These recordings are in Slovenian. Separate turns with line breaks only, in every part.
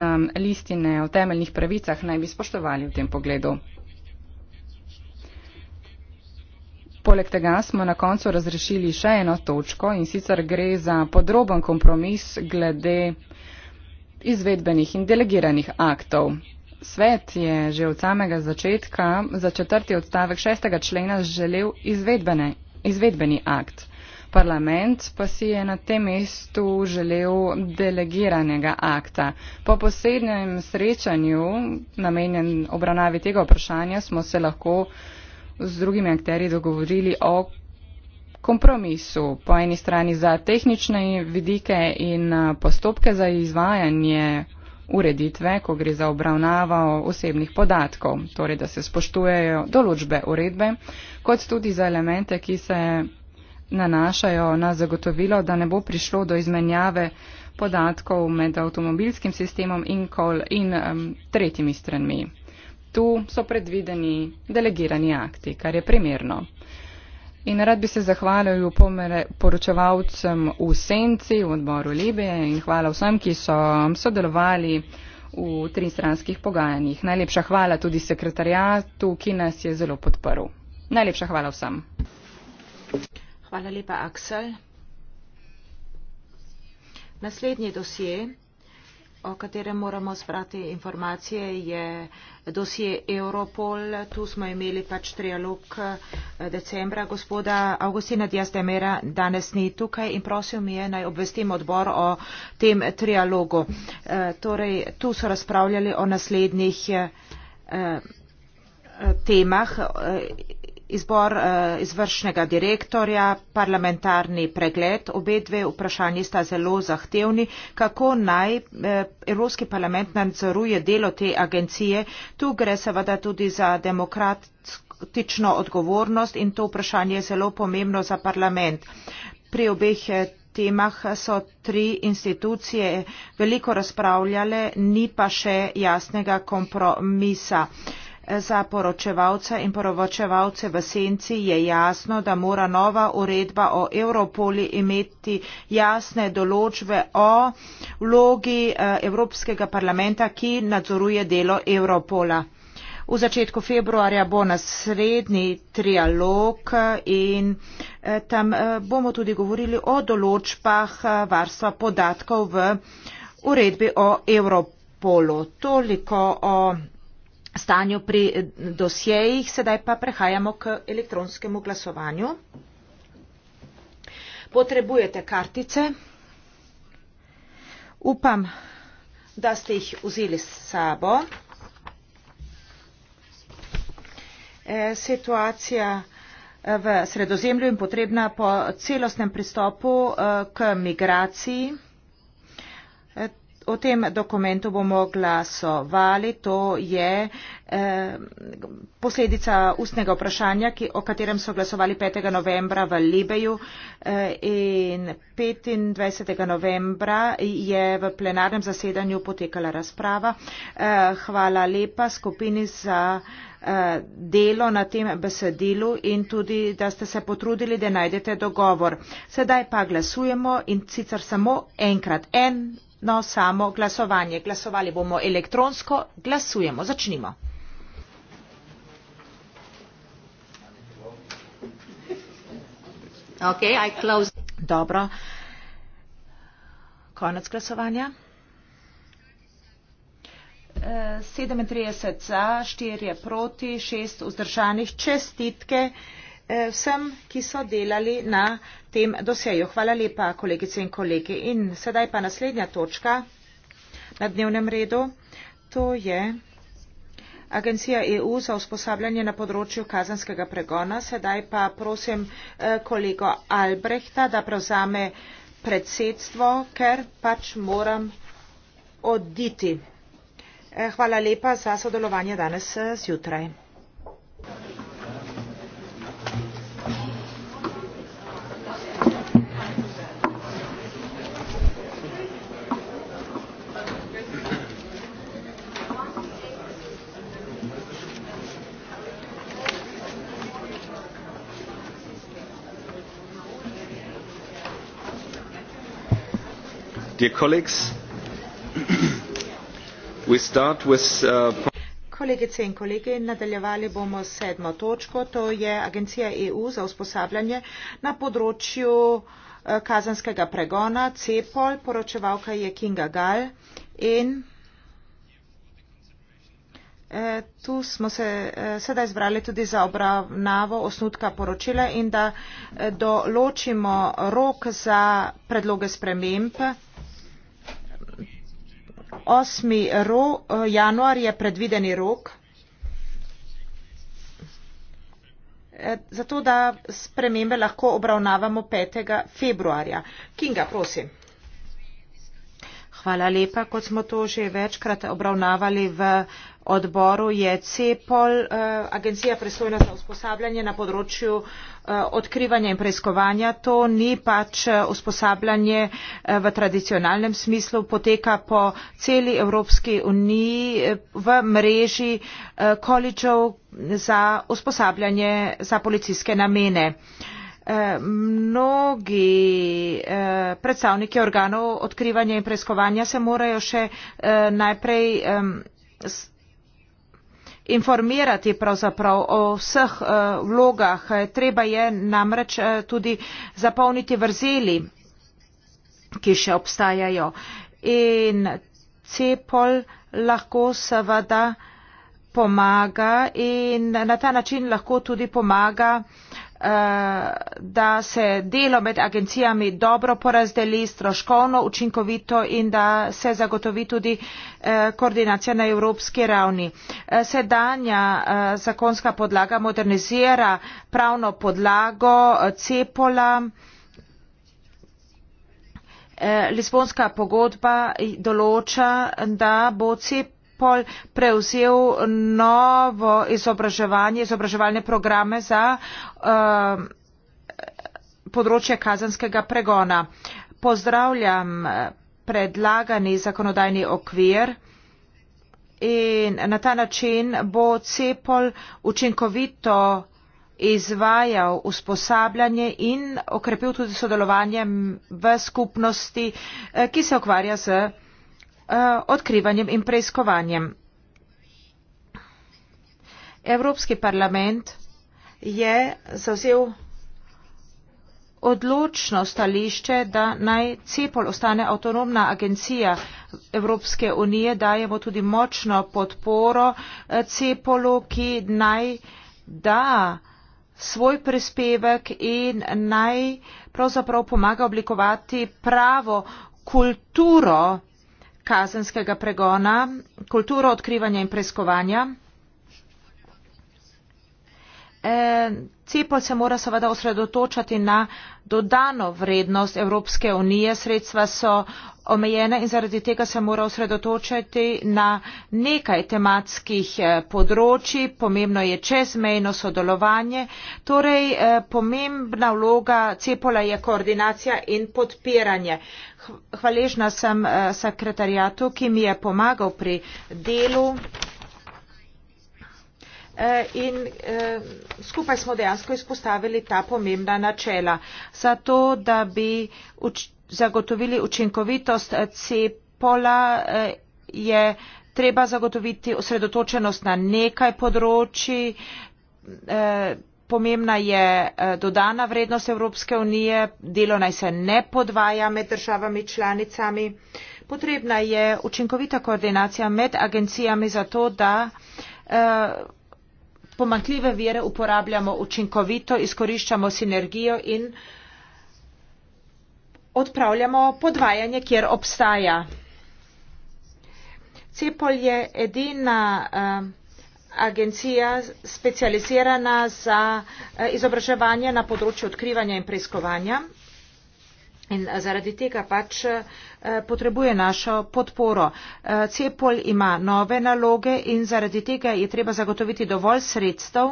um, listine o temeljnih pravicah naj bi spoštovali v tem pogledu. Poleg tega smo na koncu razrešili še eno točko in sicer gre za podroben kompromis glede izvedbenih in delegiranih aktov. Svet je že od samega začetka za četrti odstavek šestega člena želel izvedbene, izvedbeni akt parlament pa si je na tem mestu želel delegiranega akta. Po posebnem srečanju, namenjen obravnavi tega vprašanja, smo se lahko z drugimi akteri dogovorili o kompromisu. Po eni strani za tehnične vidike in postopke za izvajanje ureditve, ko gre za obravnavo osebnih podatkov, torej da se spoštujejo določbe uredbe, kot tudi za elemente, ki se nanašajo na zagotovilo, da ne bo prišlo do izmenjave podatkov med avtomobilskim sistemom in kol in um, tretjimi stranmi. Tu so predvideni delegirani akti, kar je primerno. In rad bi se zahvalil poročevalcem v Senci, v odboru Libije in hvala vsem, ki so sodelovali v tristranskih pogajanjih. Najlepša hvala tudi sekretarjatu, ki nas je zelo podprl.
Najlepša hvala vsem. Thank you. Hvala lepa, Aksel. Naslednji dosje, o katerem moramo zbrati informacije, je dosje Europol. Tu smo imeli pač trialog eh, decembra. Gospoda Augustina Dias de Mera danes ni tukaj in prosil mi je, naj obvestim odbor o tem trialogu. Eh, torej, tu so razpravljali o naslednjih eh, temah izbor eh, izvršnega direktorja, parlamentarni pregled, obe dve vprašanji sta zelo zahtevni, kako naj eh, Evropski parlament nadzoruje delo te agencije. Tu gre seveda tudi za demokratično odgovornost in to vprašanje je zelo pomembno za parlament. Pri obeh eh, temah so tri institucije veliko razpravljale, ni pa še jasnega kompromisa. Za poročevalce in poročevalce v senci je jasno, da mora nova uredba o Europoli imeti jasne določbe o vlogi eh, Evropskega parlamenta, ki nadzoruje delo Europola. V začetku februarja bo naslednji trialog eh, in eh, tam bomo tudi govorili o določbah varstva podatkov v uredbi o Europolu. Toliko o stanju pri eh, dosjejih, sedaj pa prehajamo k elektronskemu glasovanju. Potrebujete kartice. Upam, da ste jih vzeli s sabo. E, situacija eh, v sredozemlju in potrebna po celostnem pristopu e, k migraciji o tem dokumentu bomo glasovali. To je eh, posledica ustnega vprašanja, ki, o katerem so glasovali 5. novembra v Libeju eh, in 25. novembra je v plenarnem zasedanju potekala razprava. Eh, hvala lepa skupini za eh, delo na tem besedilu in tudi, da ste se potrudili, da najdete dogovor. Sedaj pa glasujemo in sicer samo enkrat. En na no, samo glasovanje. Glasovali bomo elektronsko, glasujemo, začnimo.
Okay, I close.
Dobro. Konec glasovanja. 37 e, za, 4 proti, 6 vzdržanih. Čestitke. Eh, vsem, ki so delali na tem dosjeju. Hvala lepa, kolegice in kolege. In sedaj pa naslednja točka na dnevnem redu. To je Agencija EU za usposabljanje na področju kazanskega pregona. Sedaj pa prosim eh, kolego Albrehta, da prevzame predsedstvo, ker pač moram oditi. Eh, hvala lepa za sodelovanje danes zjutraj. Thank you.
dear colleagues, we start with. Uh,
Kolegice in kolegi, nadaljevali bomo s sedmo točko, to je Agencija EU za usposabljanje na področju uh, kazanskega pregona, CEPOL, poročevalka je Kinga Gal in eh, tu smo se eh, sedaj zbrali tudi za obravnavo osnutka poročila in da eh, določimo rok za predloge sprememb. 8. Ro, eh, januar je predvideni rok, eh, zato da spremembe lahko obravnavamo 5. februarja. Kinga, prosim. Hvala lepa, kot smo to že večkrat obravnavali v odboru je CEPOL, eh, agencija presojna za usposabljanje na področju eh, odkrivanja in preiskovanja. To ni pač eh, usposabljanje v tradicionalnem smislu, poteka po celi Evropski uniji v mreži količev za usposabljanje za policijske namene. Mnogi predstavniki organov odkrivanja in preiskovanja se morajo še najprej informirati pravzaprav o vseh eh, vlogah. Treba je namreč eh, tudi zapolniti vrzeli, ki še obstajajo. In cepol lahko seveda pomaga in na ta način lahko tudi pomaga uh, Eh, da se delo med agencijami dobro porazdeli, stroškovno, učinkovito in da se zagotovi tudi eh, koordinacija na evropski ravni. Eh, sedanja zakonska podlaga modernizira pravno podlago Cepola. Lisbonska pogodba določa, da bo CEP Interpol prevzel novo izobraževanje, izobraževalne programe za uh, področje kazanskega pregona. Pozdravljam eh, predlagani zakonodajni okvir in na ta način bo Cepol učinkovito izvajal usposabljanje in okrepil tudi sodelovanje v skupnosti, eh, ki se ukvarja z Eh, odkrivanjem in preiskovanjem. Evropski parlament je zazel odločno stališče, da naj CEPOL ostane avtonomna agencija Evropske unije, dajemo tudi močno podporo eh, CEPOLu, ki naj da svoj prispevek in naj pravzaprav pomaga oblikovati pravo kulturo kazenskega pregona kulturo odkrivanja in preiskovanja Eh, CEPOL se mora seveda osredotočati na dodano vrednost Evropske unije, sredstva so omejena in zaradi tega se mora osredotočati na nekaj tematskih eh, področji, pomembno je čezmejno sodelovanje, torej eh, pomembna vloga CEPOL-a je koordinacija in podpiranje. Hvaležna sem sekretarjatu, ki mi je pomagal pri delu. Eh, in eh, skupaj smo dejansko izpostavili ta pomembna načela. Zato, da bi uč zagotovili učinkovitost eh, cepola, je treba zagotoviti osredotočenost na nekaj področji. Pomembna je dodana vrednost Evropske unije, delo naj se ne podvaja med državami članicami. Potrebna je učinkovita koordinacija med agencijami za to, da pomankljive vire uporabljamo učinkovito, izkoriščamo sinergijo in odpravljamo podvajanje, kjer obstaja. Cepol je edina uh, agencija specializirana za uh, izobraževanje na področju odkrivanja in preiskovanja. In uh, zaradi tega pač uh, Eh, potrebuje našo podporo. Eh, Cepol ima nove naloge in zaradi tega je treba zagotoviti dovolj sredstev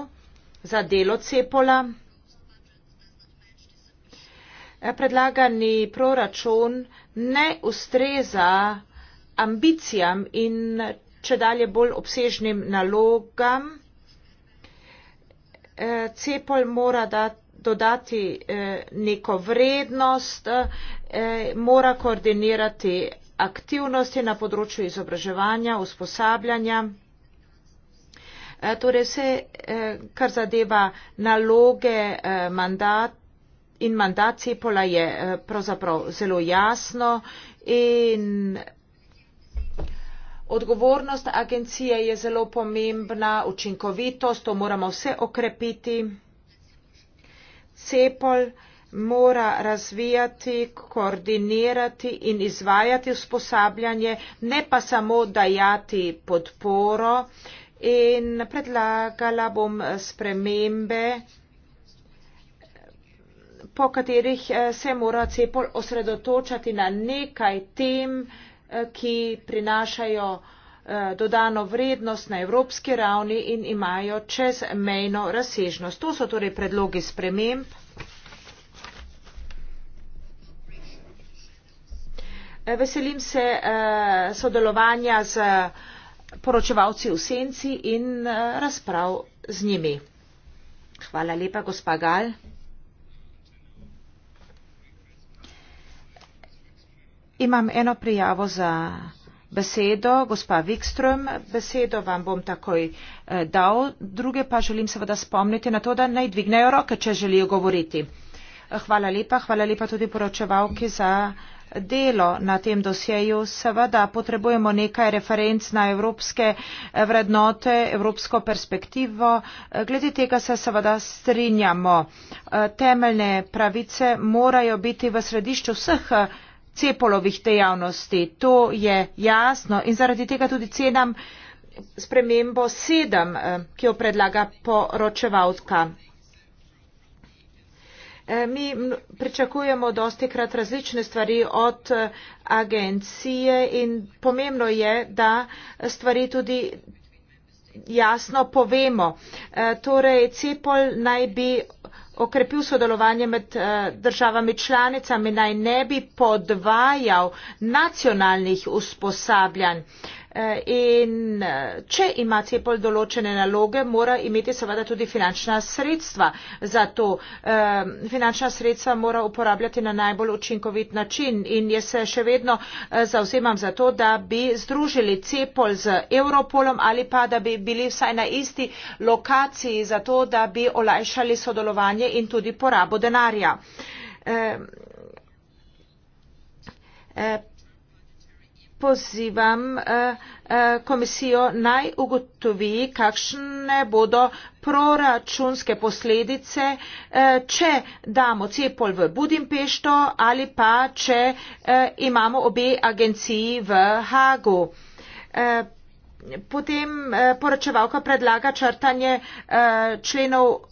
za delo Cepola. Eh, predlagani proračun ne ustreza ambicijam in če dalje bolj obsežnim nalogam. Cepol mora dodati neko vrednost, Eh, mora koordinirati aktivnosti na področju izobraževanja, usposabljanja, eh, torej vse, eh, kar zadeva naloge in mandat CEPOL-a je pravzaprav zelo jasno in odgovornost agencije je zelo pomembna, učinkovitost, to moramo vse okrepiti. CEPOL mora razvijati, koordinirati in izvajati usposabljanje, ne pa samo dajati podporo in predlagala bom eh, spremembe, po katerih eh, se mora Cepol osredotočati na nekaj tem, eh, ki prinašajo dodano vrednost na evropski ravni in imajo čezmejno razsežnost. To so torej predlogi sprememb. Veselim se eh, sodelovanja z eh, poročevalci v senci in eh, razprav z njimi. Hvala lepa, gospa Gal. Imam eno prijavo za besedo, gospa Wikström. Besedo vam bom takoj dal, druge pa želim seveda spomniti na to, da naj dvignejo roke, če želijo govoriti. Hvala lepa, hvala lepa tudi poročevalki za delo na tem dosjeju. Seveda potrebujemo nekaj referenc na evropske vrednote, evropsko perspektivo. Glede tega se seveda strinjamo. Temeljne pravice morajo biti v središču vseh cepolovih dejavnosti. To je jasno in zaradi tega tudi cenam spremembo sedem, ki jo predlaga poročevalka. Eh, mi pričakujemo dosti krat različne stvari od eh, agencije in pomembno je, da stvari tudi jasno povemo. Eh, torej, CEPOL naj bi okrepil sodelovanje med državami članicami, naj ne bi podvajal nacionalnih usposabljanj in eh, če ima Cepol določene naloge, mora imeti seveda tudi finančna sredstva za to. Finančna sredstva mora uporabljati na najbolj učinkovit način in jaz se še vedno eh, zauzemam za to, da bi združili Cepol z Europolom ali pa da bi bili vsaj na isti lokaciji za to, da bi olajšali sodelovanje in tudi porabo denarja. Eh, pozivam eh, eh, komisijo naj ugotovi, kakšne bodo proračunske posledice, eh, če damo Cepol v Budimpešto ali pa če imamo obe agenciji v Hagu. Potem poročevalka predlaga črtanje členov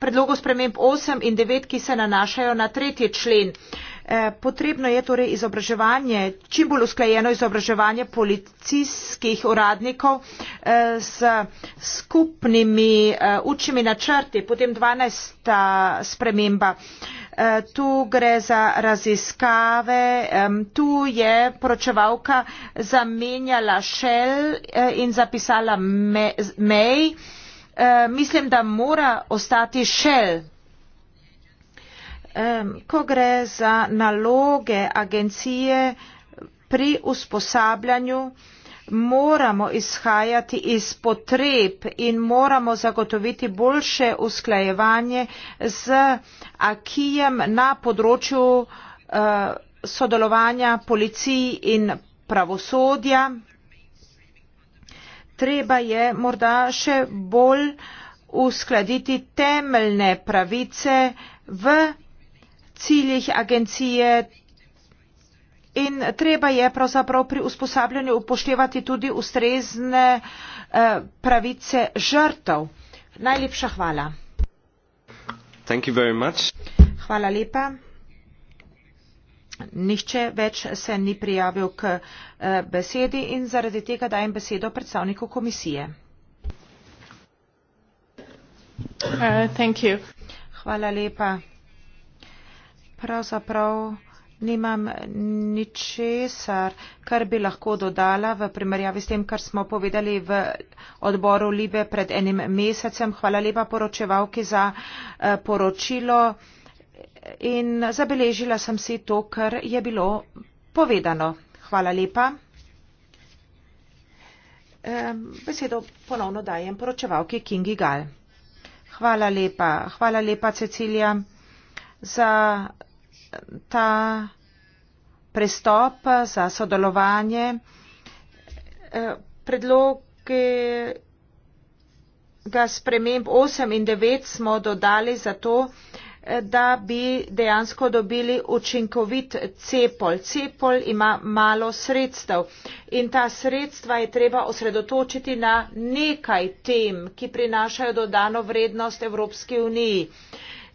predlogov sprememb 8 in 9, ki se nanašajo na tretji člen. Eh, potrebno je torej izobraževanje, čim bolj usklajeno izobraževanje policijskih uradnikov eh, s skupnimi eh, učnimi načrti, potem 12. sprememba. Tu gre za raziskave, tu je poročevalka zamenjala šel in zapisala mej. Mislim, da mora ostati šel ko gre za naloge agencije pri usposabljanju, moramo izhajati iz potreb in moramo zagotoviti boljše usklajevanje z akijem na področju eh, sodelovanja policiji in pravosodja. Treba je morda še bolj uskladiti temeljne pravice v ciljih agencije. In treba je pravzaprav pri usposabljanju upoštevati tudi ustrezne eh, pravice žrtev. Najlepša hvala. Hvala lepa. Nihče več se ni prijavil k eh, besedi in zaradi tega dajem besedo predstavniku komisije. Uh, hvala lepa pravzaprav nimam ničesar, kar bi lahko dodala v primerjavi s tem, kar smo povedali v odboru Libe pred enim mesecem. Hvala lepa poročevalki za eh, poročilo in zabeležila sem si to, kar je bilo povedano. Hvala lepa. Besedo ponovno dajem poročevalki Kingi Gal. Hvala lepa. Hvala lepa, Cecilija za ta prestop, za sodelovanje. E, predloge ga sprememb 8 in 9 smo dodali zato, da bi dejansko dobili učinkovit cepol. Cepol ima malo sredstev in ta sredstva je treba osredotočiti na nekaj tem, ki prinašajo dodano vrednost Evropske unije.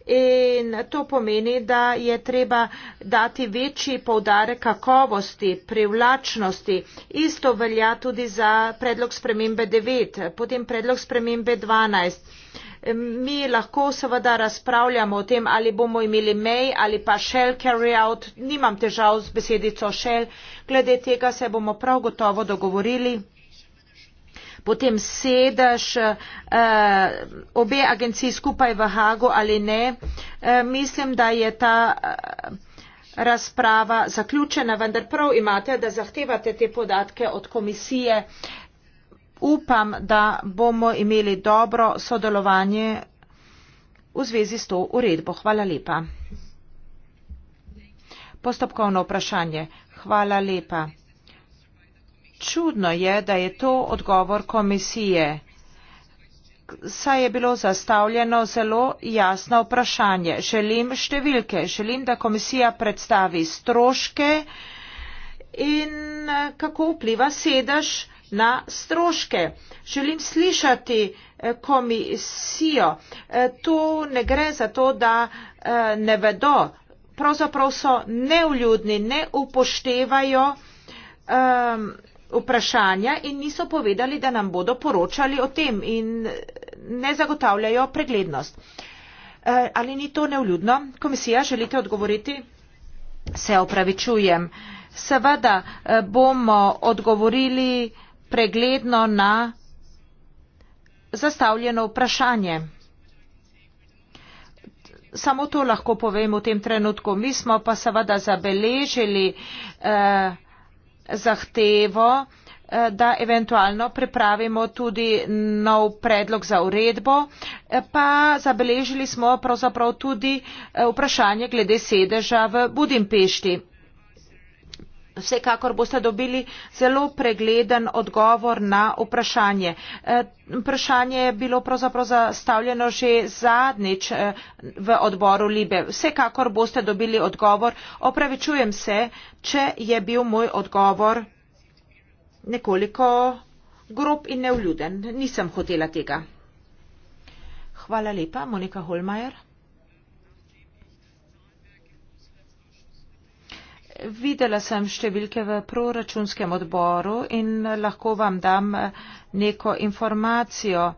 In to pomeni, da je treba dati večji povdare kakovosti, privlačnosti. Isto velja tudi za predlog spremembe 9, potem predlog spremembe 12. Mi lahko seveda razpravljamo o tem, ali bomo imeli mej ali pa shell carry out. Nimam težav z besedico shell. Glede tega se bomo prav gotovo dogovorili potem sedaš uh, eh, obe agenciji skupaj v Hagu ali ne. Uh, mislim, da je ta. Uh, razprava zaključena, vendar prav imate, da zahtevate te podatke od komisije. Upam, da bomo imeli dobro sodelovanje v zvezi s to uredbo. Hvala lepa. Postopkovno vprašanje. Hvala lepa. Čudno je, da je to odgovor komisije. Saj je bilo zastavljeno zelo jasno vprašanje. Želim številke, želim, da komisija predstavi stroške in eh, kako vpliva sedež na stroške. Želim slišati eh, komisijo. Eh, to ne gre za to, da ne vedo. Pravzaprav so neuljudni, ne upoštevajo. Um, vprašanja in niso povedali, da nam bodo poročali o tem in ne zagotavljajo preglednost. Eh, ali ni to nevljudno? Komisija, želite odgovoriti? Se opravičujem. Seveda eh, bomo odgovorili pregledno na zastavljeno vprašanje. Samo to lahko povem v tem trenutku. Mi smo pa seveda zabeležili eh, zahtevo eh, da eventualno pripravimo tudi nov predlog za uredbo, eh, pa zabeležili smo pravzaprav tudi eh, vprašanje glede sedeža v Budimpešti. Vsekakor boste dobili zelo pregleden odgovor na vprašanje. E, vprašanje je bilo pravzaprav zastavljeno že zadnjič e, v odboru Libe. Vsekakor boste dobili odgovor. Opravičujem se, če je bil moj odgovor nekoliko grob in neuljuden. Nisem hotela tega. Hvala lepa, Monika Holmajer. videla sem številke v proračunskem odboru in lahko vam dam neko informacijo.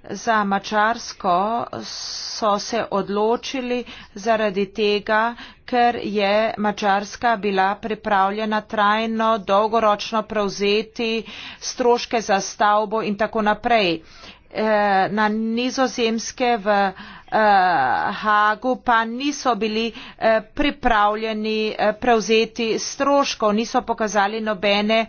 Za Mačarsko so se odločili zaradi tega, ker je Mačarska bila pripravljena trajno, dolgoročno prevzeti stroške za stavbo in tako naprej. Eh, na nizozemske v Eh, Hagu pa niso bili eh, pripravljeni eh, prevzeti stroškov, niso pokazali nobene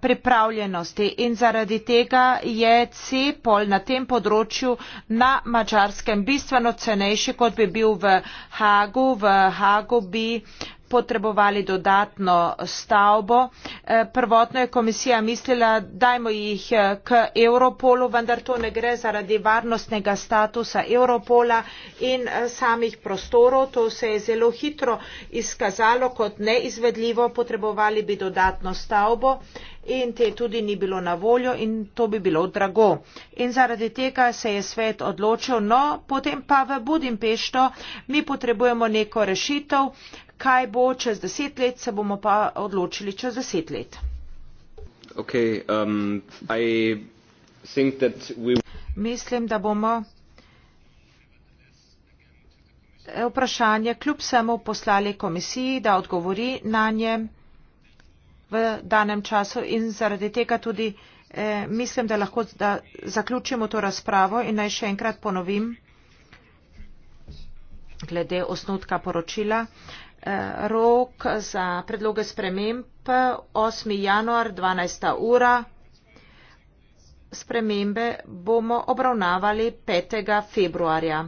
pripravljenosti. In zaradi tega je Cepol na tem področju na mačarskem bistveno cenejši, kot bi bil v Hagu. V Hagu bi potrebovali dodatno stavbo. Prvotno je komisija mislila, dajmo jih k Europolu, vendar to ne gre zaradi varnostnega statusa Europola. Europola in eh, samih prostorov. To se je zelo hitro izkazalo kot neizvedljivo, potrebovali bi dodatno stavbo in te tudi ni bilo na voljo in to bi bilo drago. In zaradi tega se je svet odločil, no, potem pa v Budimpešto mi potrebujemo neko rešitev, kaj bo čez deset let, se bomo pa odločili čez deset let.
Okay, um, I...
Mislim, da bomo vprašanje kljub vsemu poslali komisiji, da odgovori na nje v danem času in zaradi tega tudi eh, mislim, da lahko da zaključimo to razpravo in naj še enkrat ponovim glede osnutka poročila. Eh, rok za predloge sprememb 8. januar 12. ura. Spremembe bomo obravnavali 5. februarja.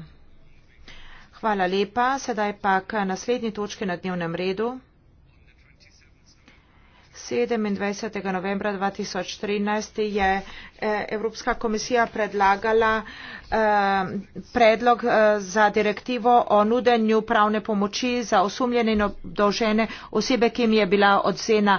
Hvala lepa. Sedaj pa k naslednji točki na dnevnem redu. 27. novembra 2013 je eh, Evropska komisija predlagala eh, predlog eh, za direktivo o nudenju pravne pomoči za osumljene in obdolžene osebe, ki jim je bila odzena,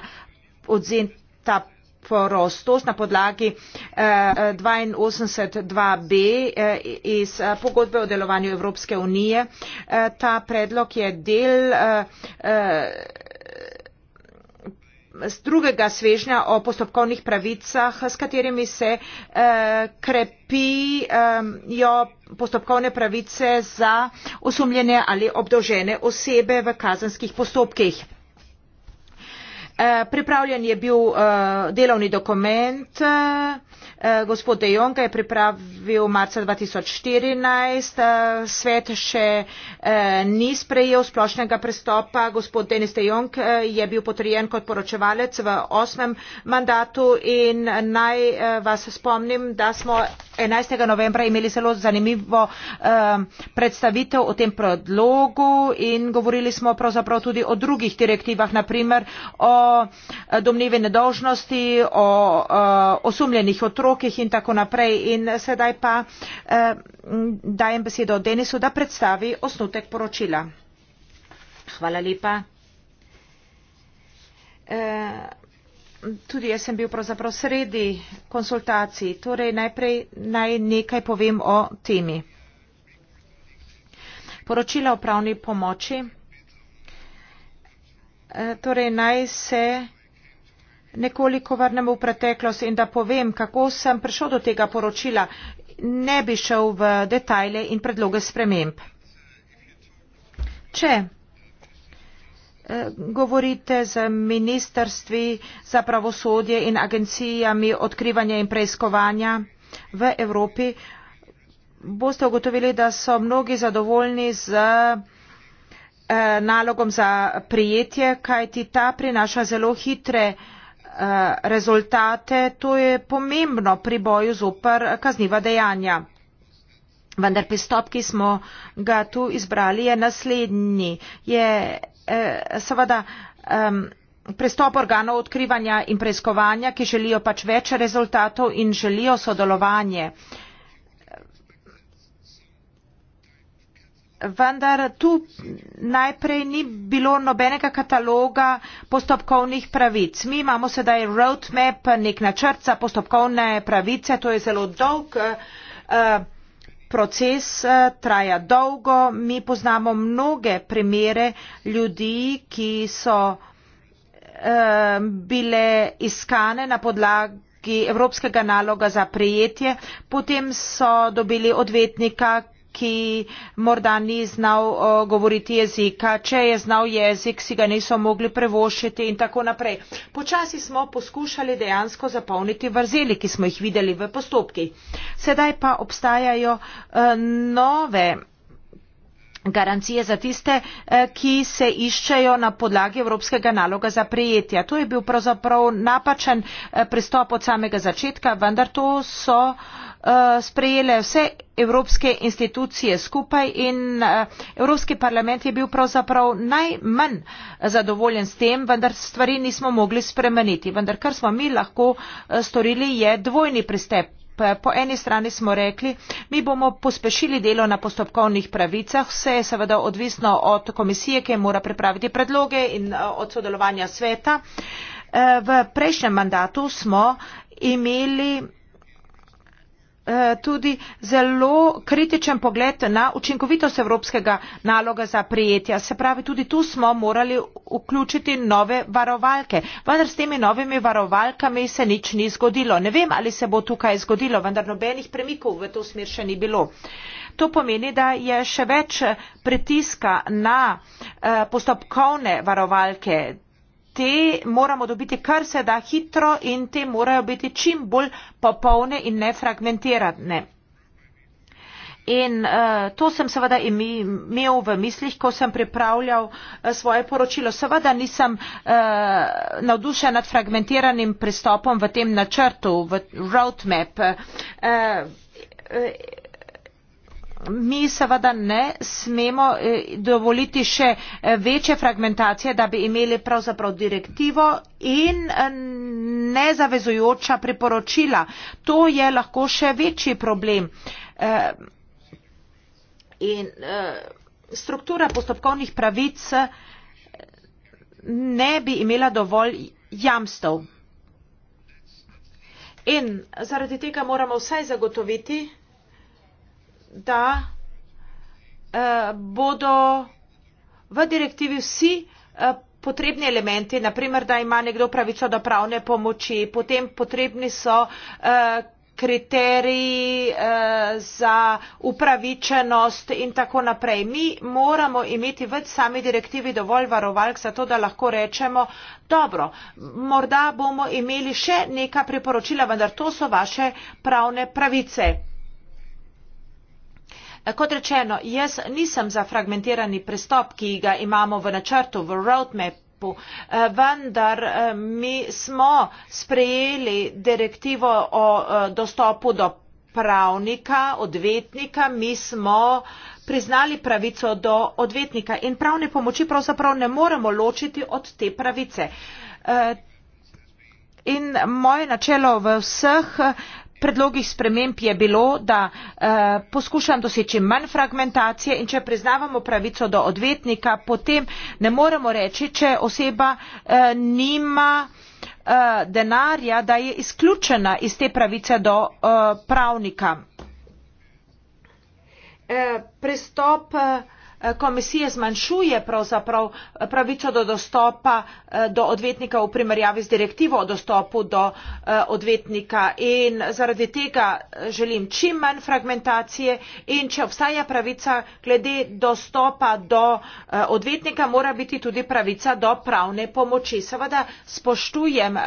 odzenta Porostos na podlagi eh, 82.2b eh, iz eh, pogodbe o delovanju Evropske unije. Eh, ta predlog je del eh, eh, drugega svežnja o postopkovnih pravicah, s katerimi se eh, krepijo eh, postopkovne pravice za osumljene ali obdožene osebe v kazanskih postopkih. Eh, pripravljen je bil uh, delovni dokument, uh, gospod De Jong je pripravil marca 2014, uh, svet še uh, ni sprejel splošnega prestopa, gospod Denis De Jong uh, je bil potrjen kot poročevalec v osmem mandatu in naj uh, vas spomnim, da smo 11. novembra imeli zelo zanimivo uh, predstavitev o tem predlogu in govorili smo pravzaprav tudi o drugih direktivah, naprimer o domnevi nedolžnosti o eh, osumljenih otrokih in tako naprej in sedaj pa eh, dajem besedo denisu da predstavi osnutek poročila hvala lepa eh, Tudi jaz sem bil pravzaprav sredi konsultacij, torej najprej naj nekaj povem o temi. Poročila o pravni pomoči E, torej naj se nekoliko vrnem v preteklost in da povem, kako sem prišel do tega poročila. Ne bi šel v detajle in predloge sprememb. Če e, govorite z ministrstvi za pravosodje in agencijami odkrivanja in preiskovanja v Evropi, boste ugotovili, da so mnogi zadovoljni z Eh, nalogom za prijetje, kajti ta prinaša zelo hitre eh, rezultate, to je pomembno pri boju zoper kazniva dejanja. Vendar pristop, ki smo ga tu izbrali, je naslednji. Je eh, seveda pristop organov odkrivanja in preiskovanja, ki želijo pač več rezultatov in želijo sodelovanje. vendar tu najprej ni bilo nobenega kataloga postopkovnih pravic. Mi imamo sedaj roadmap, nek načrt za postopkovne pravice, to je zelo dolg eh, proces, eh, traja dolgo, mi poznamo mnoge primere ljudi, ki so eh, bile iskane na podlagi evropskega naloga za prijetje, potem so dobili odvetnika, ki morda ni znal eh, govoriti jezika, če je znal jezik, si ga niso mogli prevošiti in tako naprej. Počasi smo poskušali dejansko zapolniti vrzeli, ki smo jih videli v postopki. Sedaj pa obstajajo eh, nove garancije za tiste, eh, ki se iščejo na podlagi evropskega naloga za prijetja. To je bil pravzaprav napačen eh, pristop od samega začetka, vendar to so eh, sprejele vse evropske institucije skupaj in Evropski parlament je bil pravzaprav najmanj zadovoljen s tem, vendar stvari nismo mogli spremeniti. Vendar kar smo mi lahko storili je dvojni pristep po eni strani smo rekli, mi bomo pospešili delo na postopkovnih pravicah, vse je seveda odvisno od komisije, ki mora pripraviti predloge in eh, od sodelovanja sveta. Eh, v prejšnjem mandatu smo imeli Eh, tudi zelo kritičen pogled na učinkovitost evropskega naloga za prijetja. Se pravi, tudi tu smo morali vključiti nove varovalke. Vendar s temi novimi varovalkami se nič ni zgodilo. Ne vem, ali se bo tukaj zgodilo, vendar nobenih premikov v to smer še ni bilo. To pomeni, da je še več pritiska na eh, postopkovne varovalke te moramo dobiti kar se da hitro in te morajo biti čim bolj popolne in nefragmentirane. In uh, to sem seveda imel v mislih, ko sem pripravljal uh, svoje poročilo. Seveda nisem uh, navdušen nad fragmentiranim pristopom v tem načrtu, v roadmap. Uh, uh, mi seveda ne smemo eh, dovoliti še eh, večje fragmentacije da bi imeli pravzaprav direktivo in eh, nezavezujoča priporočila to je lahko še večji problem in struktura postopkovnih pravic ne bi imela dovolj jamstev in zaradi tega moramo vsaj zagotoviti da eh, bodo v direktivi vsi eh, potrebni elementi, naprimer, da ima nekdo pravico do pravne pomoči, potem potrebni so eh, kriteriji za upravičenost in tako naprej. Mi moramo imeti v sami direktivi dovolj varovalk za to, da lahko rečemo, dobro, morda bomo imeli še neka priporočila, vendar to so vaše pravne pravice. Kot rečeno, jaz nisem za fragmentirani prestop, ki ga imamo v načrtu, v roadmap. Eh, vendar eh, mi smo sprejeli direktivo o eh, dostopu do pravnika, odvetnika, mi smo priznali pravico do odvetnika in pravne pomoči pravzaprav ne moremo ločiti od te pravice. In moje načelo v vseh predlogih sprememb je bilo, da eh, poskušam doseči manj fragmentacije in če priznavamo pravico do odvetnika, potem ne moremo reči, če oseba eh, nima eh, denarja, da je izključena iz te pravice do eh, pravnika. Eh, pristop. Eh, Eh, komisije zmanjšuje pravzaprav eh, pravico do dostopa eh, do odvetnika v primerjavi z direktivo o dostopu do odvetnika in zaradi tega želim čim manj fragmentacije in če obstaja pravica glede dostopa do odvetnika mora biti tudi pravica do pravne pomoči. seveda spoštujem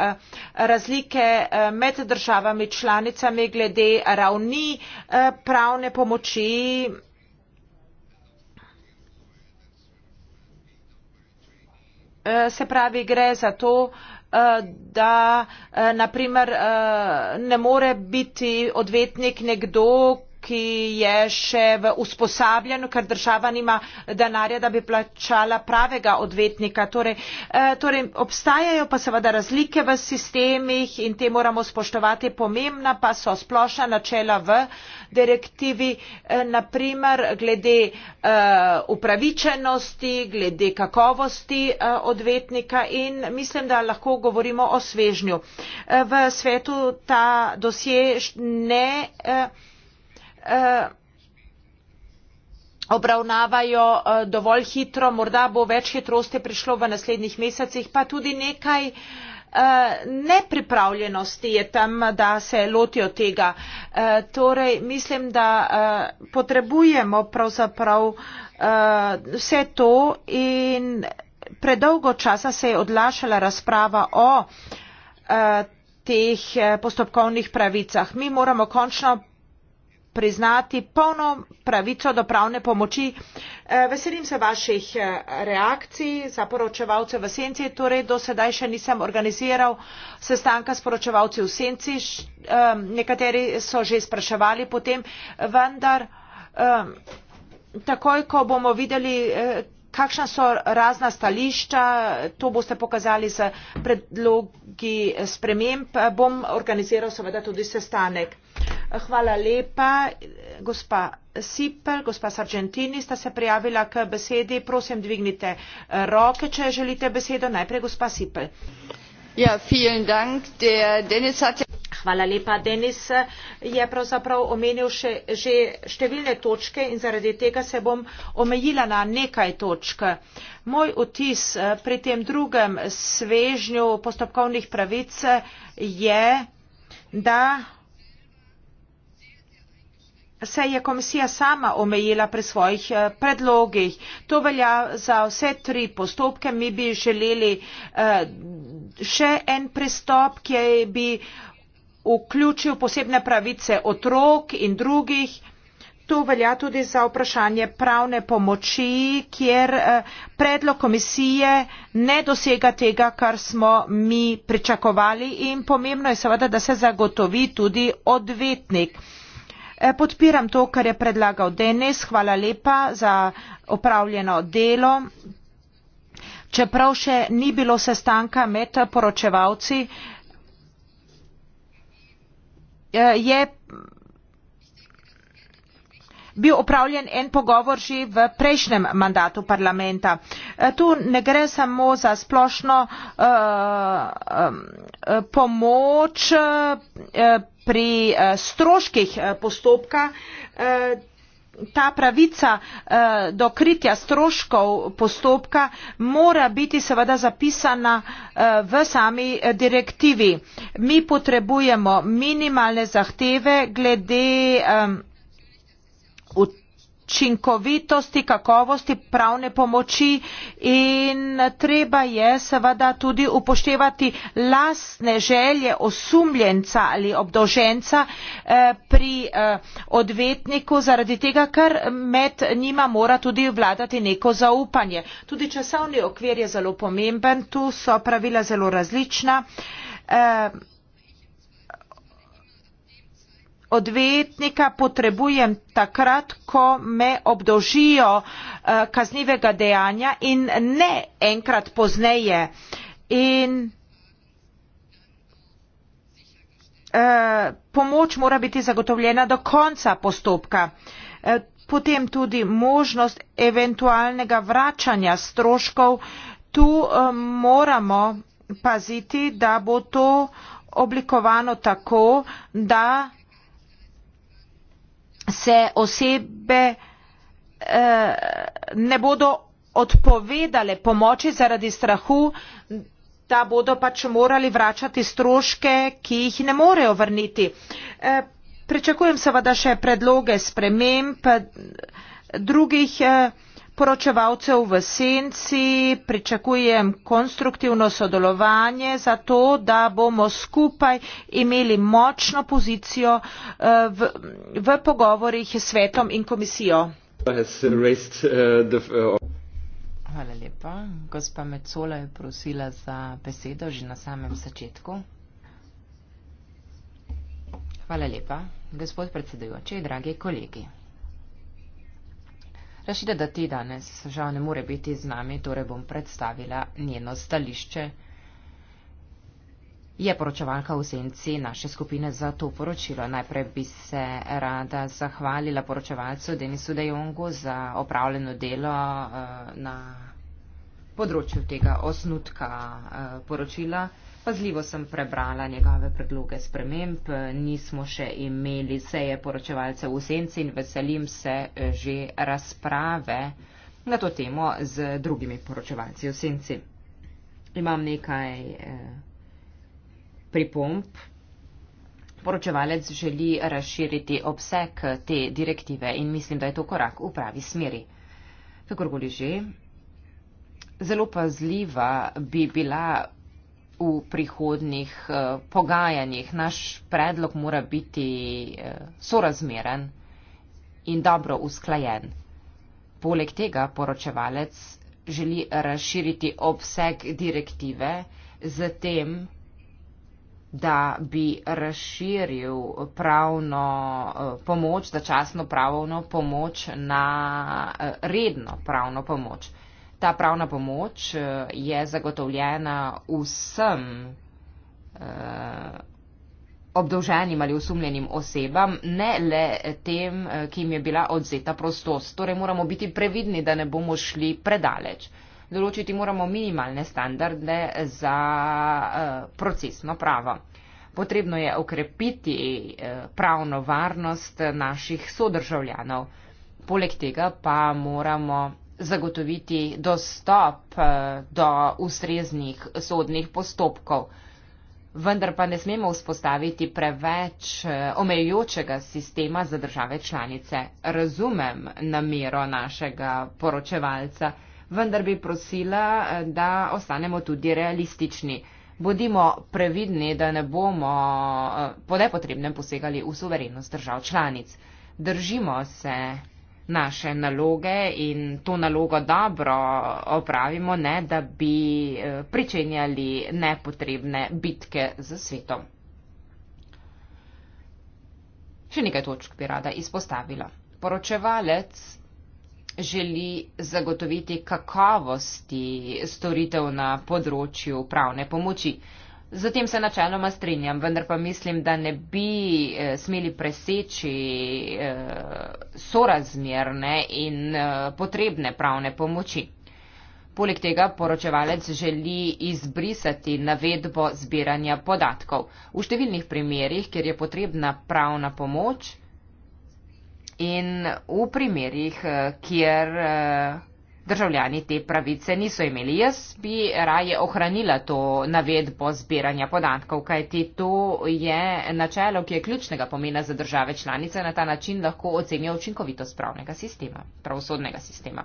razlike med državami članicami glede ravni pravne pomoči Eh, se pravi, gre za to, eh, da eh, naprimer ne more biti odvetnik nekdo, ki je še v usposabljanju, ker država nima denarja, da bi plačala pravega odvetnika. Torej, eh, torej obstajajo pa seveda razlike v sistemih in te moramo spoštovati. Pomembna pa so splošna načela v direktivi, eh, naprimer glede eh, upravičenosti, glede kakovosti odvetnika in mislim, da lahko govorimo o svežnju. V svetu ta dosje ne. Eh, obravnavajo eh, dovolj hitro morda bo več hitrosti prišlo v naslednjih mesecih pa tudi nekaj eh, nepripravljenosti je tam da se lotijo tega torej mislim da potrebujemo pravzaprav vse to in predolgo časa se je odlašala razprava o teh postopkovnih pravicah mi moramo končno priznati polno pravico do pravne pomoči. E, veselim se vaših e, reakcij za poročevalce v Senci. Torej, do sedaj še nisem organiziral sestanka s poročevalci v Senci. E, nekateri so že spraševali potem, vendar takoj, ko bomo videli, kakšna so razna stališča, to boste pokazali z predlogi sprememb, bom organiziral seveda tudi sestanek. Hvala lepa. Gospa Sipel, gospa Sargentini sta se prijavila k besedi. Prosim, dvignite roke, če želite besedo. Najprej gospa Sipel. Ja, dank, je... Ja- Hvala lepa. Denis je pravzaprav omenil še, že številne točke in zaradi tega se bom omejila na nekaj točk. Moj vtis eh, pri tem drugem svežnju postopkovnih pravic eh, je, da se je komisija sama omejila pri svojih eh, predlogih. To velja za vse tri postopke. Mi bi želeli eh, še en pristop, ki bi vključil posebne pravice otrok in drugih. To velja tudi za vprašanje pravne pomoči, kjer eh, predlog komisije ne dosega tega, kar smo mi pričakovali in pomembno je seveda, da se zagotovi tudi odvetnik. E, podpiram to, kar je predlagal Denis, hvala lepa za opravljeno delo. Čeprav še ni bilo sestanka med poročevalci, e, je bil opravljen en pogovor že v prejšnjem mandatu parlamenta. E, tu ne gre samo za splošno uh, pomoč uh, pri uh, stroških postopka. Uh, Ta pravica eh, do kritja stroškov postopka mora biti seveda zapisana eh, v sami direktivi. Mi potrebujemo minimalne zahteve glede eh, učinkovitosti, kakovosti pravne pomoči in treba je seveda tudi upoštevati lasne želje osumljenca ali obdoženca eh, pri eh, odvetniku zaradi tega, ker med njima mora tudi vladati neko zaupanje. Tudi časovni okvir je zelo pomemben, tu so pravila zelo različna. Eh, odvetnika potrebujem takrat, ko me obdožijo eh, kaznivega dejanja in ne enkrat pozneje. In eh, pomoč mora biti zagotovljena do konca postopka. Eh, potem tudi možnost eventualnega vračanja stroškov. Tu moramo paziti, da bo to oblikovano tako, da se osebe eh, ne bodo odpovedale pomoči zaradi strahu, da bodo pač morali vračati stroške, ki jih ne morejo vrniti. Eh, pričakujem seveda še predloge sprememb eh, drugih. Eh, poročevalcev v senci, pričakujem konstruktivno sodelovanje za to, da bomo skupaj imeli močno pozicijo eh, v, v pogovorih s svetom in komisijo.
Eh, eh,
Hvala lepa. Gospa Mecola je
prosila za besedo že na samem začetku. Hvala lepa, gospod predsedujoči, dragi kolegi. Rašida Dati danes žal ne more biti z nami, torej bom predstavila njeno stališče. Je poročevalka v senci naše skupine za to poročilo. Najprej bi se rada zahvalila poročevalcu Denisu Dejongu za opravljeno delo eh, na področju tega osnutka eh, poročila. Pazljivo sem prebrala njegove predloge sprememb, nismo še imeli seje poročevalcev v senci in veselim se eh, že razprave na to temo z drugimi poročevalci v senci. Imam nekaj eh, pripomp. Poročevalec želi razširiti obseg te direktive in mislim, da je to korak v pravi smeri. Kakorkoli že, zelo pazljiva bi bila v prihodnih uh, eh, pogajanjih. Naš predlog mora biti uh, sorazmeren in dobro usklajen. Poleg tega poročevalec želi razširiti obseg direktive z tem, da bi razširil pravno eh, pomoč, začasno pravno pomoč na redno pravno pomoč ta pravna pomoč eh, je zagotovljena vsem eh, obdolženim ali osumljenim osebam, ne le tem, eh, ki jim je bila odzeta prostost. Torej moramo biti previdni, da ne bomo šli predaleč. Določiti moramo minimalne standarde za procesno pravo. Potrebno je okrepiti pravno varnost naših sodržavljanov. Poleg tega pa moramo zagotoviti dostop eh, do ustreznih sodnih postopkov. Vendar pa ne smemo vzpostaviti preveč eh, omejujočega sistema za države članice. Razumem namero našega poročevalca, vendar bi prosila, eh, da ostanemo tudi realistični. Bodimo previdni, da ne bomo po nepotrebnem posegali v suverenost držav članic. Držimo se naše naloge in to nalogo dobro opravimo, ne da bi eh, pričenjali nepotrebne bitke z svetom. Še nekaj točk bi rada izpostavila. Poročevalec želi zagotoviti kakovosti storitev na področju pravne pomoči. Zatem se načeloma strinjam, vendar pa mislim, da ne bi eh, smeli preseči eh, sorazmerne in eh, potrebne pravne pomoči. Poleg tega poročevalec želi izbrisati navedbo zbiranja podatkov. V številnih primerjih, kjer je potrebna pravna pomoč in v primerjih, eh, kjer. Eh, državljani te pravice niso imeli. Jaz bi raje ohranila to navedbo zbiranja podatkov, kajti to je načelo, ki je ključnega pomena za države članice, na ta način lahko ocenijo učinkovitost pravnega sistema, pravosodnega sistema.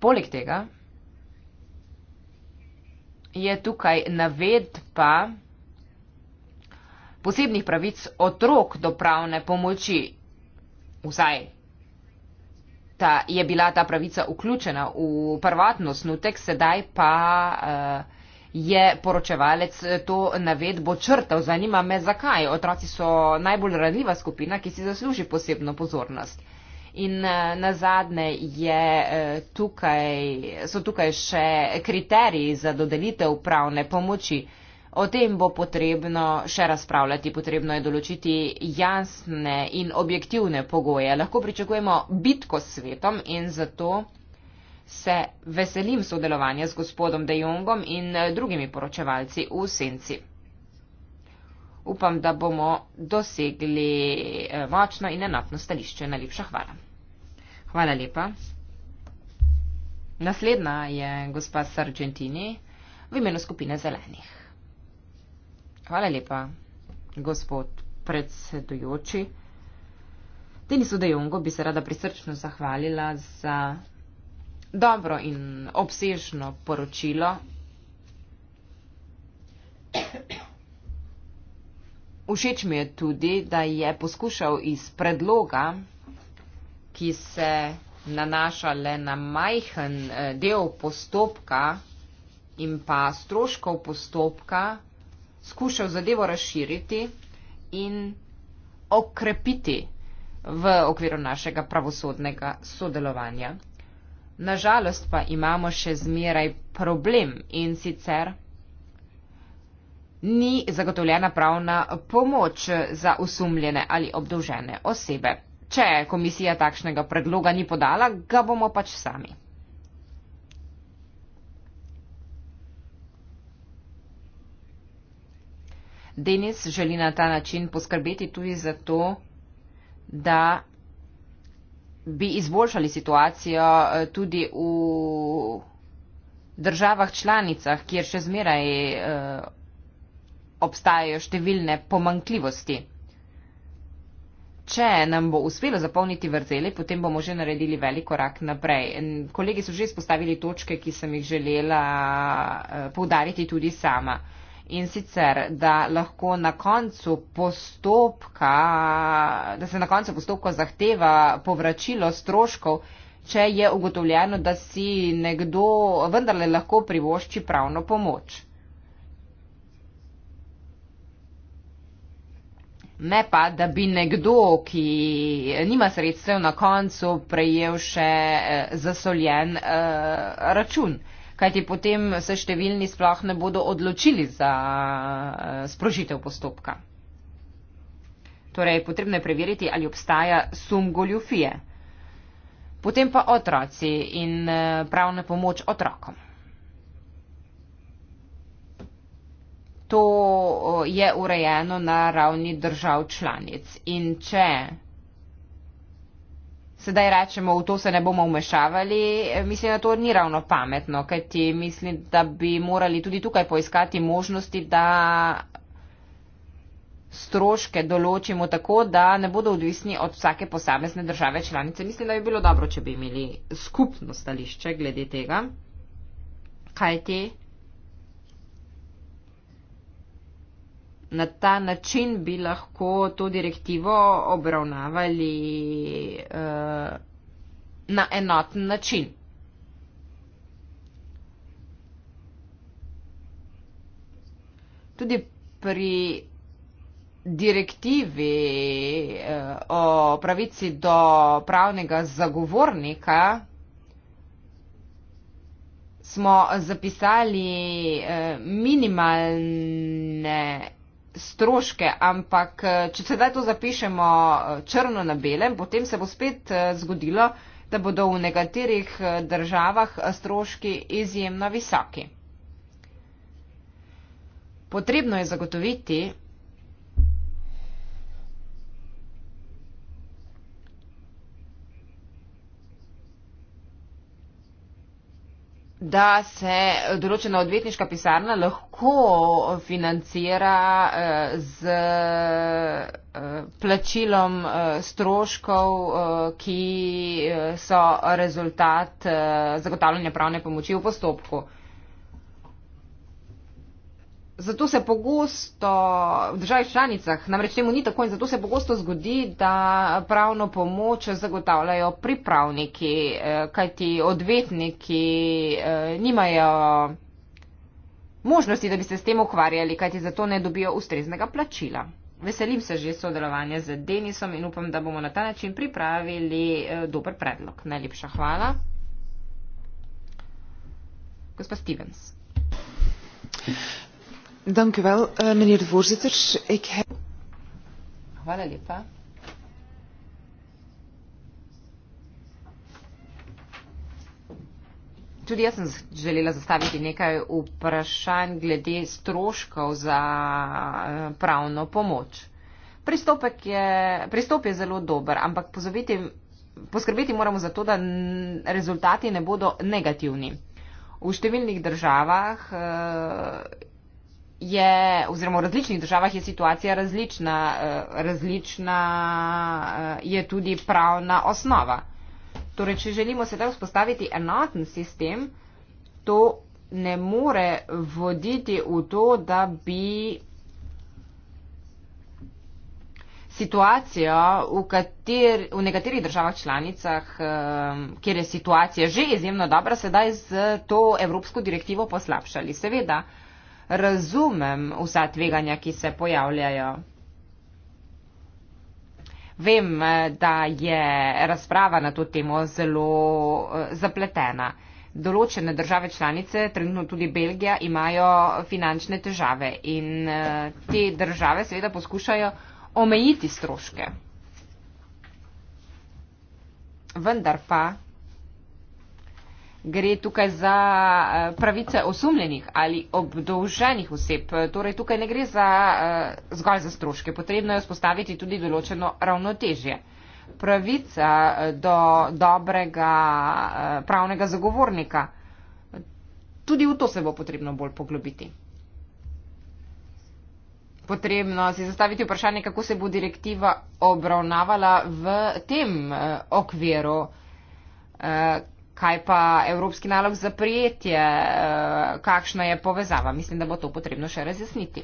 Poleg tega je tukaj navedba posebnih pravic otrok do pravne pomoči, vsaj ta, je bila ta pravica vključena v prvotno snutek, sedaj pa uh, je poročevalec eh, to navedbo črtal. Zanima me, zakaj. Otroci so najbolj radljiva skupina, ki si zasluži posebno pozornost. In eh, na zadnje je tukaj, so tukaj še kriteriji za dodelitev pravne pomoči. Uh, O tem bo potrebno še razpravljati, potrebno je določiti jasne in objektivne pogoje. Lahko pričakujemo bitko s svetom in zato se veselim sodelovanja z gospodom De Jongom in eh, drugimi poročevalci v senci. Upam, da bomo dosegli eh, močno in enotno stališče. Najlepša hvala. Hvala lepa. Naslednja je gospa Sargentini v imenu skupine zelenih. Hvala lepa, gospod predsedujoči. Denisu Dejongu bi se rada prisrčno zahvalila za dobro in obsežno poročilo. Všeč mi je tudi, da je poskušal iz predloga, ki se nanaša le na majhen eh, del postopka in pa stroškov postopka, skušal zadevo razširiti in okrepiti v okviru našega pravosodnega sodelovanja. Nažalost pa imamo še zmeraj problem in sicer ni zagotovljena pravna pomoč za usumljene ali obdolžene osebe. Če komisija takšnega predloga ni podala, ga bomo pač sami. Denis želi na ta način poskrbeti tudi za to, da bi izboljšali situacijo eh, tudi v državah članicah, kjer še zmeraj eh, obstajajo številne pomankljivosti. Če nam bo uspelo zapolniti vrzeli, potem bomo že naredili velik korak naprej. Kolegi so že izpostavili točke, ki sem jih želela eh, poudariti tudi sama in sicer, da lahko na koncu postopka, da se na koncu postopka zahteva povračilo stroškov, če je ugotovljeno, da si nekdo vendarle lahko privošči pravno pomoč. Ne pa, da bi nekdo, ki nima sredstev na koncu, prejel še eh, zasoljen eh, račun. Eh, kajti potem se številni sploh ne bodo odločili za eh, sprožitev postopka. Torej, potrebno je preveriti, ali obstaja sum goljufije. Potem pa otroci in eh, pravna pomoč otrokom. To eh, je urejeno na ravni držav članic. In če sedaj rečemo, v to se ne bomo umešavali, e, mislim, da to ni ravno pametno, kajti mislim, da bi morali tudi tukaj poiskati možnosti, da stroške določimo tako, da ne bodo odvisni od vsake posamezne države članice. Mislim, da bi bilo dobro, če bi imeli skupno stališče glede tega. Kaj ti? Te? na ta način bi lahko to direktivo obravnavali uh, na enoten način. Tudi pri direktivi eh, o pravici do pravnega zagovornika smo zapisali eh, minimalne stroške, ampak eh, če sedaj to zapišemo eh, črno na belem, potem se bo spet eh, zgodilo, da bodo v nekaterih državah stroški izjemno visoki. Potrebno je zagotoviti, da se določena odvetniška pisarna lahko financira eh, z eh, plačilom eh, stroškov, ki so rezultat zagotavljanja pravne pomoči v postopku. Zato se pogosto v državih članicah, namreč temu ni tako in zato se pogosto zgodi, da pravno pomoč zagotavljajo pripravniki, eh, kajti odvetniki eh, nimajo možnosti, da bi se s tem ukvarjali, kajti zato ne dobijo ustreznega plačila. Veselim se že sodelovanja z Denisom in upam, da bomo na ta način pripravili eh, dober predlog. Najlepša hvala. Gospod
Stevens. Eh, voorzitter ik heb
tudi jaz sem želela zastaviti nekaj vprašanj glede stroškov za eh, pravno pomoč. Pristop je zelo dober, ampak pozoviti, poskrbeti moramo za to, da rezultati ne bodo negativni. V številnih državah eh, je, oziroma v različnih državah je situacija različna, eh, različna eh, je tudi pravna osnova. Torej, če želimo sedaj vzpostaviti enoten sistem, to ne more voditi v to, da bi situacijo v, kater, v nekaterih državah članicah, eh, kjer je situacija že izjemno dobra, sedaj z to evropsko direktivo poslabšali. Seveda, razumem vsa tveganja, ki se pojavljajo. Vem, da je razprava na to temo zelo eh, zapletena. Določene države članice, trenutno tudi Belgija, imajo finančne težave in eh, te države seveda poskušajo omejiti stroške. Vendar pa gre tukaj za eh, pravice osumljenih ali obdolženih oseb. Torej tukaj ne gre za, eh, zgolj za stroške. Potrebno je vzpostaviti tudi določeno ravnotežje. Pravica eh, do dobrega pravnega zagovornika. Tudi v to se bo potrebno bolj poglobiti. Potrebno si zastaviti vprašanje, kako se bo direktiva obravnavala v tem okviru kaj pa evropski nalog za prijetje, eh, kakšna je povezava. Mislim, da bo to potrebno še razjasniti.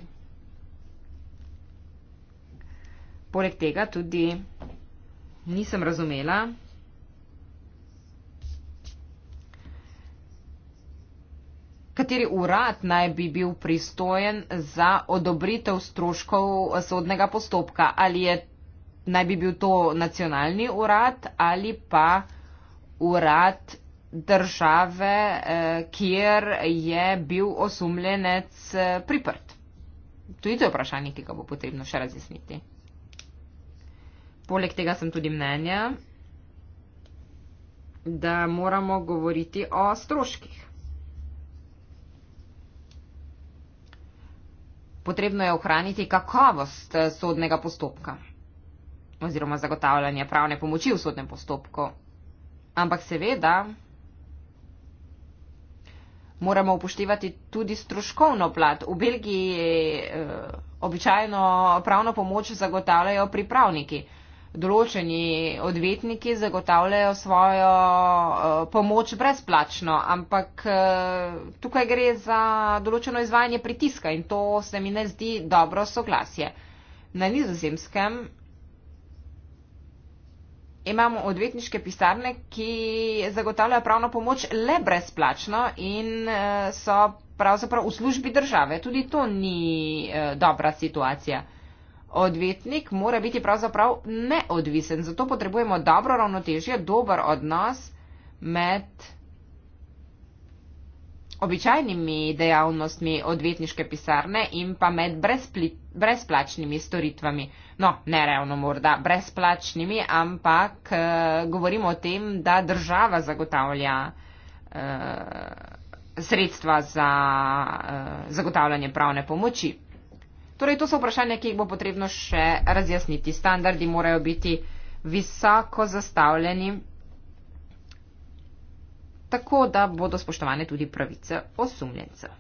Poleg tega tudi nisem razumela, kateri urad naj bi bil pristojen za odobritev stroškov sodnega postopka. Ali je, naj bi bil to nacionalni urad ali pa urad države, eh, kjer je bil osumljenec eh, priprt. Tudi to je vprašanje, ki ga bo potrebno še razjasniti. Poleg tega sem tudi mnenja, da moramo govoriti o stroških. Potrebno je ohraniti kakovost eh, sodnega postopka oziroma zagotavljanje pravne pomoči v sodnem postopku, Ampak seveda moramo upoštevati tudi stroškovno plat. V Belgiji eh, običajno pravno pomoč zagotavljajo pripravniki. Določeni odvetniki zagotavljajo svojo eh, pomoč brezplačno, ampak eh, tukaj gre za določeno izvajanje pritiska in to se mi ne zdi dobro soglasje. Na nizozemskem imamo odvetniške pisarne, ki zagotavljajo pravno pomoč le brezplačno in eh, so pravzaprav v službi države. Tudi to ni eh, dobra situacija. Odvetnik mora biti pravzaprav neodvisen, zato potrebujemo dobro ravnotežje, dober odnos med običajnimi dejavnostmi odvetniške pisarne in pa med brezpli, brezplačnimi storitvami. No, ne ravno morda brezplačnimi, ampak eh, govorimo o tem, da država zagotavlja eh, sredstva za eh, zagotavljanje pravne pomoči. Torej, to so vprašanja, ki jih bo potrebno še razjasniti. Standardi morajo biti visoko zastavljeni tako da bodo spoštovane tudi pravice osumljencev.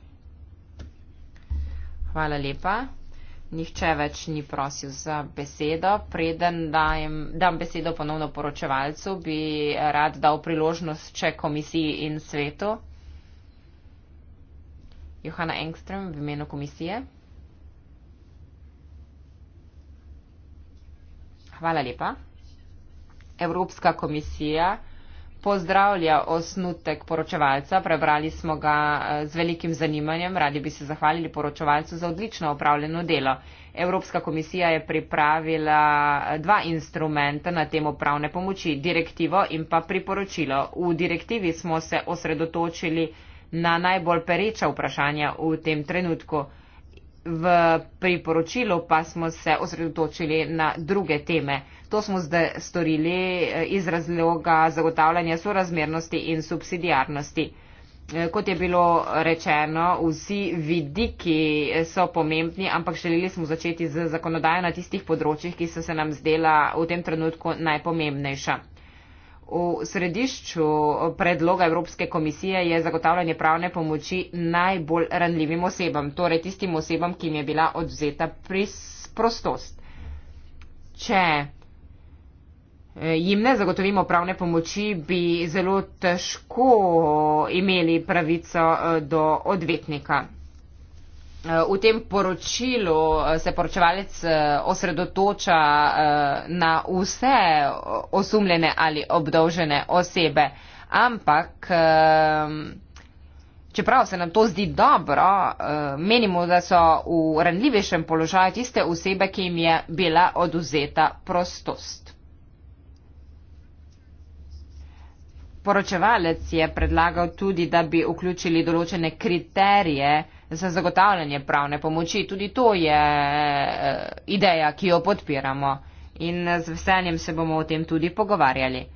Hvala lepa. Nihče več ni prosil za besedo. Preden dajem, dam besedo ponovno poročevalcu, bi rad dal priložnost še komisiji in svetu. Johana Engström v imenu komisije. Hvala lepa. Evropska komisija pozdravlja osnutek poročevalca. Prebrali smo ga eh, z velikim zanimanjem. Radi bi se zahvalili poročevalcu za odlično opravljeno delo. Evropska komisija je pripravila eh, dva instrumenta na temo pravne pomoči, direktivo in pa priporočilo. V direktivi smo se osredotočili na najbolj pereča vprašanja v tem trenutku. V priporočilu pa smo se osredotočili na druge teme. To smo zdaj storili eh, iz razloga zagotavljanja sorazmernosti in subsidijarnosti. Eh, kot je bilo rečeno, vsi vidiki eh, so pomembni, ampak želeli smo začeti z zakonodajo na tistih področjih, ki so se nam zdela v tem trenutku najpomembnejša. V središču predloga Evropske komisije je zagotavljanje pravne pomoči najbolj ranljivim osebam, torej tistim osebam, ki jim je bila odzeta prostost. Če eh, jim ne zagotovimo pravne pomoči, bi zelo težko imeli pravico eh, do odvetnika. V tem poročilu eh, se poročevalec eh, osredotoča eh, na vse osumljene ali obdolžene osebe, ampak čeprav se nam to zdi dobro, menimo, da so v ranljivejšem položaju tiste osebe, ki jim je bila oduzeta prostost. Poročevalec je predlagal tudi, da bi vključili določene kriterije, za zagotavljanje pravne pomoči. Tudi to je eh, ideja, ki jo podpiramo in eh, z veseljem se bomo o tem tudi pogovarjali.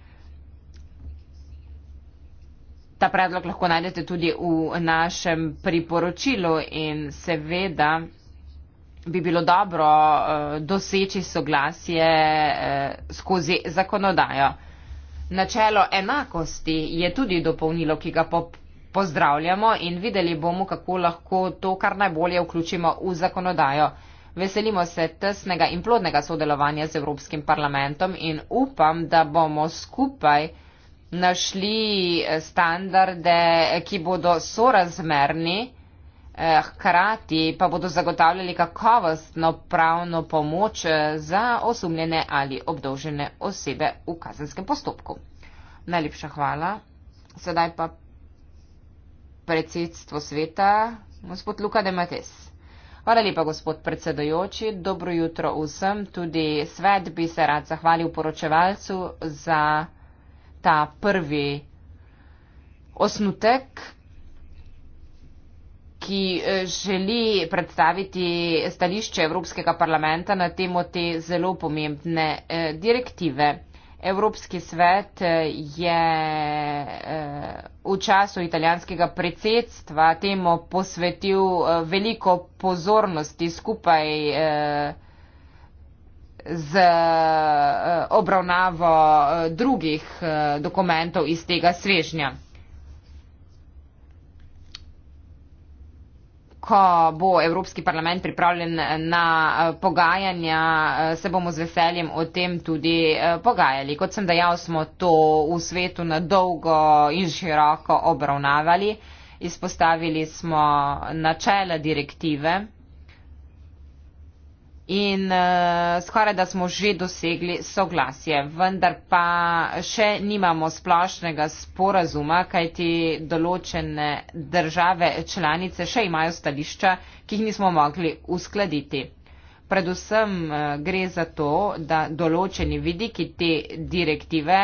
Ta predlog lahko najdete tudi v našem priporočilu in seveda bi bilo dobro eh, doseči soglasje skozi zakonodajo. Načelo enakosti je tudi dopolnilo, ki ga popravljamo pozdravljamo in videli bomo, kako lahko to kar najbolje vključimo v zakonodajo. Veselimo se tesnega in plodnega sodelovanja z Evropskim parlamentom in upam, da bomo skupaj našli standarde, ki bodo sorazmerni, eh, hkrati pa bodo zagotavljali kakovostno pravno pomoč eh, za osumljene ali obdolžene osebe v kazenskem postopku. Najlepša hvala. Sedaj pa predsedstvo sveta, gospod Luka Demates. Hvala lepa, gospod predsedojoči, dobro jutro vsem. Tudi svet bi se rad zahvalil poročevalcu za ta prvi osnutek ki eh, želi predstaviti stališče Evropskega parlamenta na temo te zelo pomembne eh, direktive. Evropski svet eh, je eh, v času italijanskega predsedstva temu posvetil eh, veliko pozornosti skupaj z obravnavo drugih dokumentov iz tega svežnja. ko bo Evropski parlament pripravljen na eh, pogajanja, eh, se bomo z veseljem o tem tudi eh, pogajali. Kot sem dejal, smo to v svetu na dolgo in široko obravnavali. Izpostavili smo načela direktive in uh, skoraj da smo že dosegli soglasje, vendar pa še nimamo splošnega sporazuma, kajti določene države članice še imajo stališča, ki jih nismo mogli uskladiti. Predvsem uh, gre za to, da določeni vidiki te direktive,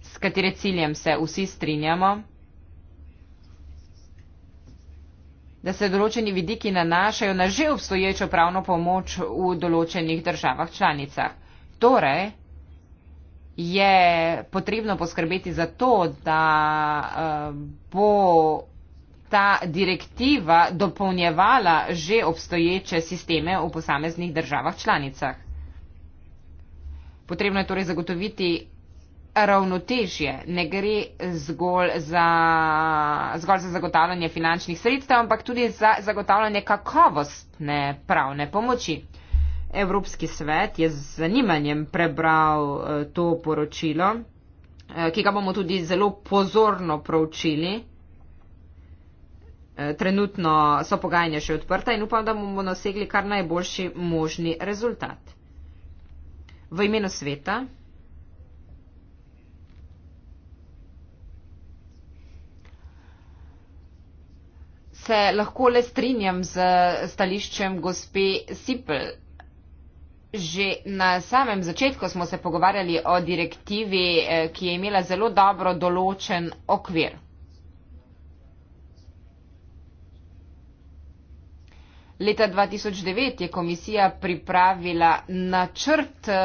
s katere ciljem se vsi strinjamo, da se določeni vidiki nanašajo na že obstoječo pravno pomoč v določenih državah članicah. Torej, je potrebno poskrbeti za to, da eh, bo ta direktiva dopolnjevala že obstoječe sisteme v posameznih državah članicah. Potrebno je torej zagotoviti ravnotežje. Ne gre zgolj za, zgolj za zagotavljanje finančnih sredstev, ampak tudi za zagotavljanje kakovostne pravne pomoči. Evropski svet je z zanimanjem prebral eh, to poročilo, eh, ki ga bomo tudi zelo pozorno proučili. Eh, trenutno so pogajanja še odprta in upam, da bomo dosegli kar najboljši možni rezultat. V imenu sveta. se lahko le strinjam z stališčem gospe Sipl. Že na samem začetku smo se pogovarjali o direktivi, eh, ki je imela zelo dobro določen okvir. Leta 2009 je komisija pripravila načrt eh,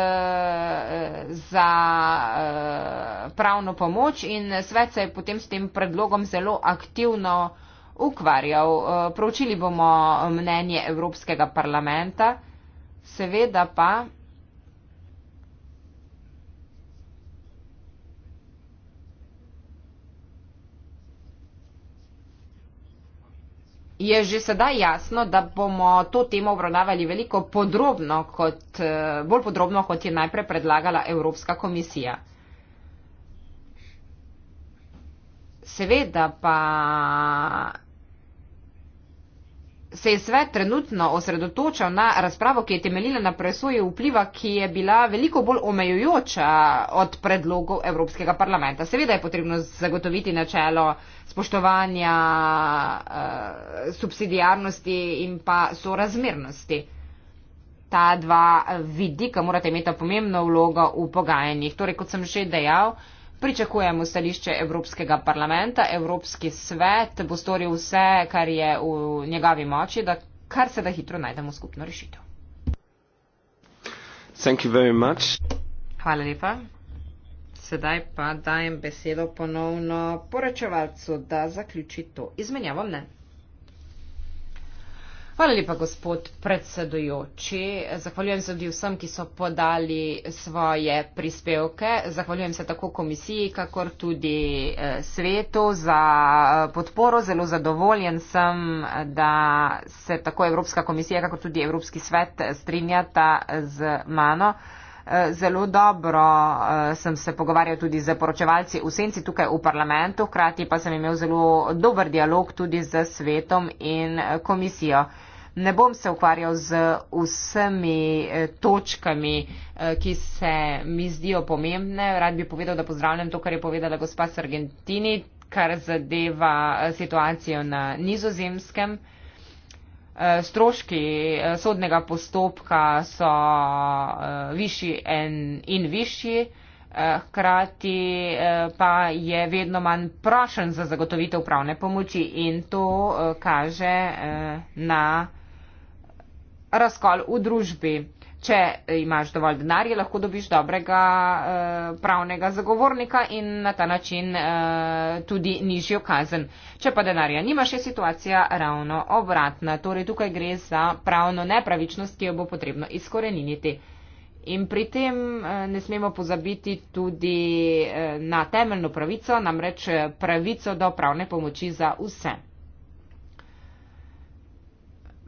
za eh, pravno pomoč in svet se je potem s tem predlogom zelo aktivno ukvarjal. Eh, proučili bomo mnenje Evropskega parlamenta, seveda pa. Je že sedaj jasno, da bomo to temo obravnavali veliko podrobno, kot, eh, bolj podrobno, kot je najprej predlagala Evropska komisija. Seveda pa se je svet trenutno osredotočal na razpravo, ki je temeljila na presoji vpliva, ki je bila veliko bolj omejujoča od predlogov Evropskega parlamenta. Seveda je potrebno zagotoviti načelo spoštovanja eh, subsidijarnosti in pa sorazmernosti. Ta dva vidika morate imeti pomembno vlogo v pogajanjih. Torej, kot sem že dejal, eh, Pričakujemo stališče Evropskega parlamenta. Evropski svet bo storil vse, kar je v njegovi moči, da kar se da hitro najdemo skupno rešitev. Hvala lepa. Sedaj pa dajem besedo ponovno poročevalcu, da zaključi to izmenjavo mnenja. Hvala lepa, gospod predsedujoči. Zahvaljujem se tudi vsem, ki so podali svoje prispevke. Zahvaljujem se tako komisiji, kakor tudi eh, svetu za eh, podporo. Zelo zadovoljen sem, da se tako Evropska komisija, kakor tudi Evropski svet eh, strinjata z mano. Eh, zelo dobro eh, sem se pogovarjal tudi z poročevalci v senci tukaj v parlamentu, hkrati pa sem imel zelo dober dialog tudi z svetom in eh, komisijo. Ne bom se ukvarjal z vsemi točkami, ki se mi zdijo pomembne. Rad bi povedal, da pozdravljam to, kar je povedala gospa Sargentini, kar zadeva situacijo na nizozemskem. Eh, stroški eh, sodnega postopka so eh, višji in višji, hkrati pa je vedno manj prošen za zagotovitev pravne pomoči in to kaže na razkol v družbi če imaš dovolj denarja, lahko dobiš dobrega eh, pravnega zagovornika in na ta način eh, tudi nižjo kazen. Če pa denarja nimaš, je situacija ravno obratna. Torej, tukaj gre za pravno nepravičnost, ki jo bo potrebno izkoreniniti. In pri tem eh, ne smemo pozabiti tudi eh, na temeljno pravico, namreč eh, pravico do pravne pomoči za vse.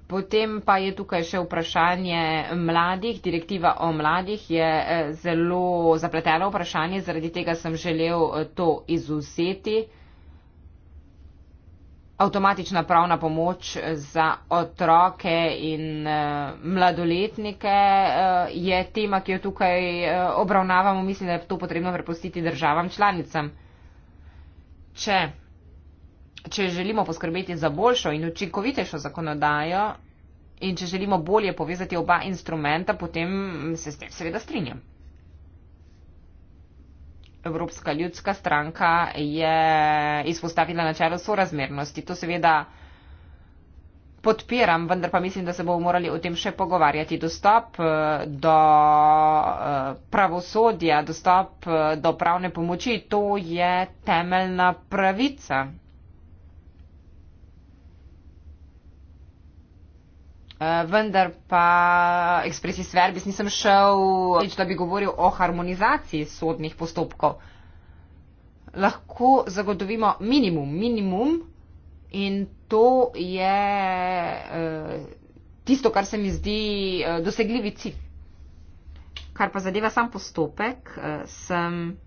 Potem pa je tukaj še vprašanje mladih. Direktiva o mladih je eh, zelo zapletena vprašanje, zaradi tega sem želel eh, to izuzeti. Avtomatična pravna pomoč eh, za otroke in mladoletnike je tema, ki jo tukaj obravnavamo. Mislim, da je to potrebno prepustiti državam članicam. Če če želimo poskrbeti za boljšo in učinkovitejšo zakonodajo in če želimo bolje povezati oba instrumenta, potem se s tem seveda strinjam. Evropska ljudska stranka je izpostavila načelo sorazmernosti. To seveda podpiram, vendar pa mislim, da se bomo morali o tem še pogovarjati. Dostop eh, do eh, pravosodja, dostop eh, do pravne pomoči, to je temeljna pravica. Uh, vendar pa ekspresijs verbis nisem šel, nič, da bi govoril o harmonizaciji sodnih postopkov. Lahko zagotovimo minimum, minimum in to je uh, tisto, kar se mi zdi uh, dosegljivi cilj. Kar pa zadeva sam postopek, uh, sem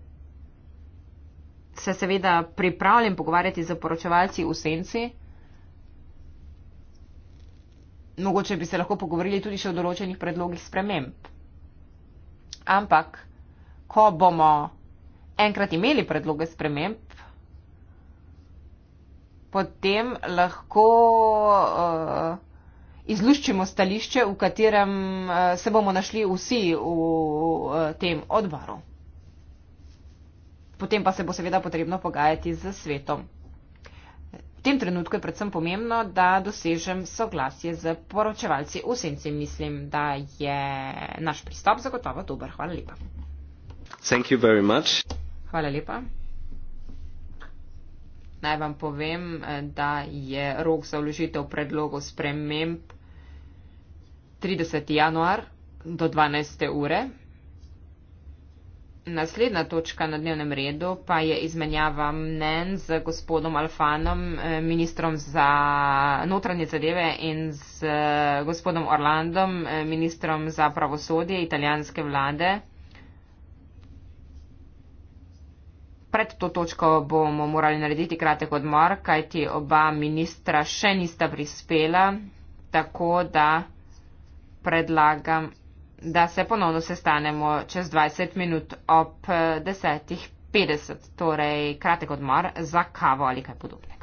se seveda pripravljen pogovarjati z poročevalci v senci. Uh, mogoče bi se lahko pogovorili tudi še o določenih predlogih sprememb. Ampak, ko bomo enkrat imeli predloge sprememb, potem lahko uh, izluščimo stališče, v katerem uh, se bomo našli vsi v uh, tem odvaru. Potem pa se bo seveda potrebno pogajati z svetom. V tem trenutku je predvsem pomembno, da dosežem soglasje z poročevalci. Vsem se mislim, da je naš pristop zagotovo dober. Hvala lepa. Hvala lepa. Naj vam povem, da je rok za vložitev predlogov sprememb 30. januar do 12. ure. Naslednja točka na dnevnem redu pa je izmenjava mnen z gospodom Alfanom, eh, ministrom za notranje zadeve in z eh, gospodom Orlandom, eh, ministrom za pravosodje italijanske vlade. Pred to točko bomo morali narediti kratek odmor, kajti oba ministra še nista prispela, tako da predlagam da se ponovno sestanemo čez 20 minut ob 10.50, eh, torej kratek odmor za kavo ali kaj podobnega.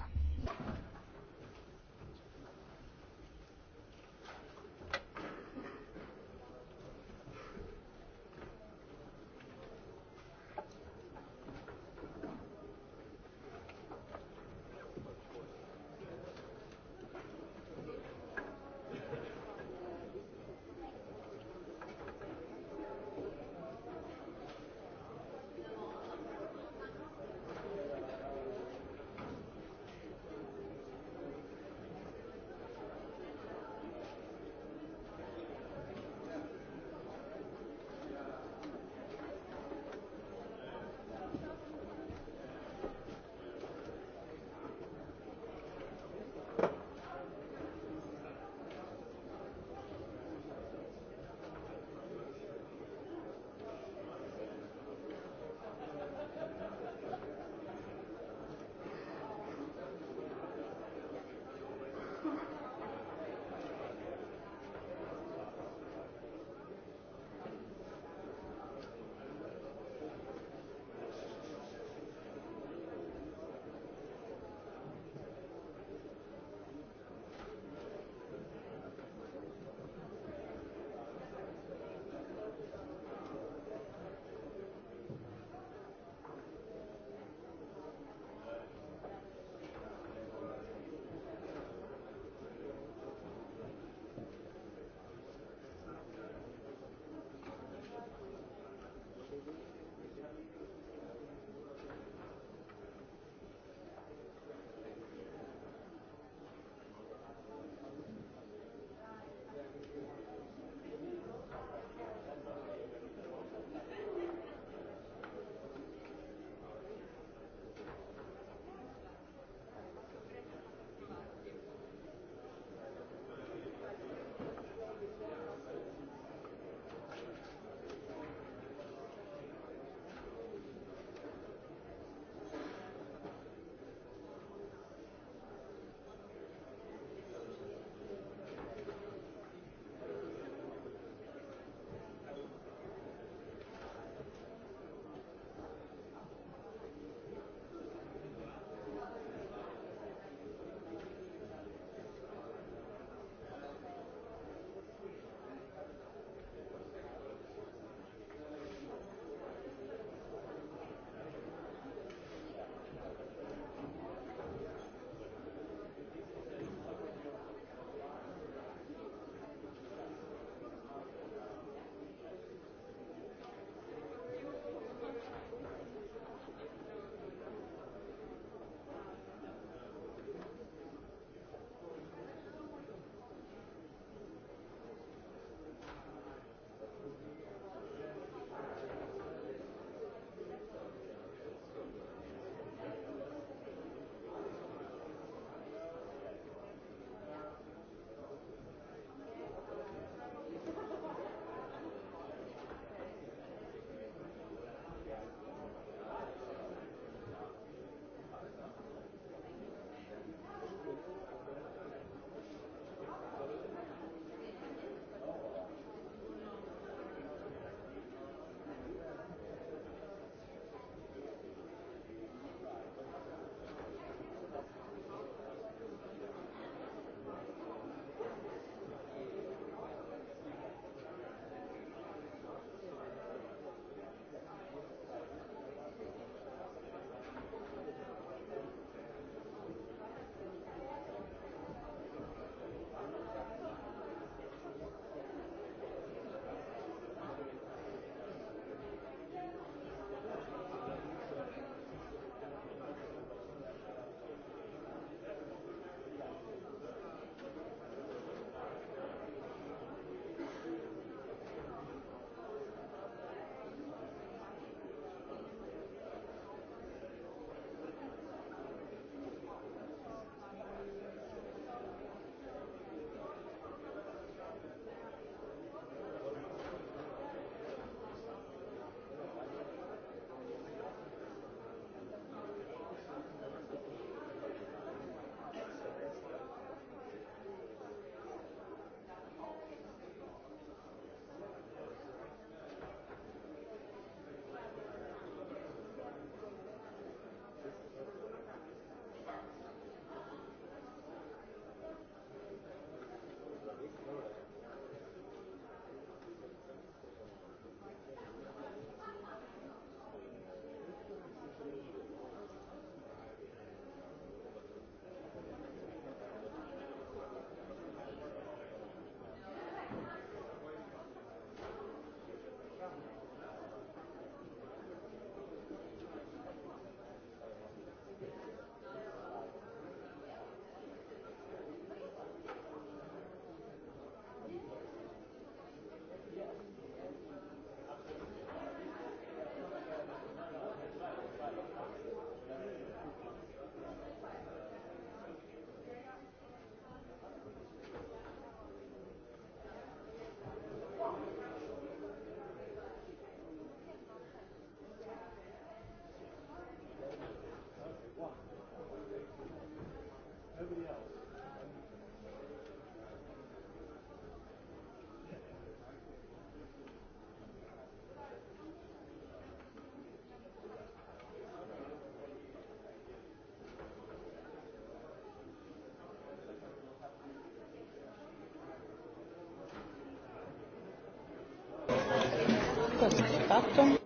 faktom.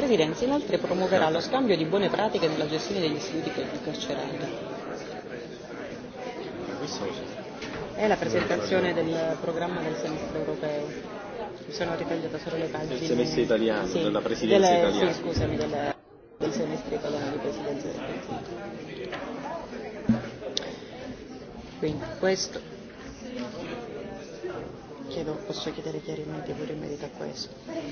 Presidenza inoltre promuoverà lo scambio di buone pratiche nella gestione degli istituti carcerari.
È la presentazione del
programma del semestre europeo. Mi sono ritagliata solo le pagine. Del semestre italiano, sì, della presidenza delle, italiana. Sì, scusami,
delle, del semestre italiano di presidenza del Consiglio.
Quindi, questo. Chiedo, posso chiedere chiarimenti pure in merito a questo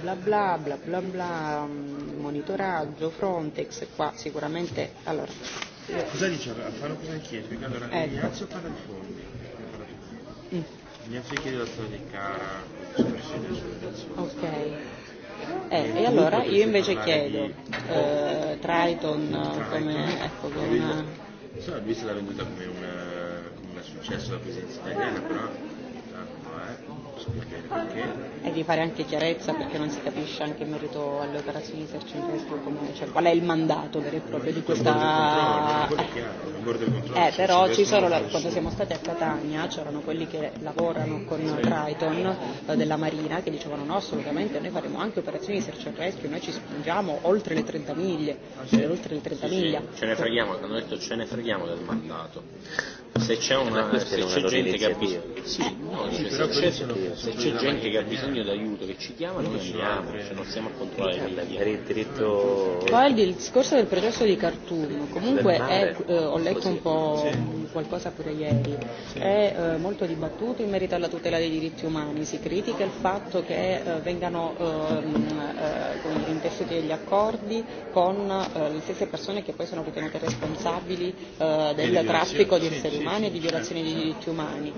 bla bla bla bla bla mm, monitoraggio frontex qua sicuramente allora io... cosa dice a fare
cosa chiede allora eh. ignazio paralfondi eh, mm. ignazio chiede la storia di cara ok eh, e, e allora io invece chiedo di... eh, triton come ecco come visto la venduta come un successo della presenza italiana però e
di fare anche chiarezza perché non si capisce anche in merito alle operazioni esercenti comune, cioè qual è il mandato vero e proprio di questa.
Eh, però ci sono, quando siamo stati
a Catania c'erano quelli che lavorano con Triton eh, della Marina che dicevano no assolutamente noi faremo anche operazioni di search and rescue, noi ci spingiamo oltre le 30 miglia, ah, sì. oltre le 30 sì, miglia. Sì. Ce ne freghiamo, hanno detto ce ne freghiamo del mandato se c'è, una, se c'è una gente che ha bisogno sì, no, eh, se, c'è, se, se c'è gente che ha bisogno d'aiuto che ci chiama noi andiamo cioè non siamo a controllare il diritto poi il discorso del processo di Khartoum comunque è, eh, ho letto un po' qualcosa pure ieri è eh, molto dibattuto in merito alla tutela dei diritti umani si critica il fatto che eh, vengano ehm, eh, intessuti eh, eh, gli accordi con eh, le stesse persone che poi sono ritenute responsabili eh, del traffico di esseri umani umani e di violazione dei diritti umani.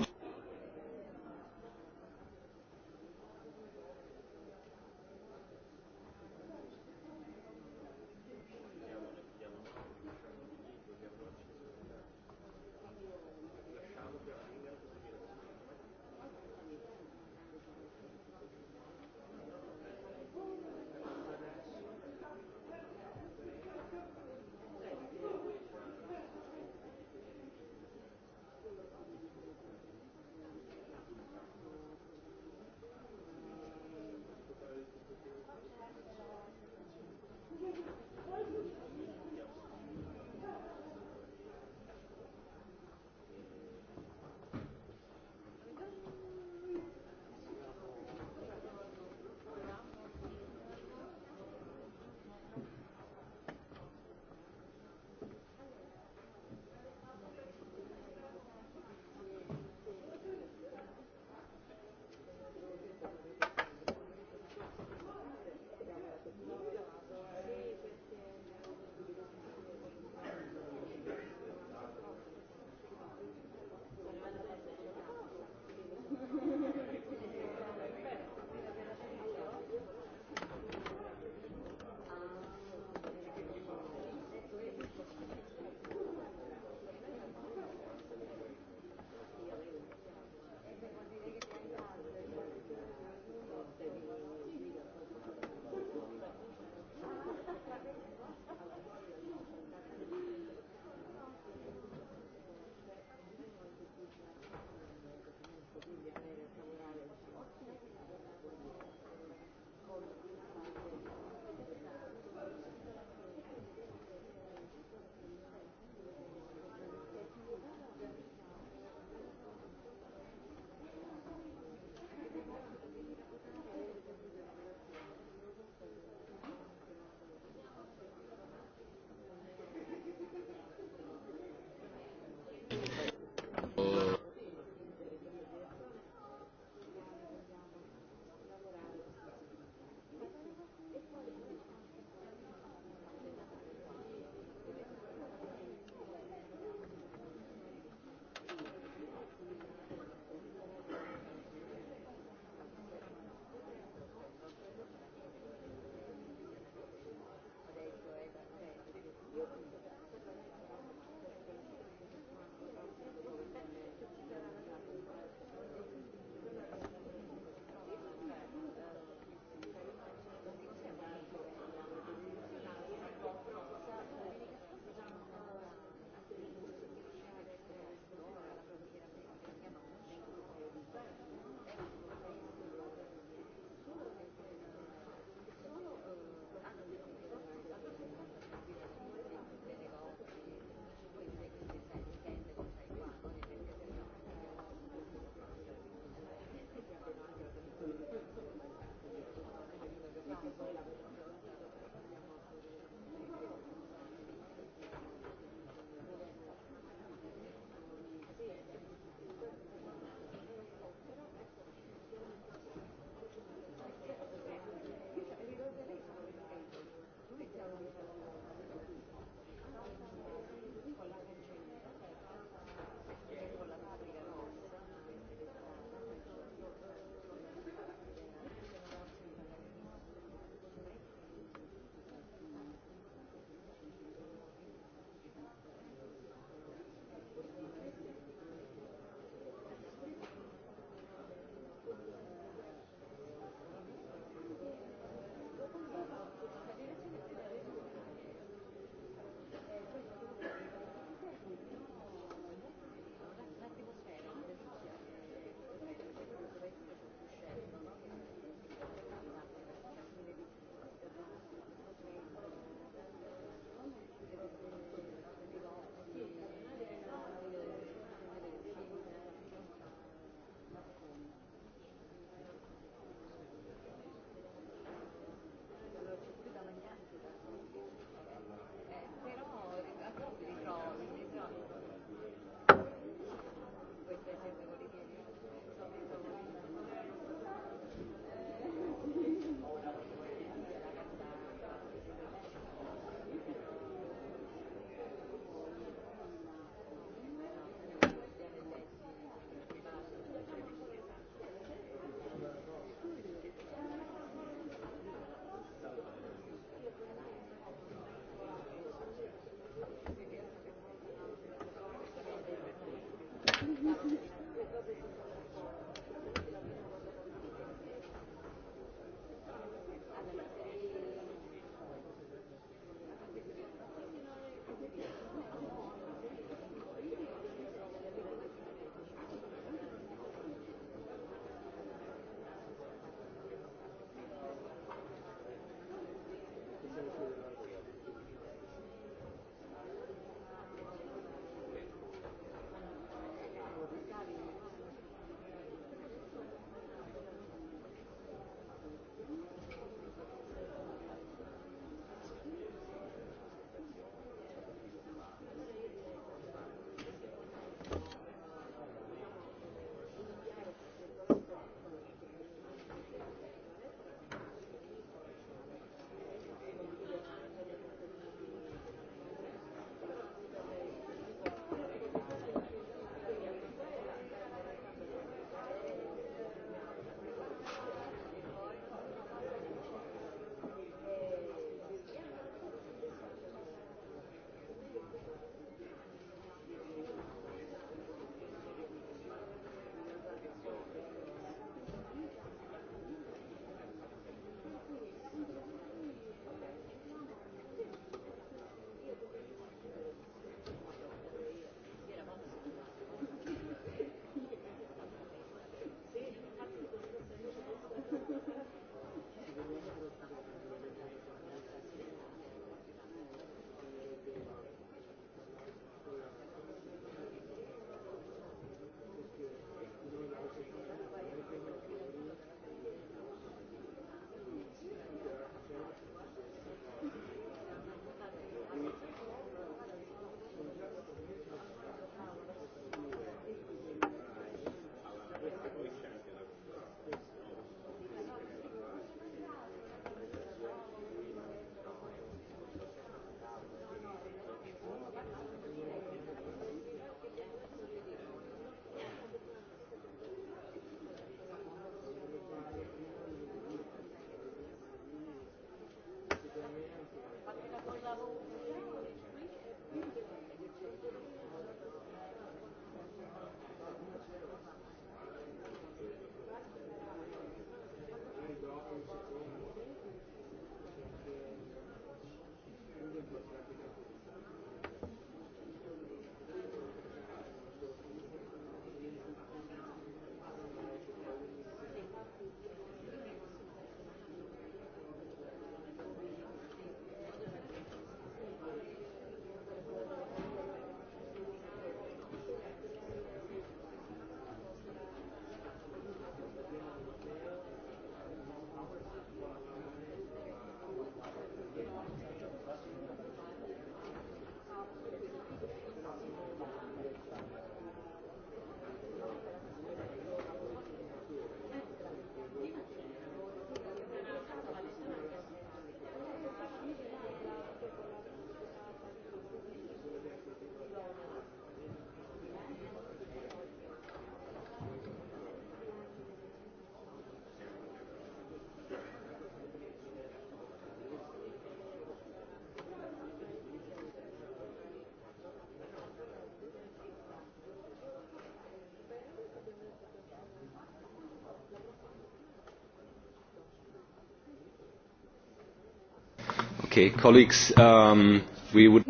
Okay, colleagues, um, we would...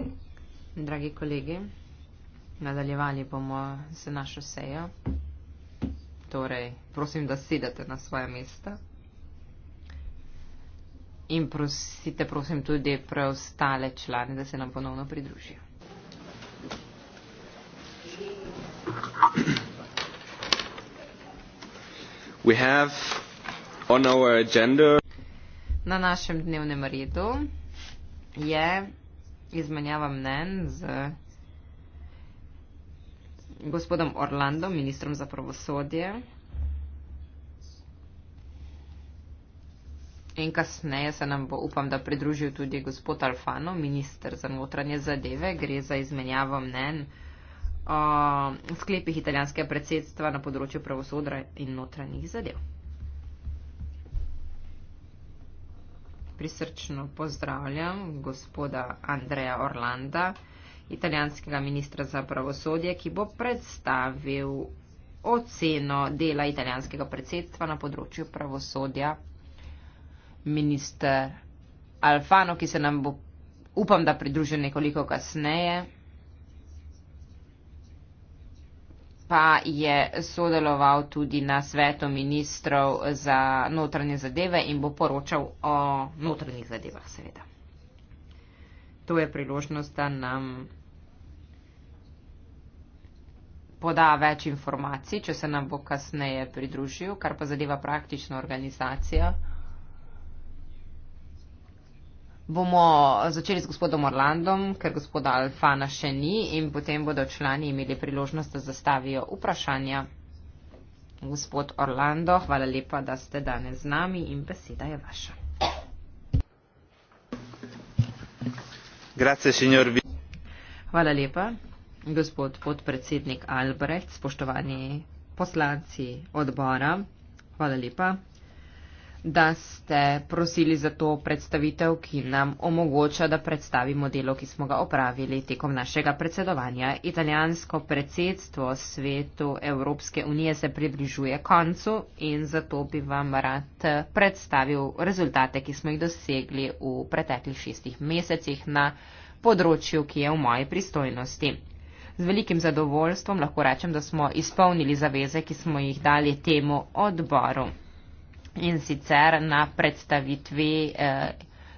Dragi kolegi, nadaljevali bomo se našo sejo. Torej, prosim, da sedete na svoje mesta. In prosite, prosim, tudi preostale člane, da se nam ponovno pridružijo.
We have on our agenda.
Na našem dnevnem redu je izmenjava mnen z gospodom Orlando, ministrom za pravosodje. In kasneje se nam bo, upam, da pridružil tudi gospod Alfano, minister za notranje zadeve. Gre za izmenjavo mnen o sklepih italijanskega predsedstva na področju pravosodra in notranjih zadev. prisrčno pozdravljam gospoda Andreja Orlanda, italijanskega ministra za pravosodje, ki bo predstavil oceno dela italijanskega predsedstva na področju pravosodja. Minister Alfano, ki se nam bo, upam, da pridružil nekoliko kasneje. pa je sodeloval tudi na svetu ministrov za notranje zadeve in bo poročal o notranjih zadevah, seveda. To je priložnost, da nam poda več informacij, če se nam bo kasneje pridružil, kar pa zadeva praktično organizacijo bomo začeli s gospodom Orlandom, ker gospoda Alfana še ni in potem bodo člani imeli priložnost, da zastavijo vprašanja. Gospod Orlando, hvala lepa, da ste danes z nami in beseda je vaša.
Grazie, signor.
Hvala lepa, gospod podpredsednik Albrecht, spoštovani poslanci odbora. Hvala lepa da ste prosili za to predstavitev, ki nam omogoča, da predstavimo delo, ki smo ga opravili tekom našega predsedovanja. Italijansko predsedstvo svetu Evropske unije se približuje koncu in zato bi vam rad predstavil rezultate, ki smo jih dosegli v preteklih šestih mesecih na področju, ki je v moji pristojnosti. Z velikim zadovoljstvom lahko rečem, da smo izpolnili zaveze, ki smo jih dali temu odboru in sicer na predstavitvi eh,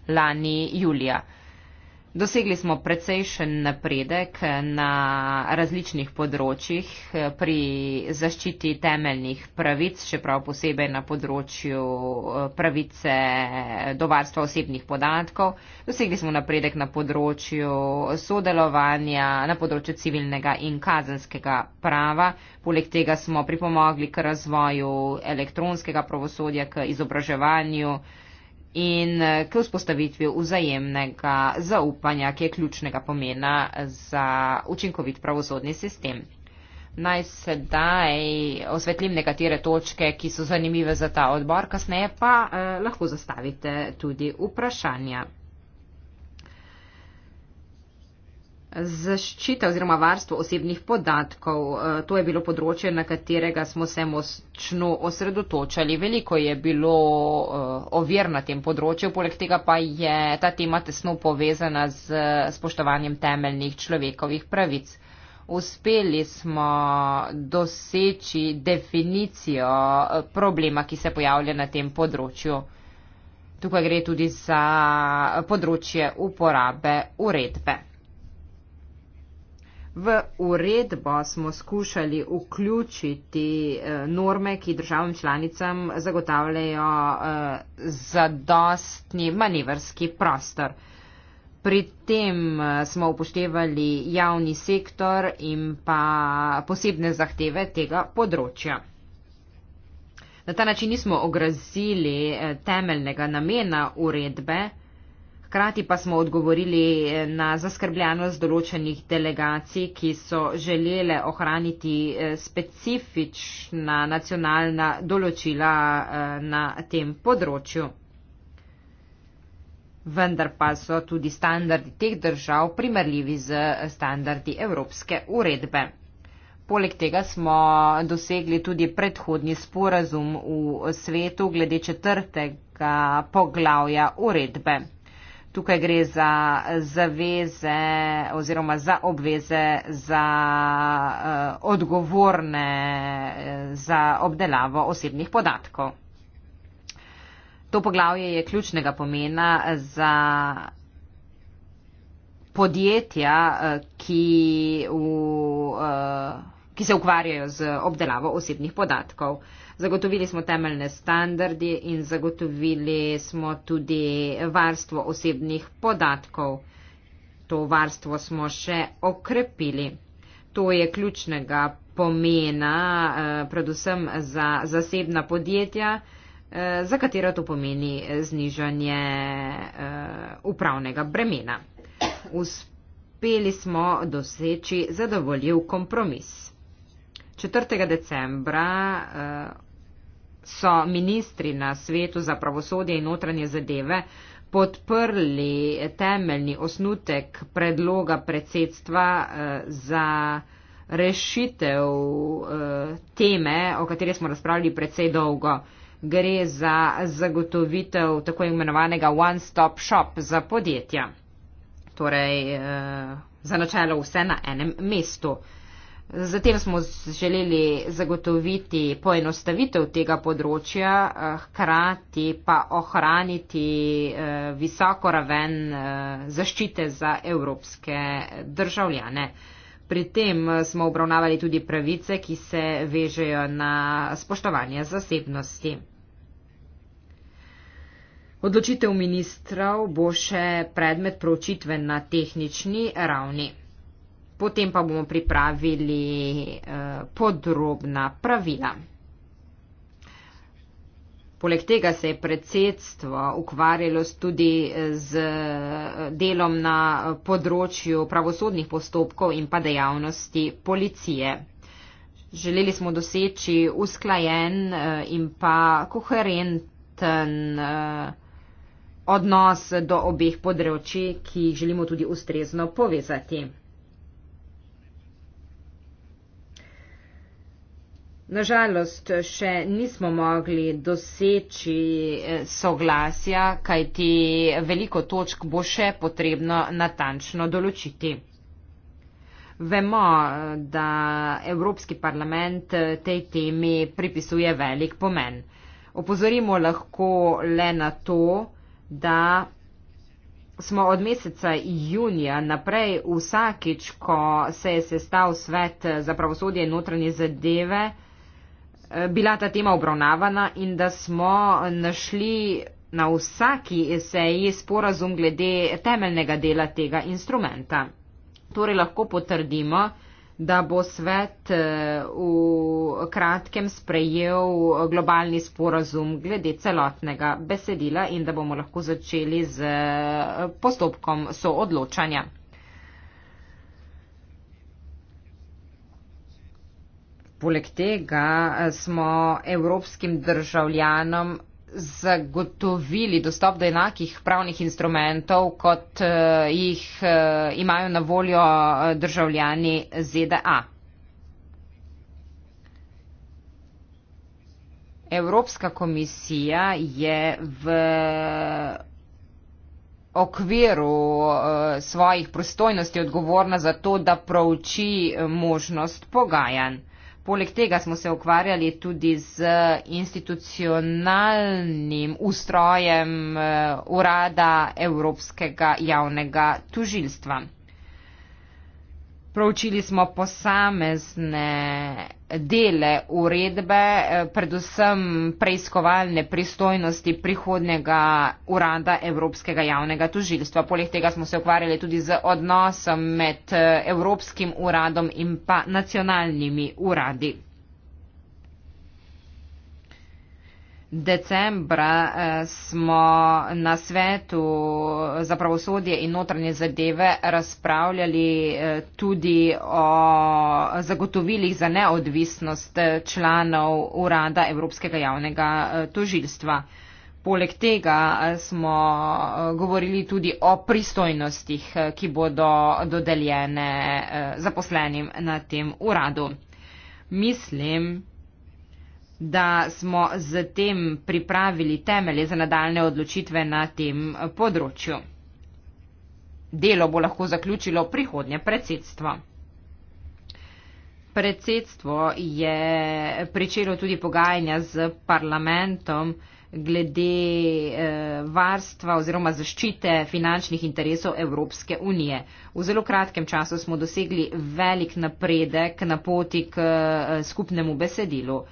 lani julija. Dosegli smo precejšen napredek na različnih področjih eh, pri zaščiti temeljnih pravic, še prav posebej na področju eh, pravice do varstva osebnih podatkov. Dosegli smo napredek na področju sodelovanja, na področju civilnega in kazenskega prava. Poleg tega smo pripomogli k razvoju elektronskega pravosodja, k izobraževanju in eh, k vzpostavitvi vzajemnega zaupanja, ki je ključnega pomena za učinkovit pravosodni sistem. Naj sedaj osvetlim nekatere točke, ki so zanimive za ta odbor, kasneje pa eh, lahko zastavite tudi vprašanja. zaščita oziroma varstvo osebnih podatkov. E, to je bilo področje, na katerega smo se močno osredotočali. Veliko je bilo e, ovir na tem področju, poleg tega pa je ta tema tesno povezana z spoštovanjem temeljnih človekovih pravic. Uspeli smo doseči definicijo e, problema, ki se pojavlja na tem področju. Tukaj gre tudi za področje uporabe uredbe. V uredbo smo skušali vključiti eh, norme, ki državam članicam zagotavljajo eh, zadostni manevrski prostor. Pri tem eh, smo upoštevali javni sektor in pa posebne zahteve tega področja. Na ta način nismo ogrozili temeljnega namena uredbe. Hkrati pa smo odgovorili eh, na zaskrbljenost določenih delegacij, ki so želele ohraniti eh, specifična nacionalna določila eh, na tem področju. Vendar pa so tudi standardi teh držav primerljivi z standardi Evropske uredbe. Poleg tega smo dosegli tudi predhodni sporazum v svetu glede četrtega poglavja uredbe. Tukaj gre za zaveze oziroma za obveze za uh, odgovorne eh, za obdelavo osebnih podatkov. To poglavje je ključnega pomena za podjetja, eh, ki, v, uh, ki se ukvarjajo z obdelavo osebnih podatkov. Uh, Zagotovili smo temeljne standardi in zagotovili smo tudi varstvo osebnih podatkov. To varstvo smo še okrepili. To je ključnega pomena, eh, predvsem za zasebna podjetja, eh, za katera to pomeni znižanje eh, upravnega bremena. Uspeli smo doseči zadovoljiv kompromis. 4. decembra so ministri na svetu za pravosodje in notranje zadeve podprli temeljni osnutek predloga predsedstva eh, za rešitev eh, teme, o kateri smo razpravljali predvsej dolgo. Gre za zagotovitev tako imenovanega one-stop-shop za podjetja. Torej, eh, za načelo vse na enem mestu. Zatem smo želeli zagotoviti poenostavitev tega področja, eh, hkrati pa ohraniti eh, visoko raven eh, zaščite za evropske državljane. Pri tem smo obravnavali tudi pravice, ki se vežejo na spoštovanje zasebnosti. Odločitev ministrov bo še predmet pročitve na tehnični ravni potem pa bomo pripravili eh, podrobna pravila. Poleg tega se je predsedstvo ukvarjalo tudi eh, z eh, delom na področju pravosodnih postopkov in pa dejavnosti policije. Želeli smo doseči usklajen in pa koherenten odnos do obeh področji, ki jih želimo tudi ustrezno povezati. Nažalost, še nismo mogli doseči eh, soglasja, kajti veliko točk bo še potrebno natančno določiti. Vemo, eh, da Evropski parlament eh, tej temi pripisuje velik pomen. Opozorimo lahko le na to, da smo od meseca junija naprej vsakič, ko se je sestav svet za pravosodje in notranje zadeve, bila ta tema obravnavana in da smo našli na vsaki seji sporazum glede temeljnega dela tega instrumenta. Torej lahko potrdimo, da bo svet eh, v kratkem sprejel globalni sporazum glede celotnega besedila in da bomo lahko začeli z eh, postopkom soodločanja. Poleg tega eh, smo evropskim državljanom zagotovili dostop do enakih pravnih instrumentov, kot eh, jih eh, imajo na voljo državljani ZDA. Evropska komisija je v okviru svojih pristojnosti odgovorna za to, da prouči možnost pogajanj. Poleg tega smo se ukvarjali tudi z eh, institucionalnim ustrojem eh, urada Evropskega javnega tužilstva. Proučili smo posamezne dele uredbe, eh, predvsem preiskovalne pristojnosti prihodnega urada Evropskega javnega tužilstva. Poleg tega smo se ukvarjali tudi z odnosom med eh, Evropskim uradom in pa nacionalnimi uradi. Decembra eh, smo na svetu za pravosodje in notranje zadeve razpravljali eh, tudi o zagotovilih za neodvisnost eh, članov Urada Evropskega javnega tožilstva. Poleg tega smo govorili tudi o pristojnostih, ki bodo dodeljene zaposlenim na tem uradu. Mislim, da smo z tem pripravili temelje za nadaljne odločitve na tem področju. Delo bo lahko zaključilo prihodnje predsedstvo. Predsedstvo je pričelo tudi pogajanja z parlamentom glede eh, varstva oziroma zaščite finančnih interesov Evropske unije. V zelo kratkem času smo dosegli velik napredek na poti k eh, skupnemu besedilu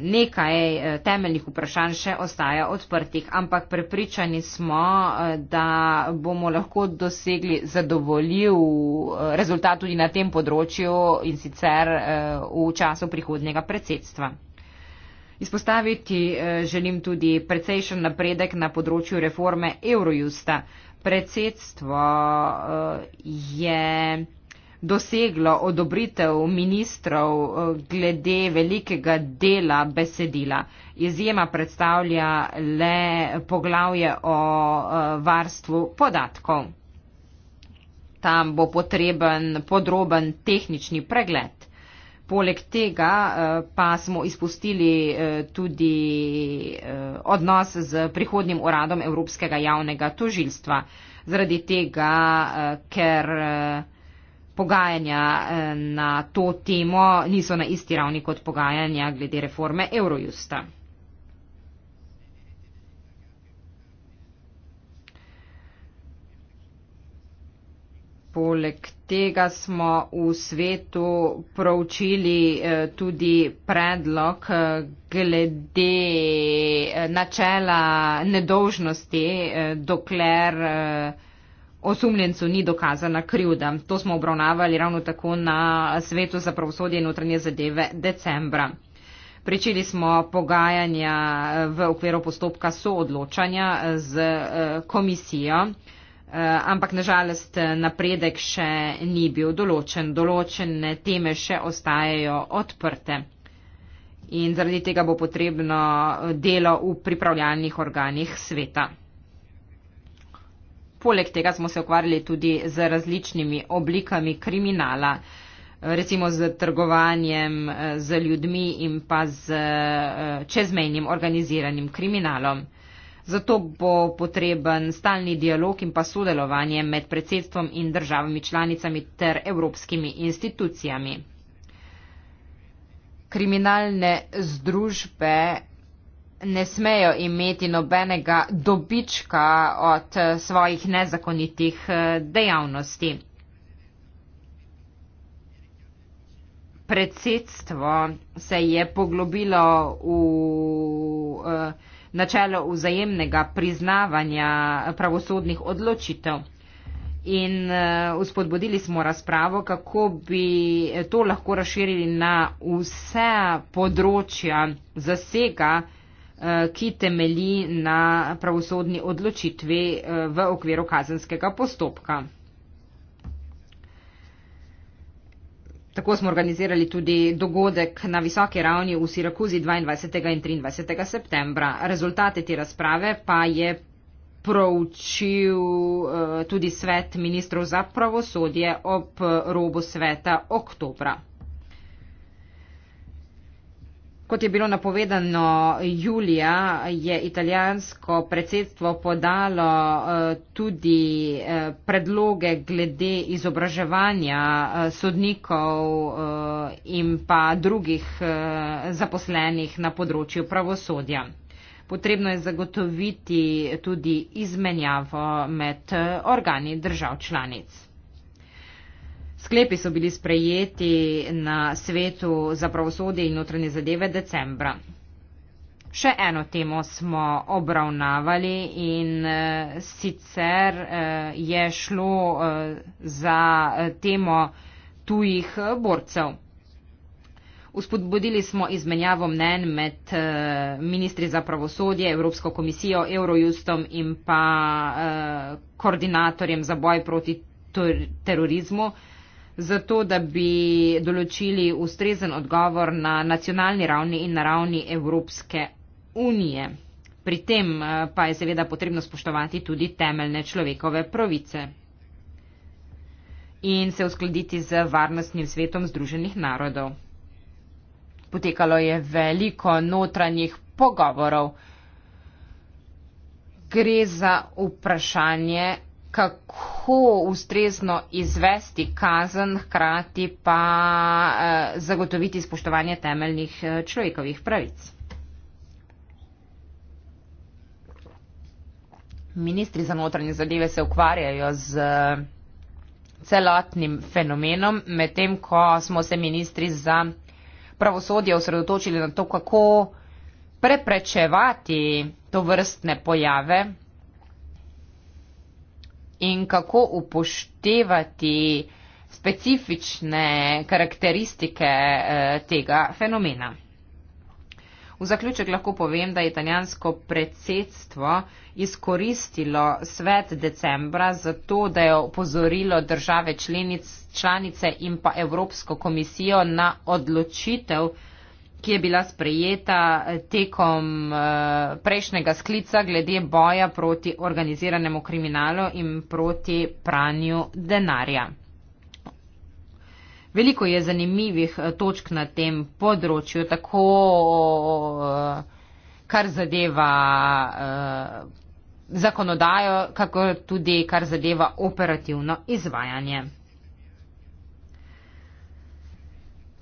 nekaj eh, temeljnih vprašanj še ostaja odprtih, ampak prepričani smo, eh, da bomo lahko dosegli zadovoljiv eh, rezultat tudi na tem področju in sicer v času prihodnjega predsedstva. Izpostaviti želim tudi precejšen napredek na področju reforme Eurojusta. Predsedstvo je doseglo odobritev ministrov eh, glede velikega dela besedila. Izjema predstavlja le poglavje o eh, varstvu podatkov. Tam bo potreben podroben tehnični pregled. Poleg tega eh, pa smo izpustili tudi odnos z prihodnim uradom Evropskega javnega tožilstva. Zaradi tega, ker pogajanja eh, na to temo niso na isti ravni kot pogajanja glede reforme Eurojusta. Poleg tega smo v svetu proučili eh, tudi predlog eh, glede načela nedožnosti, dokler osumljencu ni dokazana krivda. To smo obravnavali ravno tako na svetu za pravosodje in notranje zadeve decembra. Pričeli smo pogajanja eh, v okviru postopka soodločanja eh, z eh, komisijo, ampak nažalost napredek še ni bil določen. Določene teme še ostajajo odprte. In zaradi tega bo potrebno delo v pripravljalnih organih sveta. Poleg tega smo se ukvarjali tudi z različnimi oblikami kriminala, recimo z trgovanjem eh, z ljudmi in pa z eh, čezmejnim organiziranim kriminalom. Zato bo potreben stalni dialog in pa sodelovanje med predsedstvom in državami članicami ter evropskimi institucijami. Kriminalne združbe ne smejo imeti nobenega dobička od eh, svojih nezakonitih eh, dejavnosti. Predsedstvo se je poglobilo v eh, načelo vzajemnega priznavanja pravosodnih odločitev. In uspodbudili smo razpravo, kako bi to lahko razširili na vse področja zasega, Eh, ki temelji na pravosodni odločitvi eh, v okviru kazenskega postopka. Tako smo organizirali tudi dogodek na visoki ravni v Sirakuzi 22. in 23. septembra. Rezultate te razprave pa je proučil eh, tudi svet ministrov za pravosodje ob robu sveta oktobra. Kot je bilo napovedano, julija je italijansko predsedstvo podalo eh, tudi eh, predloge glede izobraževanja eh, sodnikov in pa drugih zaposlenih na področju pravosodja. Potrebno je zagotoviti tudi izmenjavo med organi držav članic. Sklepi so bili sprejeti na svetu za pravosodje in notranje zadeve decembra. Še eno temo smo obravnavali in e, sicer e, je šlo e, za temo tujih borcev. Uspodbudili smo izmenjavo mnen med e, ministri za pravosodje, Evropsko komisijo, Eurojustom in pa e, koordinatorjem za boj proti terorizmu. E, zato, da bi določili ustrezen odgovor na nacionalni ravni in na ravni Evropske unije. Pri tem eh, pa je seveda potrebno spoštovati tudi temeljne človekove pravice in se uskladiti z varnostnim svetom Združenih narodov. Potekalo je veliko notranjih pogovorov. Gre za vprašanje kako ustrezno izvesti kazen, hkrati pa eh, zagotoviti spoštovanje temeljnih eh, človekovih pravic. Ministri za notranje zadeve se ukvarjajo z eh, celotnim fenomenom, medtem ko smo se ministri za pravosodje osredotočili na to, kako preprečevati to vrstne pojave in kako upoštevati specifične karakteristike eh, tega fenomena. V zaključek lahko povem, da je italijansko predsedstvo izkoristilo svet decembra za to, da je opozorilo države članic, članice in pa Evropsko komisijo na odločitev, ki je bila sprejeta eh, tekom eh, prejšnjega sklica glede boja proti organiziranemu kriminalu in proti pranju denarja. Veliko je zanimivih eh, točk na tem področju, tako kar zadeva zakonodajo, kako tudi kar zadeva operativno izvajanje.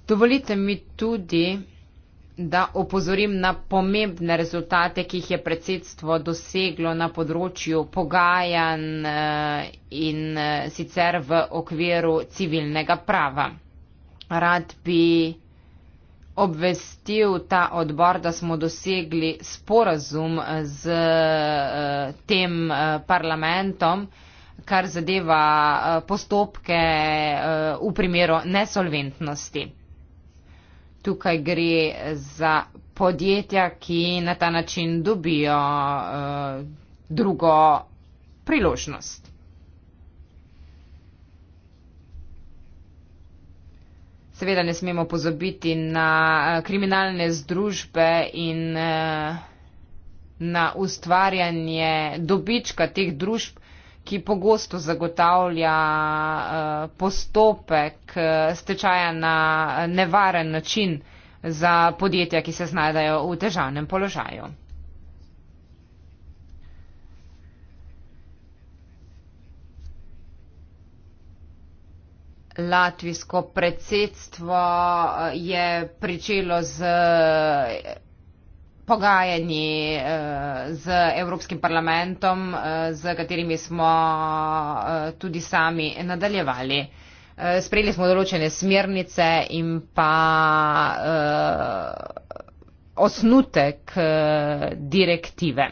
Dovolite mi tudi, da opozorim na pomembne rezultate, ki jih je predsedstvo doseglo na področju pogajanj eh, in eh, sicer v okviru civilnega prava. Rad bi obvestil ta odbor, da smo dosegli sporazum z eh, tem parlamentom, kar zadeva postopke v primeru nesolventnosti tukaj gre za podjetja, ki na ta način dobijo uh, drugo priložnost. Seveda ne smemo pozabiti na eh, kriminalne združbe in eh, na ustvarjanje dobička teh družb, ki pogosto zagotavlja eh, postopek eh, stečaja na nevaren način za podjetja, ki se znajdajo v težavnem položaju. Latvijsko predsedstvo eh, je pričelo z pogajanji eh, z Evropskim parlamentom, eh, z katerimi smo eh, tudi sami nadaljevali. Sprejeli smo določene smernice in pa osnutek direktive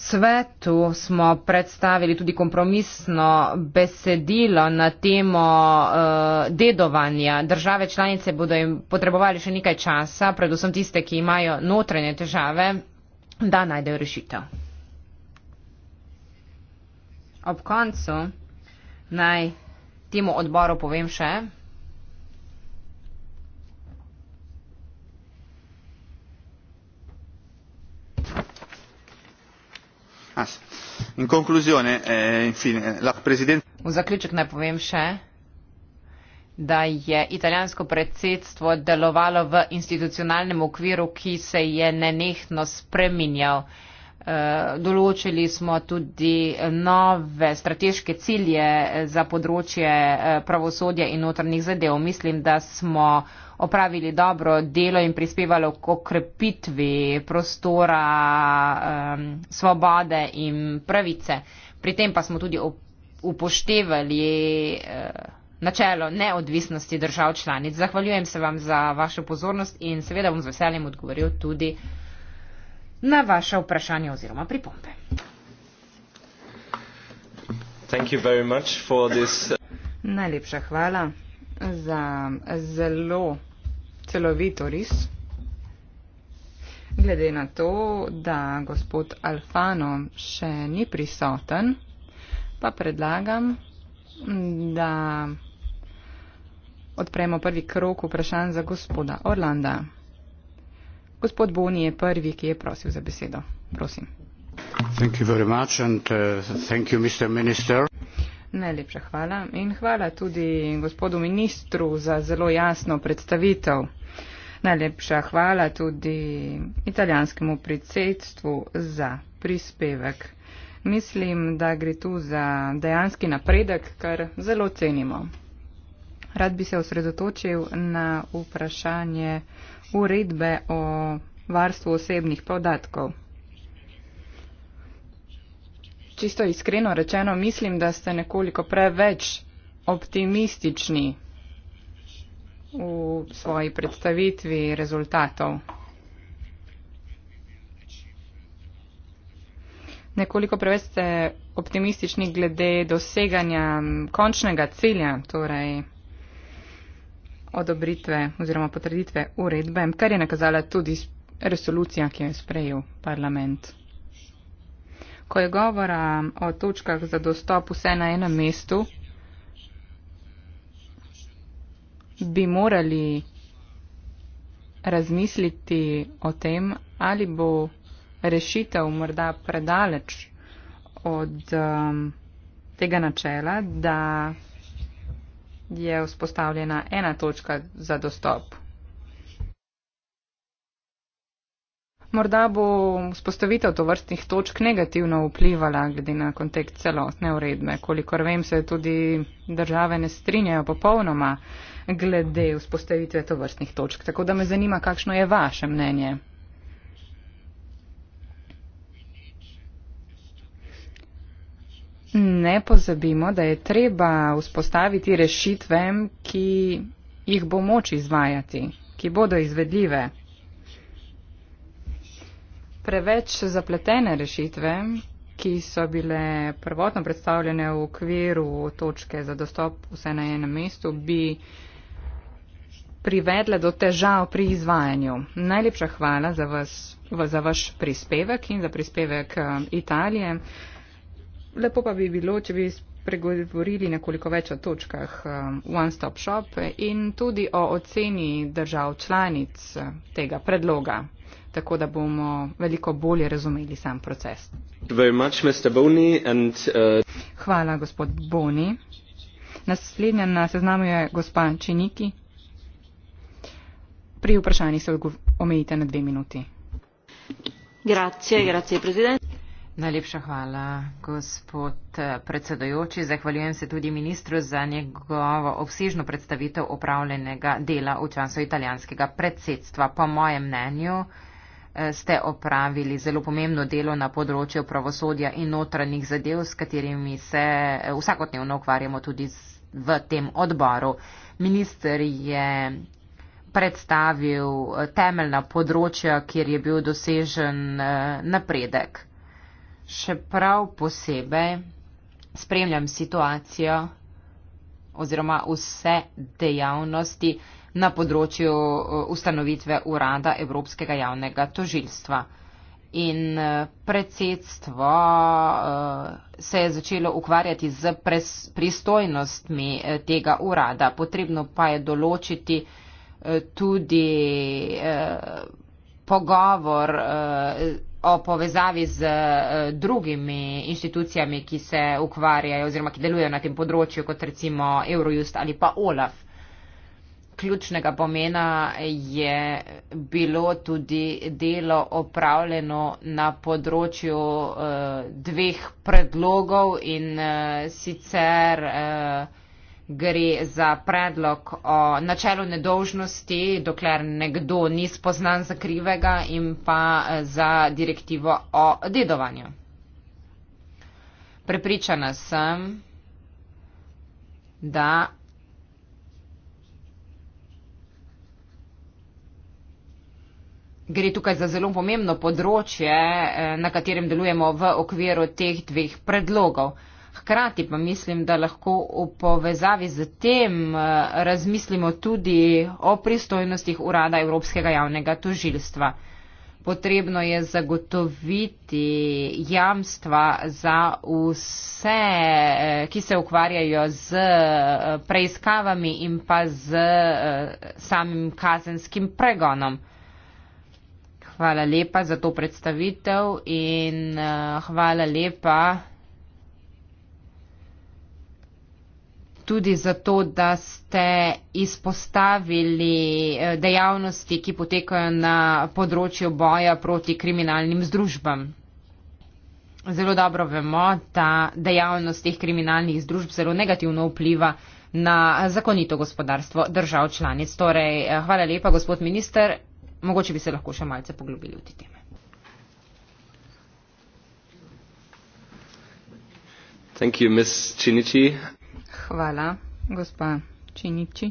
svetu smo predstavili tudi kompromisno besedilo na temo uh, dedovanja. Države članice bodo jim potrebovali še nekaj časa, predvsem tiste, ki imajo notranje težave, da najdejo rešitev. Ob koncu naj temu odboru povem še,
Ah, eh,
v zaključek naj povem še da je italijansko predsedstvo delovalo v institucionalnem okviru ki se je nenehno spreminjal in da je bilo v tem smislu tudi Eh, določili smo tudi nove strateške cilje za področje eh, pravosodja in notrnih zadev. Mislim, da smo opravili dobro delo in prispevalo k okrepitvi prostora um, svobode in pravice. Pri tem pa smo tudi upoštevali uh, načelo neodvisnosti držav članic. Zahvaljujem se vam za vašo pozornost in seveda bom z veseljem odgovoril tudi na vaše vprašanje oziroma pripombe.
Uh,
Najlepša hvala za zelo celovito ris. Glede na to, da gospod Alfano še ni prisoten, pa predlagam, da odpremo prvi krok vprašanj za gospoda Orlanda. Gospod Boni je prvi, ki je prosil za besedo. Prosim. Thank you very much and uh, thank you, Mr. Minister. Najlepša hvala in hvala tudi gospodu ministru za zelo jasno predstavitev. Najlepša hvala tudi italijanskemu predsedstvu za prispevek. Mislim, da gre tu za dejanski napredek, kar zelo cenimo. Rad bi se osredotočil na vprašanje uredbe o varstvu osebnih podatkov. Čisto iskreno rečeno, mislim, da ste nekoliko preveč optimistični v svoji predstavitvi rezultatov. Nekoliko preveč ste optimistični glede doseganja končnega cilja, torej odobritve oziroma potreditve uredbe, kar je nakazala tudi resolucija, ki jo je sprejel parlament. Ko je govora o točkah za dostop vse na enem mestu, bi morali razmisliti o tem, ali bo rešitev morda predaleč od um, tega načela, da je vzpostavljena ena točka za dostop. Morda bo vzpostavitev to vrstnih točk negativno vplivala glede na kontekst celotne uredbe. Kolikor vem, se tudi države ne strinjajo popolnoma glede vzpostavitve to vrstnih točk. Tako da me zanima, kakšno je vaše mnenje. Ne pozabimo, da je treba vzpostaviti rešitve, ki jih bo moč izvajati, ki bodo izvedljive. Preveč zapletene rešitve, ki so bile prvotno predstavljene v okviru točke za dostop vse na enem mestu, bi privedle do težav pri izvajanju. Najlepša hvala za, vas, za vaš prispevek in za prispevek eh, Italije lepo pa bi bilo, če bi spregovorili nekoliko več o točkah um, One Stop Shop in tudi o oceni držav članic uh, tega predloga, tako da bomo veliko bolje razumeli sam proces.
Much, Boni, and, uh...
Hvala, gospod Boni. Naslednja na seznamu je gospa Činiki. Pri vprašanjih se omejite na dve minuti.
Grazie, grazie, predsednik. Najlepša hvala, gospod predsedojoči. Zahvaljujem se tudi ministru za njegovo obsežno predstavitev opravljenega dela v času italijanskega predsedstva. Po mojem mnenju eh, ste opravili zelo pomembno delo na področju pravosodja in notranjih zadev, s katerimi se eh, vsakotnevno ukvarjamo tudi v tem odboru. Minister je predstavil eh, temeljna področja, kjer je bil dosežen napredek še prav posebej spremljam situacijo oziroma vse dejavnosti na področju eh, ustanovitve Urada Evropskega javnega tožilstva. In eh, predsedstvo eh, se je začelo ukvarjati z pristojnostmi tega urada. Potrebno pa je določiti tudi pogovor o povezavi z eh, drugimi inštitucijami, ki se ukvarjajo oziroma ki delujejo na tem področju, kot recimo Eurojust ali pa OLAF. Ključnega pomena je bilo tudi delo opravljeno na področju eh, dveh predlogov in eh, sicer gre za predlog o načelu nedolžnosti, dokler nekdo ni spoznan za krivega in pa eh, za direktivo o dedovanju. Prepričana sem, da gre tukaj za zelo pomembno področje, eh, na katerem delujemo v okviru teh dveh predlogov hkrati pa mislim, da lahko v povezavi z tem eh, razmislimo tudi o pristojnostih urada Evropskega javnega tožilstva. Potrebno je zagotoviti jamstva za vse, eh, ki se ukvarjajo z eh, preiskavami in pa z samim kazenskim pregonom. Hvala lepa za to predstavitev in hvala lepa. tudi zato, da ste izpostavili eh, dejavnosti, ki potekajo na področju boja proti kriminalnim združbam. Zelo dobro vemo, da dejavnost teh kriminalnih združb zelo negativno vpliva na zakonito gospodarstvo držav članic. Torej, eh, hvala lepa, gospod minister. Mogoče bi se lahko še malce poglobili v te teme.
Thank you, Ms. Chinichi.
Hvala, gospa Činiči.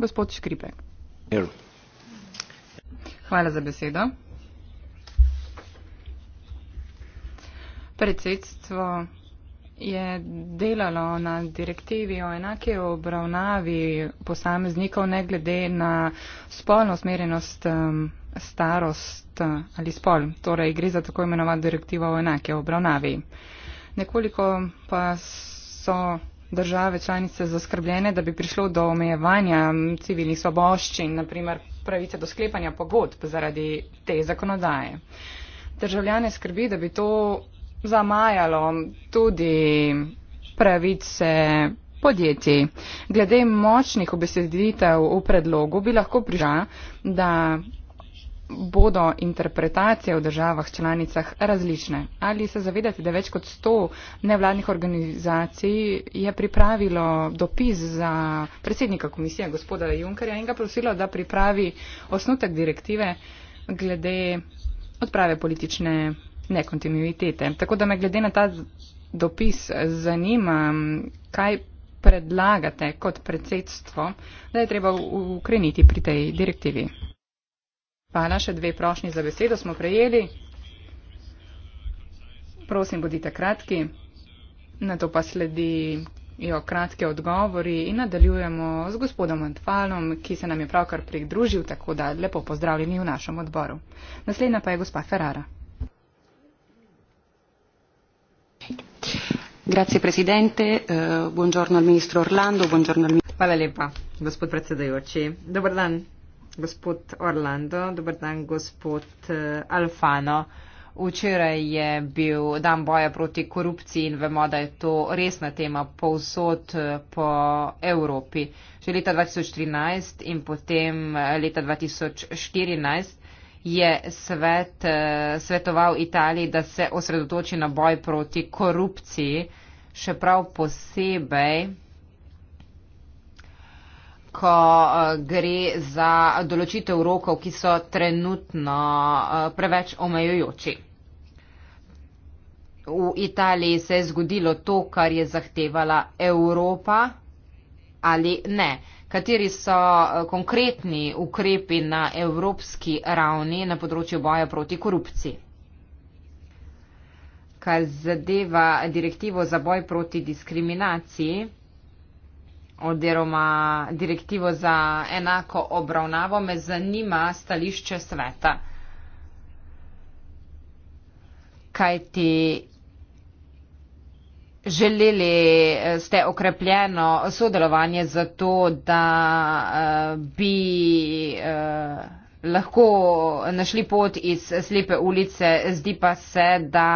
Gospod Škripek. Here. Hvala za besedo. Predsedstvo je delalo na direktivi o enake obravnavi posameznikov, ne glede na spolno smerenost, starost ali spol. Torej gre za tako imenovano direktivo o enake obravnavi. Nekoliko pa so države članice zaskrbljene, da bi prišlo do omejevanja civilnih svoboščin, naprimer pravice do sklepanja pogodb zaradi te zakonodaje. Državljane skrbi, da bi to zamajalo tudi pravice podjetij. Glede močnih obeseditev v predlogu bi lahko prišla, da bodo interpretacije v državah članicah različne? Ali se zavedate, da več kot 100 nevladnih organizacij je pripravilo dopis za predsednika komisije gospoda Junkerja in ga prosilo, da pripravi osnutek direktive glede odprave politične nekontinuitete. Tako da me glede na ta dopis zanima, kaj predlagate kot predsedstvo, da je treba ukreniti pri tej direktivi. Pa naše dve prošnji za besedo smo prejeli. Prosim, bodite kratki. Na to pa sledijo kratke odgovori in nadaljujemo z gospodom Antfalom, ki se nam je pravkar pridružil, tako da lepo pozdravljeni v našem odboru. Naslednja pa je gospa Ferrara.
Grazie presidente, uh, buongiorno al ministro Orlando, buongiorno al ministro. Hvala lepa, gospod predsedajoči. Dobar dan,
gospod Orlando, dober dan gospod eh, Alfano. Včeraj je bil dan boja proti korupciji in vemo, da je to resna tema povsod eh, po Evropi. Že leta 2013 in potem eh, leta 2014 je svet svetoval Italiji, da se osredotoči na boj proti korupciji. Še prav posebej ko eh, gre za določitev rokov, ki so trenutno eh, preveč omejujoči. V Italiji se je zgodilo to, kar je zahtevala Evropa ali ne. Kateri so eh, konkretni ukrepi na evropski ravni na področju boja proti korupciji? Kar zadeva direktivo za boj proti diskriminaciji, oziroma direktivo za enako obravnavo, me zanima stališče sveta. Kaj ti želeli eh, ste okrepljeno sodelovanje za to, da eh, bi eh, lahko našli pot iz slepe ulice, zdi pa se, da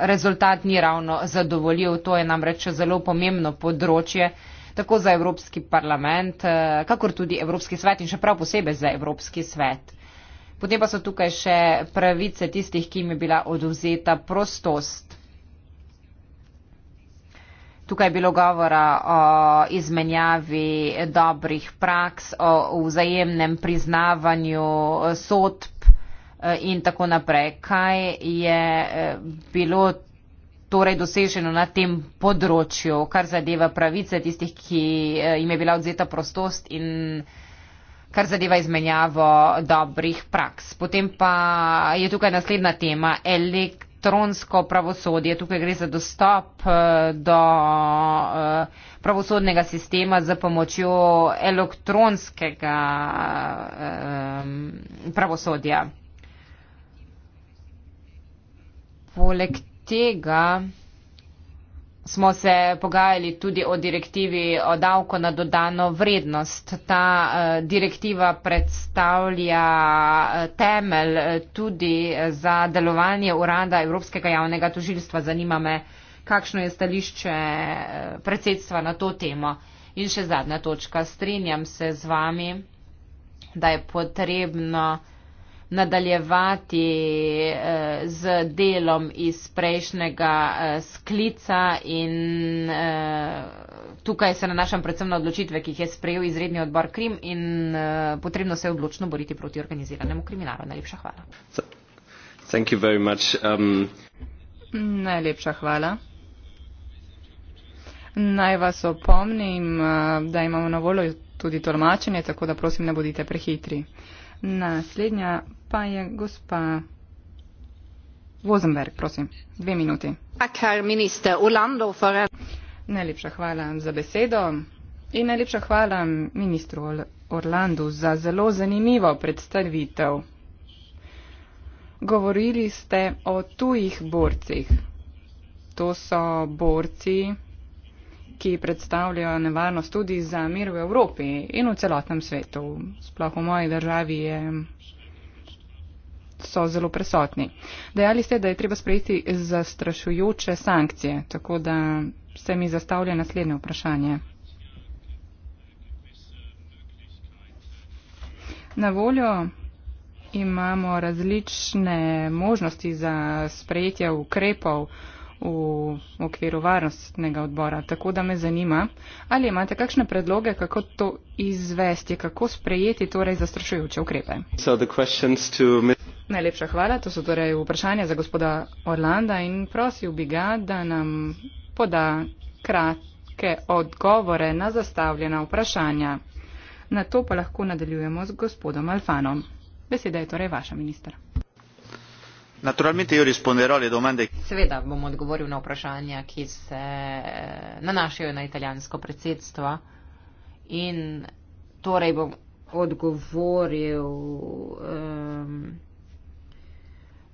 rezultat ni ravno zadovoljiv, to je namreč zelo pomembno področje tako za Evropski parlament, eh, kakor tudi Evropski svet in še prav posebej za Evropski svet. Potem pa so tukaj še pravice tistih, ki jim je bila oduzeta prostost. Tukaj je bilo govora o izmenjavi dobrih praks, o vzajemnem priznavanju sodb eh, in tako naprej. Kaj je eh, bilo torej doseženo na tem področju, kar zadeva pravice tistih, ki eh, jim je bila odzeta prostost in kar zadeva izmenjavo dobrih praks. Potem pa je tukaj naslednja tema, elektronsko pravosodje. Tukaj gre za dostop eh, do eh, pravosodnega sistema za pomočjo elektronskega pravosodja. Poleg tega smo se pogajali tudi o direktivi o davko na dodano vrednost. Ta eh, direktiva predstavlja eh, temelj eh, tudi za delovanje urada Evropskega javnega tožilstva. Zanima me, kakšno je stališče predsedstva na to temo. In še zadnja točka. Strinjam se z vami, da je potrebno nadaljevati eh, z delom iz prejšnjega eh, sklica in eh, tukaj se nanašam predvsem na odločitve, ki jih je sprejel izredni odbor Krim in potrebno se je odločno boriti proti organiziranemu kriminalu. Najlepša hvala.
Thank you very much. Um...
Najlepša hvala. Naj vas opomnim, da imamo na voljo tudi tolmačenje, tako da prosim, ne bodite prehitri. Naslednja pa je gospa Vozenberg, prosim, dve minuti. Najlepša hvala za besedo in najlepša hvala ministru Orlandu za zelo zanimivo predstavitev. Govorili ste o tujih borcih. To so borci, ki predstavljajo nevarnost tudi za mir v Evropi in v celotnem svetu. Sploh v moji državi je so zelo presotni. Dejali ste, da je treba sprejeti zastrašujoče sankcije, tako da se mi zastavlja naslednje vprašanje. Na voljo imamo različne možnosti za sprejetje ukrepov v okviru varnostnega odbora. Tako da me zanima, ali imate kakšne predloge, kako to izvesti, kako sprejeti torej zastrašujoče ukrepe.
So the questions to Mr.
Najlepša hvala. To so torej vprašanja za gospoda Orlanda in prosil bi ga, da nam poda kratke odgovore na zastavljena vprašanja. Na to pa lahko nadaljujemo z gospodom Alfanom. Beseda je torej vaša, minister.
Seveda bom odgovoril na vprašanja, ki se eh, nanašajo na italijansko predsedstvo. In torej bom odgovoril. Um,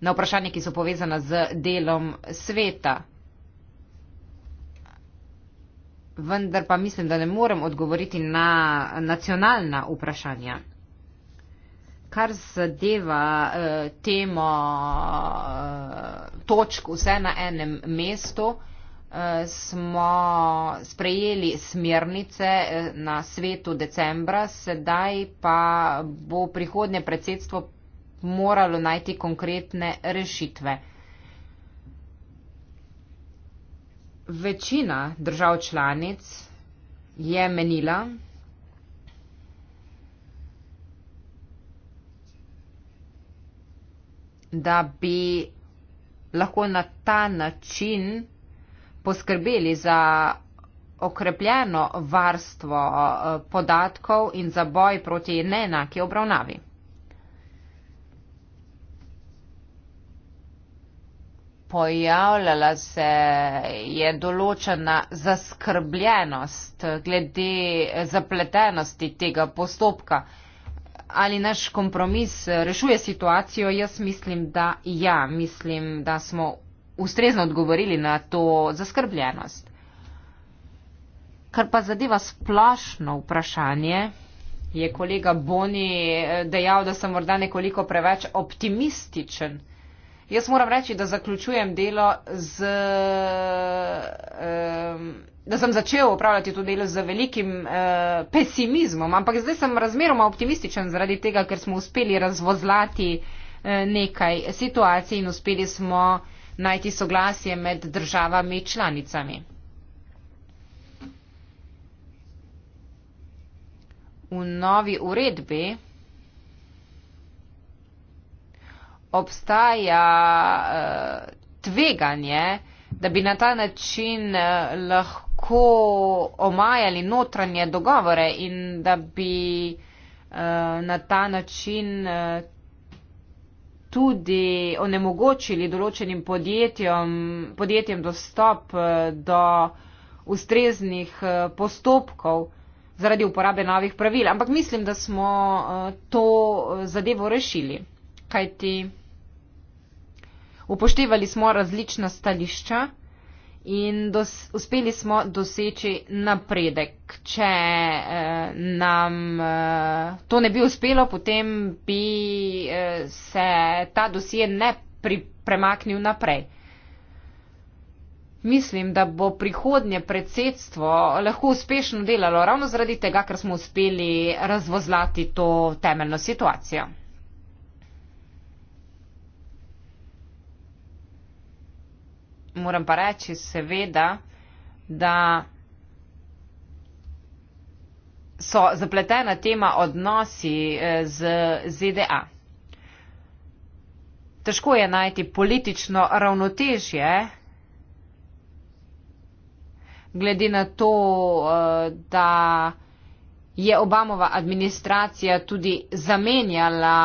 na vprašanje, ki so povezana z delom sveta. Vendar pa mislim, da ne morem odgovoriti na nacionalna vprašanja. Kar zadeva eh, temo eh, točk vse na enem mestu, eh, smo sprejeli smernice eh, na svetu decembra, sedaj pa bo prihodnje predsedstvo moralo najti konkretne rešitve. Večina držav članic je menila, da bi lahko na ta način poskrbeli za okrepljeno varstvo eh, podatkov in za boj proti neenake obravnavi. pojavljala se je določena zaskrbljenost glede zapletenosti tega postopka. Ali naš kompromis rešuje situacijo? Jaz mislim, da ja, mislim, da smo ustrezno odgovorili na to zaskrbljenost. Kar pa zadeva splošno vprašanje, je kolega Boni dejal, da sem morda nekoliko preveč optimističen. Jaz moram reči, da zaključujem delo z. Um, da sem začel upravljati to delo z velikim uh, pesimizmom, ampak zdaj sem razmeroma optimističen zaradi tega, ker smo uspeli razvozlati uh, nekaj situacij in uspeli smo najti soglasje med državami članicami. V novi uredbi. obstaja uh, tveganje, da bi na ta način uh, lahko omajali notranje dogovore in da bi uh, na ta način uh, tudi onemogočili določenim podjetjem, podjetjem dostop uh, do ustreznih uh, postopkov zaradi uporabe novih pravil. Ampak mislim, da smo uh, to zadevo rešili. Kaj ti? upoštevali smo različna stališča in dos, uspeli smo doseči napredek. Če eh, nam eh, to ne bi uspelo, potem bi eh, se ta dosje ne pri, premaknil naprej. Mislim, da bo prihodnje predsedstvo lahko uspešno delalo ravno zaradi tega, ker smo uspeli razvozlati to temeljno situacijo. moram pa reči, seveda, da so zapletena tema odnosi eh, z ZDA. Težko je najti politično ravnotežje, glede na to, eh, da je Obamova administracija tudi zamenjala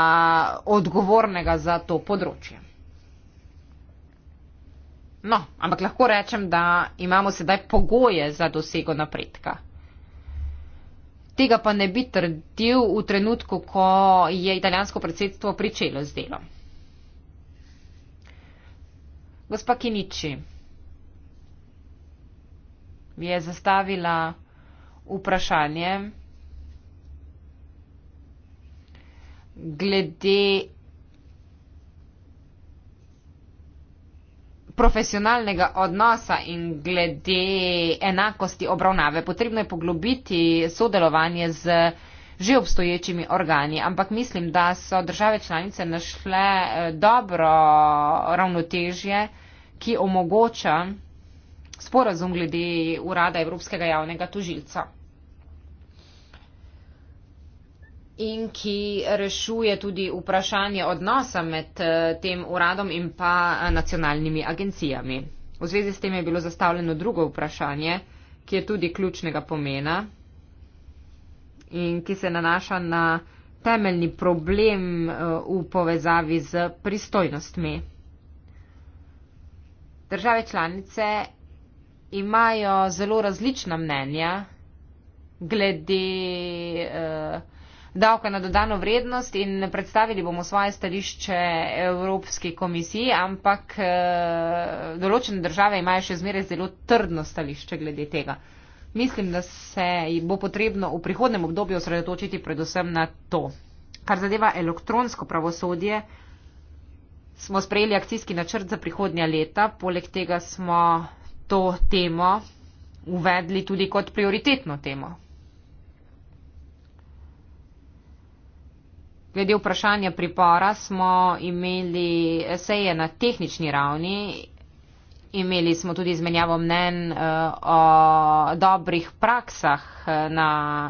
odgovornega za to področje. No, ampak lahko rečem, da imamo sedaj pogoje za dosego napredka. Tega pa ne bi trdil v trenutku, ko je italijansko predsedstvo pričelo z delom. Gospa Kiniči je zastavila vprašanje glede profesionalnega odnosa in glede enakosti obravnave. Potrebno je poglobiti sodelovanje z že obstoječimi organi, ampak mislim, da so države članice našle eh, dobro ravnotežje, ki omogoča sporazum glede urada Evropskega javnega tužilca. in ki rešuje tudi vprašanje odnosa med eh, tem uradom in pa eh, nacionalnimi agencijami. V zvezi s tem je bilo zastavljeno drugo vprašanje, ki je tudi ključnega pomena in ki se nanaša na temeljni problem eh, v povezavi z pristojnostmi. Države članice imajo zelo različna mnenja glede eh, davka na dodano vrednost in predstavili bomo svoje stališče Evropski komisiji, ampak eh, določene države imajo še zmeraj zelo trdno stališče glede tega. Mislim, da se bo potrebno v prihodnem obdobju osredotočiti predvsem na to. Kar zadeva elektronsko pravosodje, smo sprejeli akcijski načrt za prihodnja leta, poleg tega smo to temo uvedli tudi kot prioritetno temo. Glede vprašanja pripora smo imeli seje na tehnični ravni. Imeli smo tudi izmenjavo mnen eh, o dobrih praksah eh, na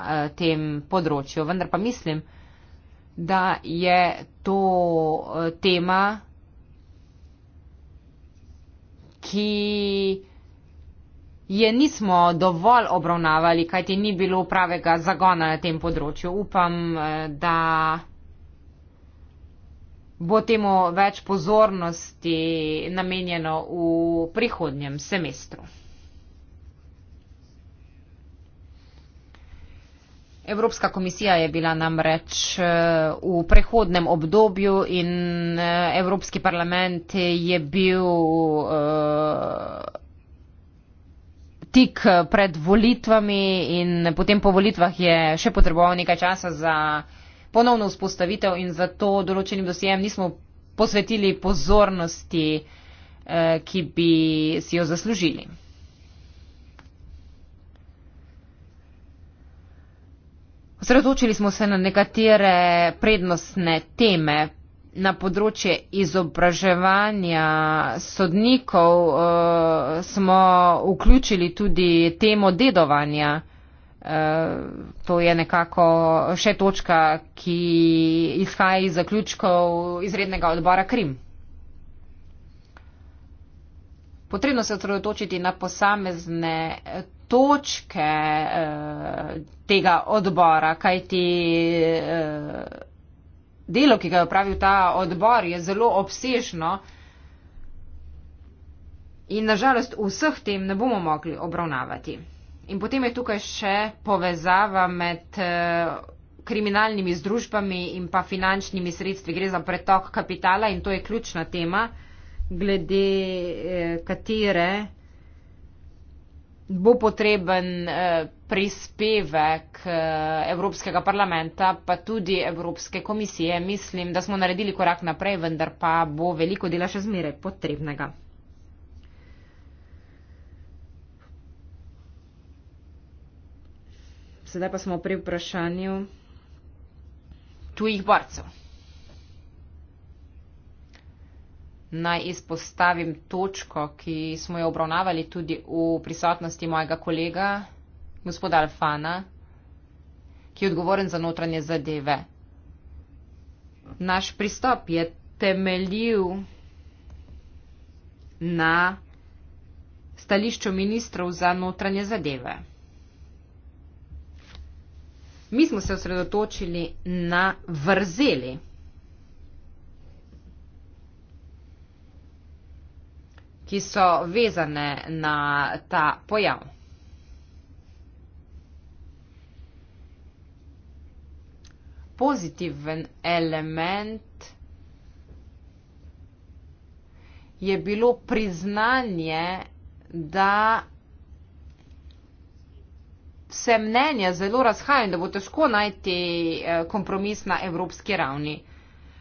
eh, tem področju. Vendar pa mislim, da je to tema, ki je nismo dovolj obravnavali, kajti ni bilo pravega zagona na tem področju. Upam, da bo temu več pozornosti namenjeno v prihodnjem semestru. Evropska komisija je bila namreč eh, v prehodnem obdobju in eh, Evropski parlament je bil eh, tik pred volitvami in potem po volitvah je še potreboval nekaj časa za ponovno vzpostavitev in zato določenim dosijem nismo posvetili pozornosti, eh, ki bi si jo zaslužili. Osredotočili smo se na nekatere prednostne teme. Na področje izobraževanja sodnikov eh, smo vključili tudi temo dedovanja. Eh, to je nekako še točka, ki izhaja iz zaključkov izrednega odbora Krim. Potrebno se otrojotočiti na posamezne točke eh, tega odbora, kajti eh, delo, ki ga je upravil ta odbor, je zelo obsežno in nažalost vseh tem ne bomo mogli obravnavati. In potem je tukaj še povezava med eh, kriminalnimi združbami in pa finančnimi sredstvi. Gre za pretok kapitala in to je ključna tema, glede eh, katere bo potreben eh, prispevek Evropskega parlamenta, pa tudi Evropske komisije. Mislim, da smo naredili korak naprej, vendar pa bo veliko dela še zmeraj potrebnega. Sedaj pa smo pri vprašanju tujih borcev. Naj izpostavim točko, ki smo jo obravnavali tudi v prisotnosti mojega kolega, gospoda Alfana, ki je odgovoren za notranje zadeve. Naš pristop je temeljil na stališču ministrov za notranje zadeve. Mi smo se osredotočili na vrzeli. ki so vezane na ta pojav. Pozitiven element je bilo priznanje, da se mnenja zelo razhajajo in da bo težko najti eh, kompromis na evropski ravni.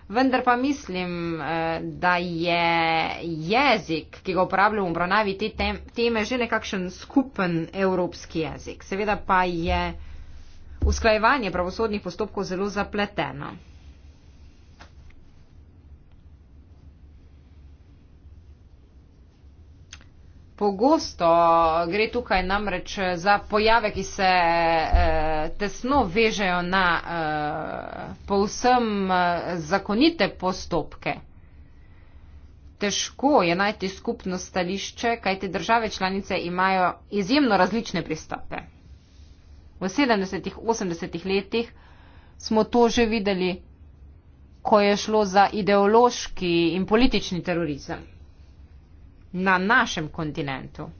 Vendar pa mislim, eh, da je jezik, ki ga uporabljamo v obravnavi te teme, že nekakšen skupen evropski jezik. Seveda pa je usklajevanje pravosodnih postopkov zelo zapleteno. Pogosto gre tukaj namreč za pojave, ki se eh, tesno vežejo na eh, povsem eh, zakonite postopke. Težko je najti skupno stališče, kaj te države članice imajo izjemno različne pristope. V 70-ih, 80-ih letih smo to že videli, ko je šlo za ideološki in politični terorizem na našem kontinentu.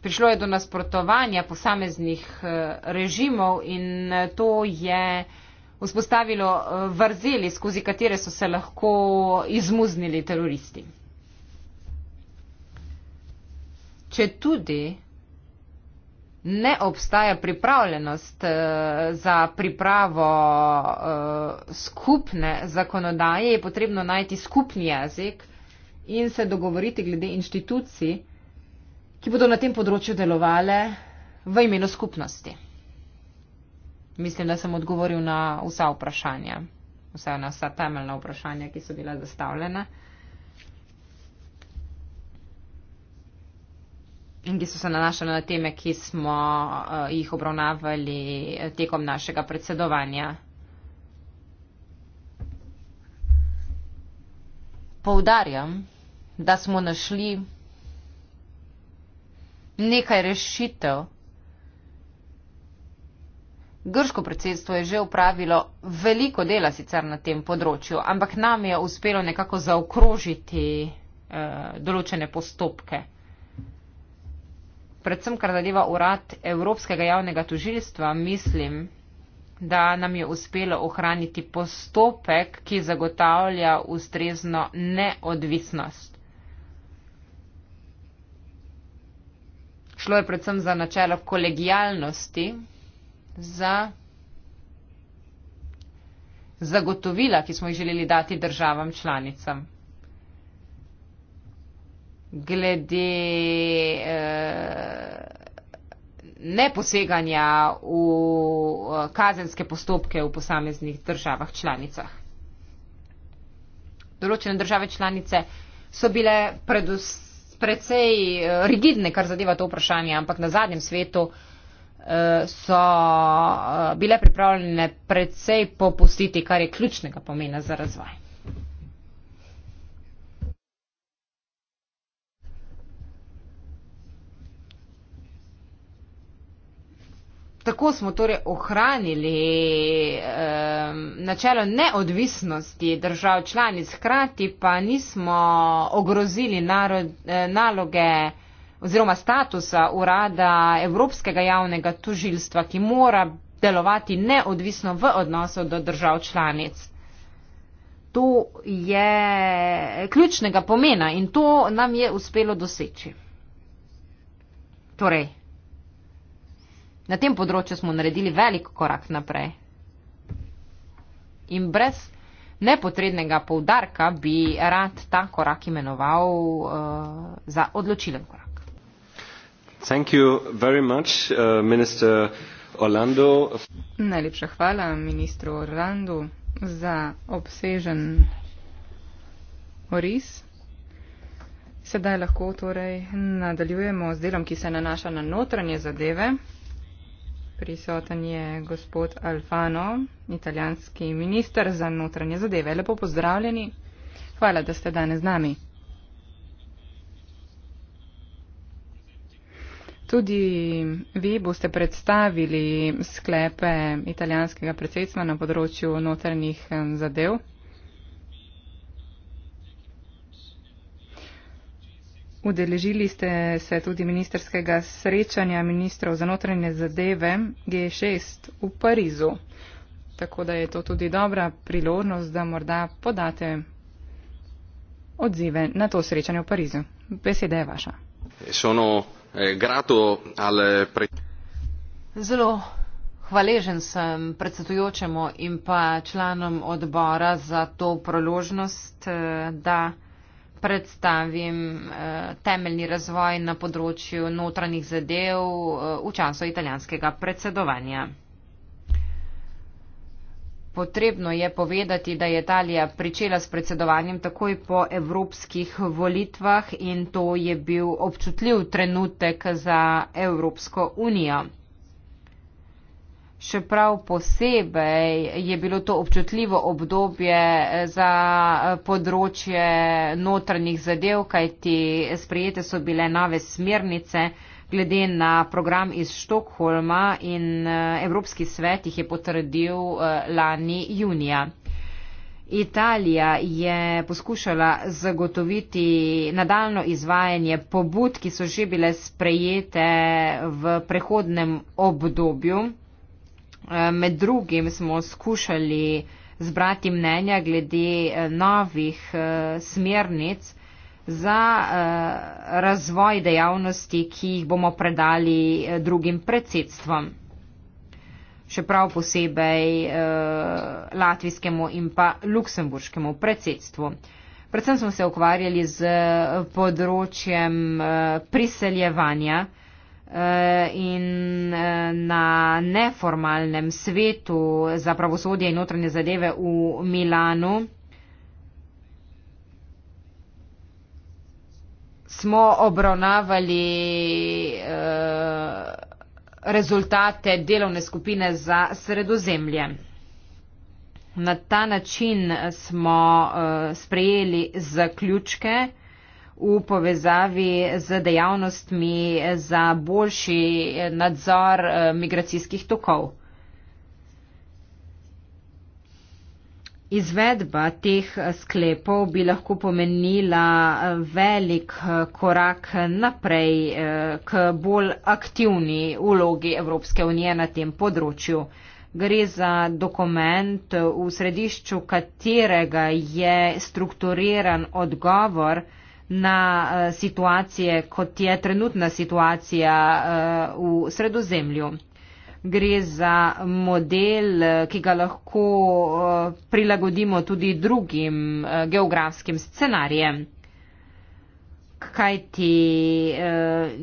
Prišlo je do nasprotovanja posameznih eh, režimov in eh, to je vzpostavilo eh, vrzeli, skozi katere so se lahko izmuznili teroristi. Če tudi ne obstaja pripravljenost eh, za pripravo eh, skupne zakonodaje, je potrebno najti skupni jezik in se dogovoriti glede inštitucij, ki bodo na tem področju delovale v imenu skupnosti. Mislim, da sem odgovoril na vsa vprašanja, vsa na vsa temeljna vprašanja, ki so bila zastavljena. ki so se nanašali na teme, ki smo uh, jih obravnavali eh, tekom našega predsedovanja. Poudarjam, da smo našli nekaj rešitev. Grško predsedstvo je že upravilo veliko dela sicer na tem področju, ampak nam je uspelo nekako zaokrožiti uh, določene postopke predvsem kar zadeva urad Evropskega javnega tožilstva, mislim, da nam je uspelo ohraniti postopek, ki zagotavlja ustrezno neodvisnost. Šlo je predvsem za načelo kolegijalnosti, za zagotovila, ki smo jih želeli dati državam članicam glede uh, neposeganja v uh, kazenske postopke v posameznih državah članicah. Določene države članice so bile predus, predvsej uh, eh, rigidne, kar zadeva to vprašanje, ampak na zadnjem svetu so bile pripravljene predvsej popustiti, kar je ključnega pomena za razvoj. Tako smo torej ohranili eh, načelo neodvisnosti držav članic, hkrati pa nismo ogrozili narod, eh, naloge oziroma statusa urada Evropskega javnega tužilstva, ki mora delovati neodvisno v odnosu do držav članic. To je ključnega pomena in to nam je uspelo doseči. Torej, Na tem področju smo naredili velik korak naprej. In brez nepotrebnega poudarka bi rad ta korak imenoval uh, za odločilen korak.
Thank you very much, uh, minister Orlando.
Najlepša hvala ministru Orlando za obsežen oris. Sedaj lahko torej nadaljujemo z delom, ki se nanaša na notranje zadeve prisoten je gospod Alfano, italijanski minister za notranje zadeve. Lepo pozdravljeni. Hvala, da ste danes z nami. Tudi vi boste predstavili sklepe italijanskega predsedstva na področju notranjih eh, zadev. Udeležili ste se tudi ministerskega srečanja ministrov za notranje zadeve G6 v Parizu. Tako da je to tudi dobra priložnost, da morda podate odzive na to srečanje v Parizu. Beseda je vaša.
Eh,
Zelo hvaležen sem
predsedujočemu in pa članom odbora za to priložnost, eh, da predstavim eh, temeljni razvoj na področju notranjih zadev eh, v času italijanskega predsedovanja. Potrebno je povedati, da je Italija pričela s predsedovanjem takoj po evropskih volitvah in to je bil občutljiv trenutek za Evropsko unijo še prav posebej je bilo to občutljivo obdobje eh, za eh, področje notranjih zadev, kajti sprejete so bile nove smernice glede na program iz Štokholma in eh, Evropski svet jih je potrdil lani junija. Italija je poskušala zagotoviti nadaljno izvajanje pobud, ki so že bile sprejete v prehodnem obdobju. Med drugim smo skušali zbrati mnenja glede eh, novih eh, smernic za eh, razvoj dejavnosti, ki jih bomo predali drugim predsedstvom, še prav posebej latvijskemu in pa luksemburškemu predsedstvu. Predvsem smo se ukvarjali z področjem priseljevanja. Eh, in eh, na neformalnem svetu za pravosodje in notranje zadeve v Milanu smo obravnavali eh, rezultate delovne skupine za sredozemlje. Na ta način smo sprejeli zaključke, v povezavi z dejavnostmi za boljši nadzor eh, migracijskih tokov. Izvedba teh sklepov bi lahko pomenila eh, velik eh, korak naprej k bolj aktivni vlogi Evropske unije na tem področju. Gre za dokument, v središču katerega je strukturiran odgovor, na eh, situacije, kot je trenutna situacija eh, v sredozemlju. Gre za model, eh, ki ga lahko prilagodimo tudi drugim geografskim scenarijem. Kajti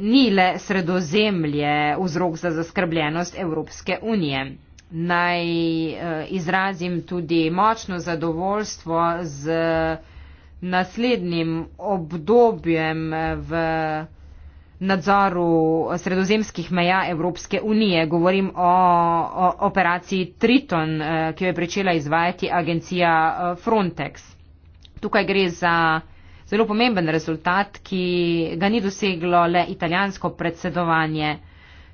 ni le sredozemlje vzrok za zaskrbljenost Evropske unije. Naj izrazim tudi močno zadovoljstvo z naslednjim obdobjem v nadzoru sredozemskih meja Evropske unije. Govorim o, o operaciji Triton, eh, ki jo je pričela izvajati agencija eh, Frontex. Tukaj gre za zelo pomemben rezultat, ki ga ni doseglo le italijansko predsedovanje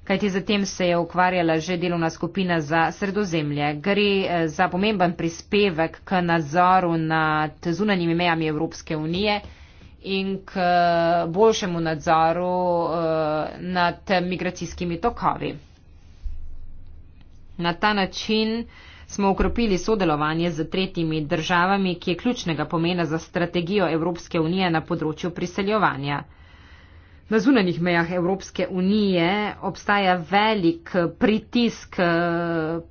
kajti zatem se je ukvarjala že delovna skupina za sredozemlje. Gre eh, za pomemben prispevek k nadzoru nad zunanjimi mejami Evropske unije in k eh, boljšemu nadzoru eh, nad migracijskimi tokovi. Na ta način smo ukropili sodelovanje z tretjimi državami, ki je ključnega pomena za strategijo Evropske unije na področju priseljevanja. Na zunanjih mejah Evropske unije obstaja velik pritisk eh,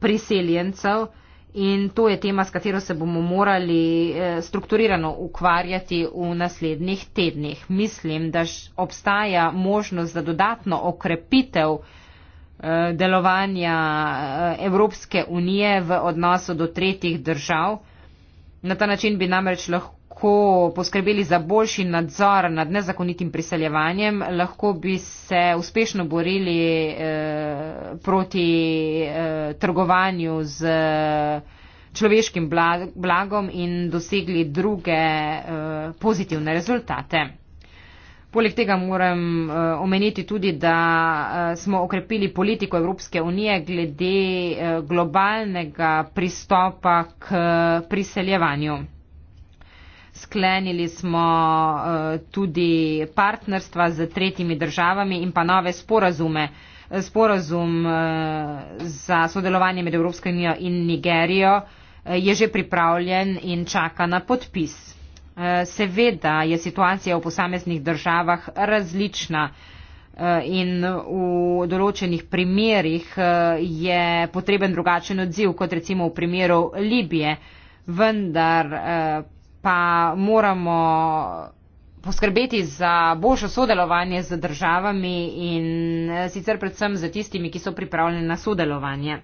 priseljencev in to je tema, s katero se bomo morali eh, strukturirano ukvarjati v naslednjih tednih. Mislim, da obstaja možnost za dodatno okrepitev eh, delovanja Evropske unije v odnosu do tretjih držav. Na ta način bi namreč lahko lahko poskrbeli za boljši nadzor nad nezakonitim priseljevanjem, lahko bi se uspešno borili eh, proti eh, trgovanju z eh, človeškim blagom in dosegli druge eh, pozitivne rezultate. Poleg tega moram eh, omeniti tudi, da eh, smo okrepili politiko Evropske unije glede eh, globalnega pristopa k eh, priseljevanju sklenili smo eh, tudi partnerstva z tretjimi državami in pa nove sporazume. Sporazum eh, za sodelovanje med Evropsko unijo in Nigerijo eh, je že pripravljen in čaka na podpis. Seveda je situacija v posameznih državah različna in v določenih primerjih je potreben drugačen odziv kot recimo v primeru Libije, vendar pa moramo poskrbeti za boljšo sodelovanje z državami in eh, sicer predvsem za tistimi, ki so pripravljeni na sodelovanje.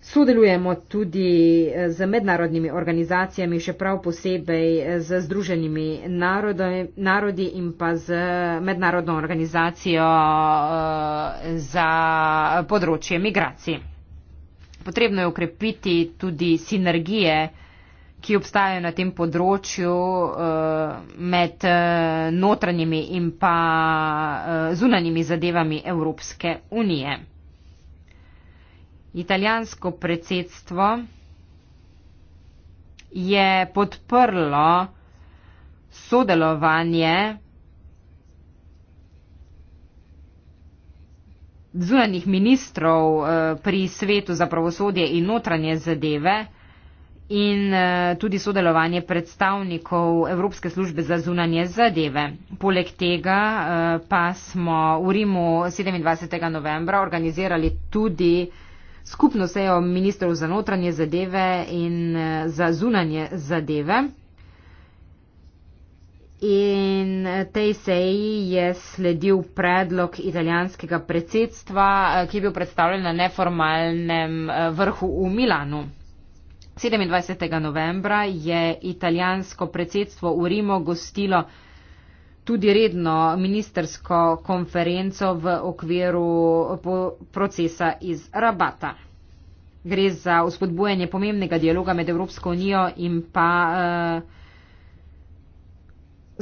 Sodelujemo tudi eh, z mednarodnimi organizacijami, še prav posebej eh, z Združenimi narodi in pa z mednarodno organizacijo za področje migracij. Potrebno je ukrepiti tudi sinergije, ki obstajajo na tem področju eh, med eh, notranjimi in pa eh, zunanjimi zadevami Evropske unije. Italijansko predsedstvo je podprlo sodelovanje zunanjih ministrov pri svetu za pravosodje in notranje zadeve, in eh, tudi sodelovanje predstavnikov Evropske službe za zunanje zadeve. Poleg tega eh, pa smo v Rimu 27. novembra organizirali tudi skupno sejo ministrov za notranje zadeve in eh, za zunanje zadeve. In tej seji je sledil predlog italijanskega predsedstva, ki je bil predstavljen na neformalnem vrhu v Milanu. 27. novembra je italijansko predsedstvo v Rimu gostilo tudi redno ministersko konferenco v okviru procesa iz Rabata. Gre za vzpodbujanje pomembnega dialoga med Evropsko unijo in pa eh,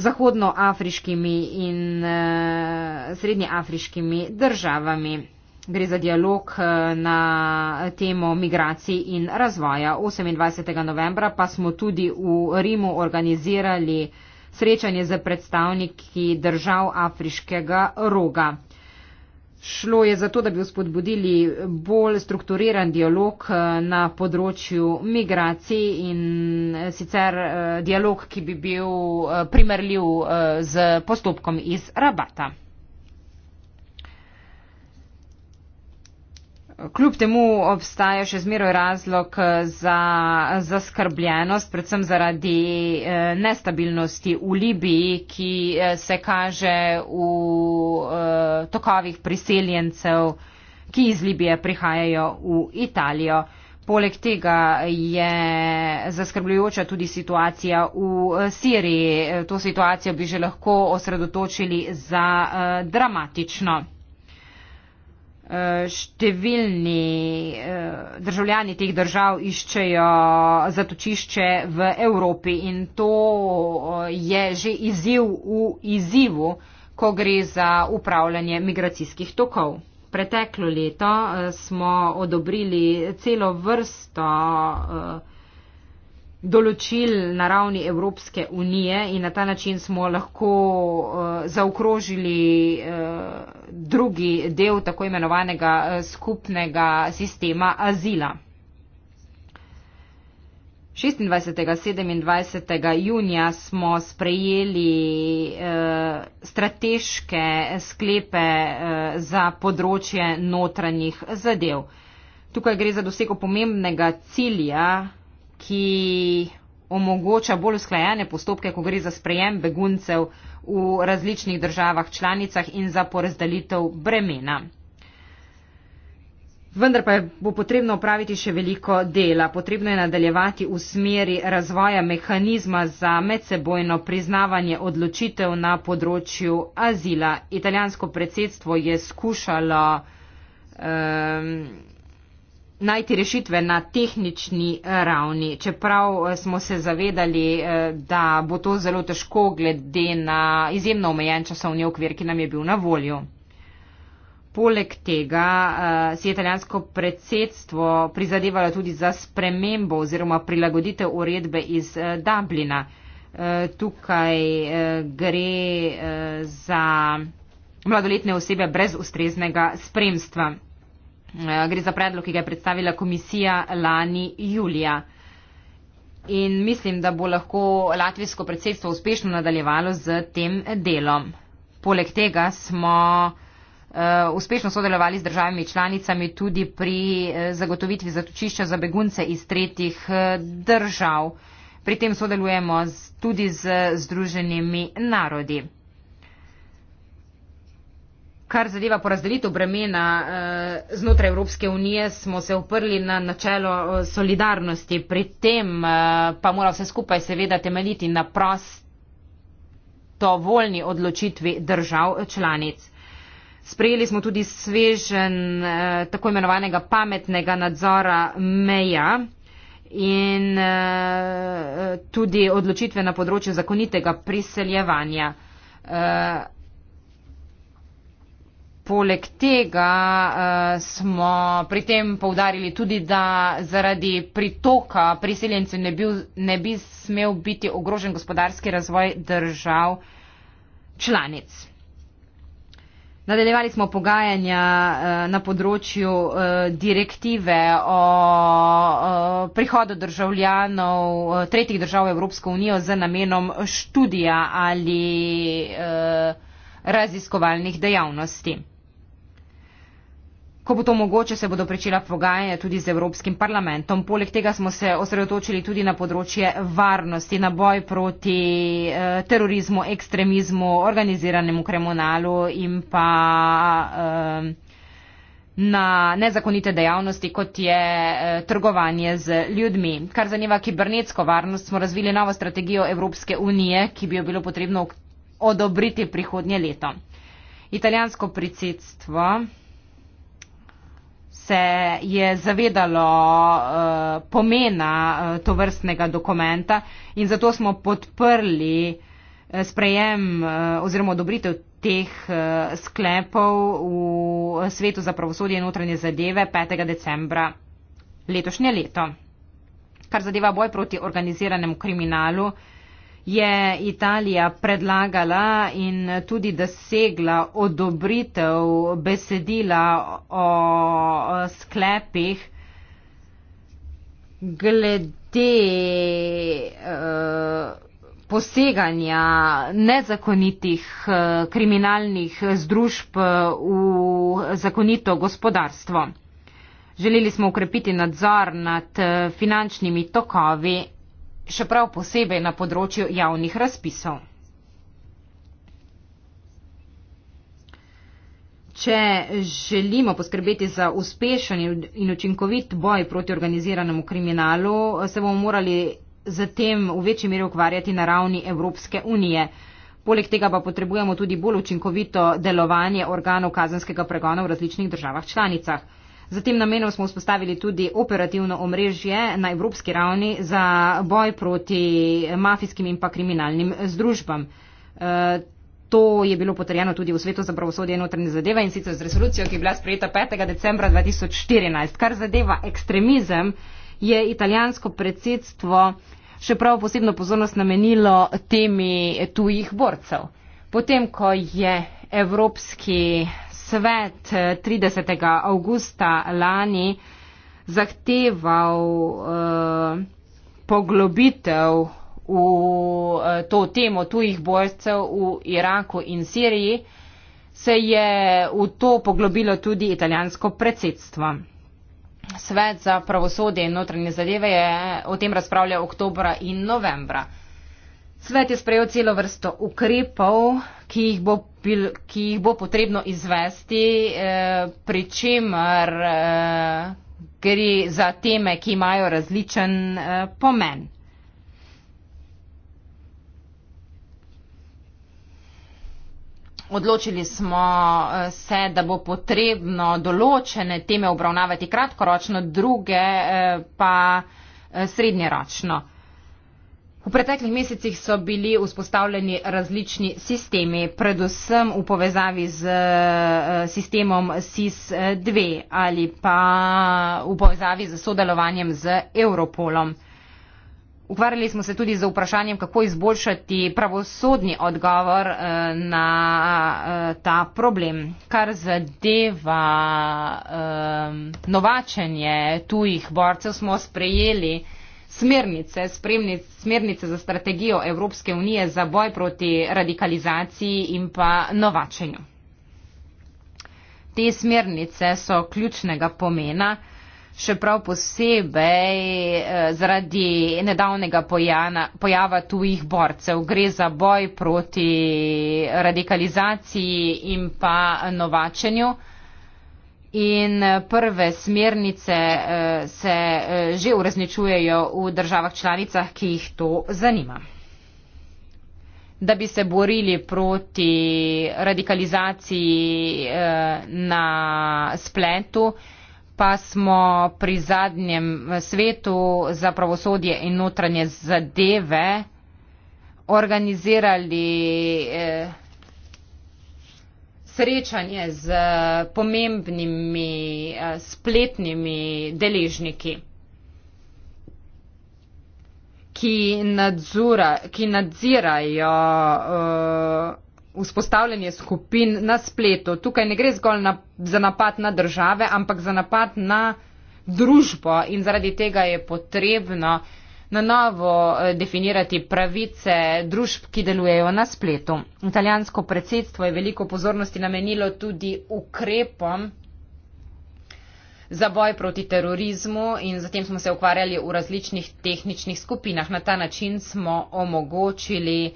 zahodnoafriškimi in eh, srednjeafriškimi državami. Gre za dialog eh, na temo migracij in razvoja. 28. novembra pa smo tudi v Rimu organizirali srečanje z predstavniki držav afriškega roga. Šlo je za to, da bi vzpodbudili bolj strukturiran dialog eh, na področju migracij in eh, sicer dialog, ki bi bil primerljiv z postopkom iz rabata. Kljub temu obstaja še zmeraj razlog za zaskrbljenost, predvsem zaradi eh, nestabilnosti v Libiji, ki eh, se kaže v eh, tokovih priseljencev, ki iz Libije prihajajo v Italijo. Poleg tega je zaskrbljujoča tudi situacija v Siriji. To situacijo bi že lahko osredotočili za dramatično. Eh, številni eh, državljani teh držav iščejo zatočišče v Evropi in to eh, je že izziv v izzivu, ko gre za upravljanje migracijskih tokov. Preteklo leto smo odobrili celo vrsto določil na ravni Evropske unije in na ta način smo lahko uh, zaokrožili uh, drugi del tako imenovanega uh, skupnega sistema azila. 26. in 27. junija smo sprejeli uh, strateške sklepe uh, za področje notranjih zadev. Tukaj gre za dosego pomembnega cilja, ki omogoča bolj usklajene postopke, ko gre za sprejem beguncev v različnih državah članicah in za porazdelitev bremena. Vendar pa je, bo potrebno opraviti še veliko dela. Potrebno je nadaljevati v smeri razvoja mehanizma za medsebojno priznavanje odločitev na področju azila. Italijansko predsedstvo je skušalo. Um, najti rešitve na tehnični eh, ravni, čeprav eh, smo se zavedali, eh, da bo to zelo težko glede na izjemno omejen časovni okvir, ki nam je bil na voljo. Poleg tega si je italijansko predsedstvo prizadevalo tudi za spremembo oziroma prilagoditev uredbe iz Dublina. Tukaj gre za mladoletne osebe brez ustreznega spremstva. Eh, gre za predlog, ki ga je predstavila komisija lani julija. In mislim, da bo lahko latvijsko predsedstvo uspešno nadaljevalo z tem delom. Poleg tega smo eh, uspešno sodelovali z državami članicami tudi pri eh, zagotovitvi zatočišča za begunce iz tretjih držav. Pri tem sodelujemo tudi z Združenimi narodi. Kar zadeva porazdelitev bremena eh, znotraj Evropske unije, smo se uprli na načelo eh, solidarnosti, pri tem eh, pa mora vse skupaj seveda temeljiti na prostovoljni odločitvi držav članic. Sprejeli smo tudi svežen tako imenovanega pametnega nadzora meja in tudi odločitve na področju zakonitega priseljevanja. Poleg tega uh, smo pri tem povdarili tudi, da zaradi pritoka priseljencev ne, ne bi smel biti ogrožen gospodarski razvoj držav članic. Nadaljevali smo pogajanja eh, na področju eh, direktive o prihodu državljanov tretjih držav v Evropsko unijo z namenom študija ali raziskovalnih dejavnosti. Ko bo to mogoče, se bodo pričela pogajanja tudi z Evropskim parlamentom. Poleg tega smo se osredotočili tudi na področje varnosti, na boj proti eh, terorizmu, ekstremizmu, organiziranemu kriminalu in pa eh, na nezakonite dejavnosti, kot je eh, trgovanje z ljudmi. Kar zanima kibernetsko varnost, smo razvili novo strategijo Evropske unije, ki bi jo bilo potrebno odobriti prihodnje leto. Italijansko predsedstvo se je zavedalo eh, pomena eh, to vrstnega dokumenta in zato smo podprli eh, sprejem oziroma odobritev teh sklepov v Svetu za pravosodje in notranje zadeve 5. decembra letošnje leto. Kar zadeva boj proti organiziranemu kriminalu, je Italija predlagala in tudi dosegla odobritev besedila o sklepih glede eh, poseganja nezakonitih eh, kriminalnih združb v zakonito gospodarstvo. Želeli smo ukrepiti nadzor nad eh, finančnimi tokovi še prav posebej na področju javnih razpisov. Če želimo poskrbeti za uspešen in učinkovit boj proti organiziranemu kriminalu, se bomo morali zatem v večji meri ukvarjati na ravni Evropske unije. Poleg tega pa potrebujemo tudi bolj učinkovito delovanje organov kazenskega pregona v različnih državah članicah. Z tem namenom smo vzpostavili tudi operativno omrežje na evropski ravni za boj proti mafijskim in pa kriminalnim združbam. E, to je bilo potrjeno tudi v svetu za pravosodje in notranje zadeve in sicer z resolucijo, ki je bila sprejeta 5. decembra 2014. Kar zadeva ekstremizem, je italijansko predsedstvo še prav posebno pozornost namenilo temi tujih borcev. Potem, ko je Evropski svet 30. Eh, avgusta lani zahteval eh, poglobitev v eh, to temo tujih borcev v Iraku in Siriji, se je v to poglobilo tudi italijansko predsedstvo. Svet za pravosodje in notranje zadeve je o tem razpravljal oktobra in novembra. Svet je sprejel celo vrsto ukrepov, ki jih bo, bil, ki jih bo potrebno izvesti, eh, pri čemer eh, gre za teme, ki imajo različen eh, pomen. Odločili smo eh, se, da bo potrebno določene teme obravnavati kratkoročno, druge eh, pa eh, srednjeročno. V preteklih mesecih so bili vzpostavljeni različni sistemi, predvsem v povezavi z eh, sistemom SIS-2 ali pa v povezavi z sodelovanjem z Europolom. Ukvarjali smo se tudi z vprašanjem, kako izboljšati pravosodni odgovor eh, na eh, ta problem, kar zadeva novačenje tujih borcev, smo sprejeli smernice, smernice za strategijo Evropske unije za boj proti radikalizaciji in pa novačenju. Te smernice so ključnega pomena, še prav posebej eh, zaradi nedavnega pojana, pojava tujih borcev. Gre za boj proti radikalizaciji in pa novačenju in eh, prve smernice eh, se eh, že uresničujejo v državah članicah, ki jih to zanima. Da bi se borili proti radikalizaciji na spletu, pa smo pri zadnjem svetu za pravosodje in notranje zadeve organizirali eh, srečanje z eh, pomembnimi eh, spletnimi deležniki, ki, nadzura, ki nadzirajo eh, vzpostavljanje skupin na spletu. Tukaj ne gre zgolj na, za napad na države, ampak za napad na družbo in zaradi tega je potrebno na novo eh, definirati pravice družb, ki delujejo na spletu. Italijansko predsedstvo je veliko pozornosti namenilo tudi ukrepom za boj proti terorizmu in zatem smo se ukvarjali v različnih tehničnih skupinah. Na ta način smo omogočili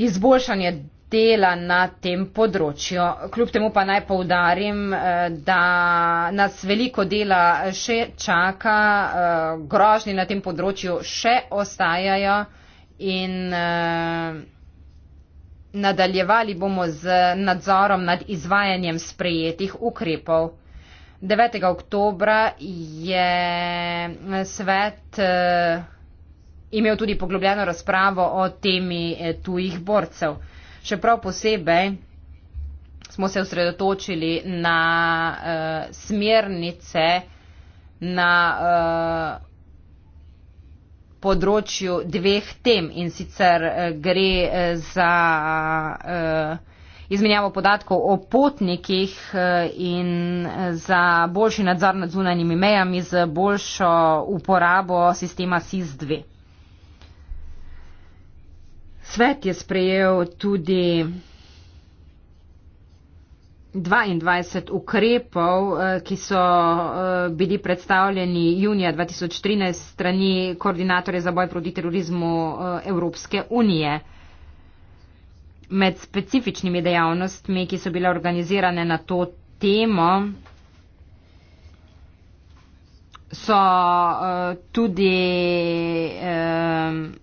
izboljšanje dela na tem področju. Kljub temu pa naj povdarim, eh, da nas veliko dela še čaka, eh, grožnje na tem področju še ostajajo in eh, nadaljevali bomo z nadzorom nad izvajanjem sprejetih ukrepov. 9. oktobra je svet imel tudi poglobljeno razpravo o temi tujih borcev. Še prav posebej smo se osredotočili na uh, smernice na uh, področju dveh tem in sicer uh, gre uh, za uh, izmenjavo podatkov o potnikih in za boljši nadzor nad zunanjimi mejami z boljšo uporabo sistema SIS-2. Svet je sprejel tudi 22 ukrepov, eh, ki so eh, bili predstavljeni junija 2013 strani koordinatorja za boj proti terorizmu eh, Evropske unije. Med specifičnimi dejavnostmi, ki so bile organizirane na to temo, so tudi. Eh,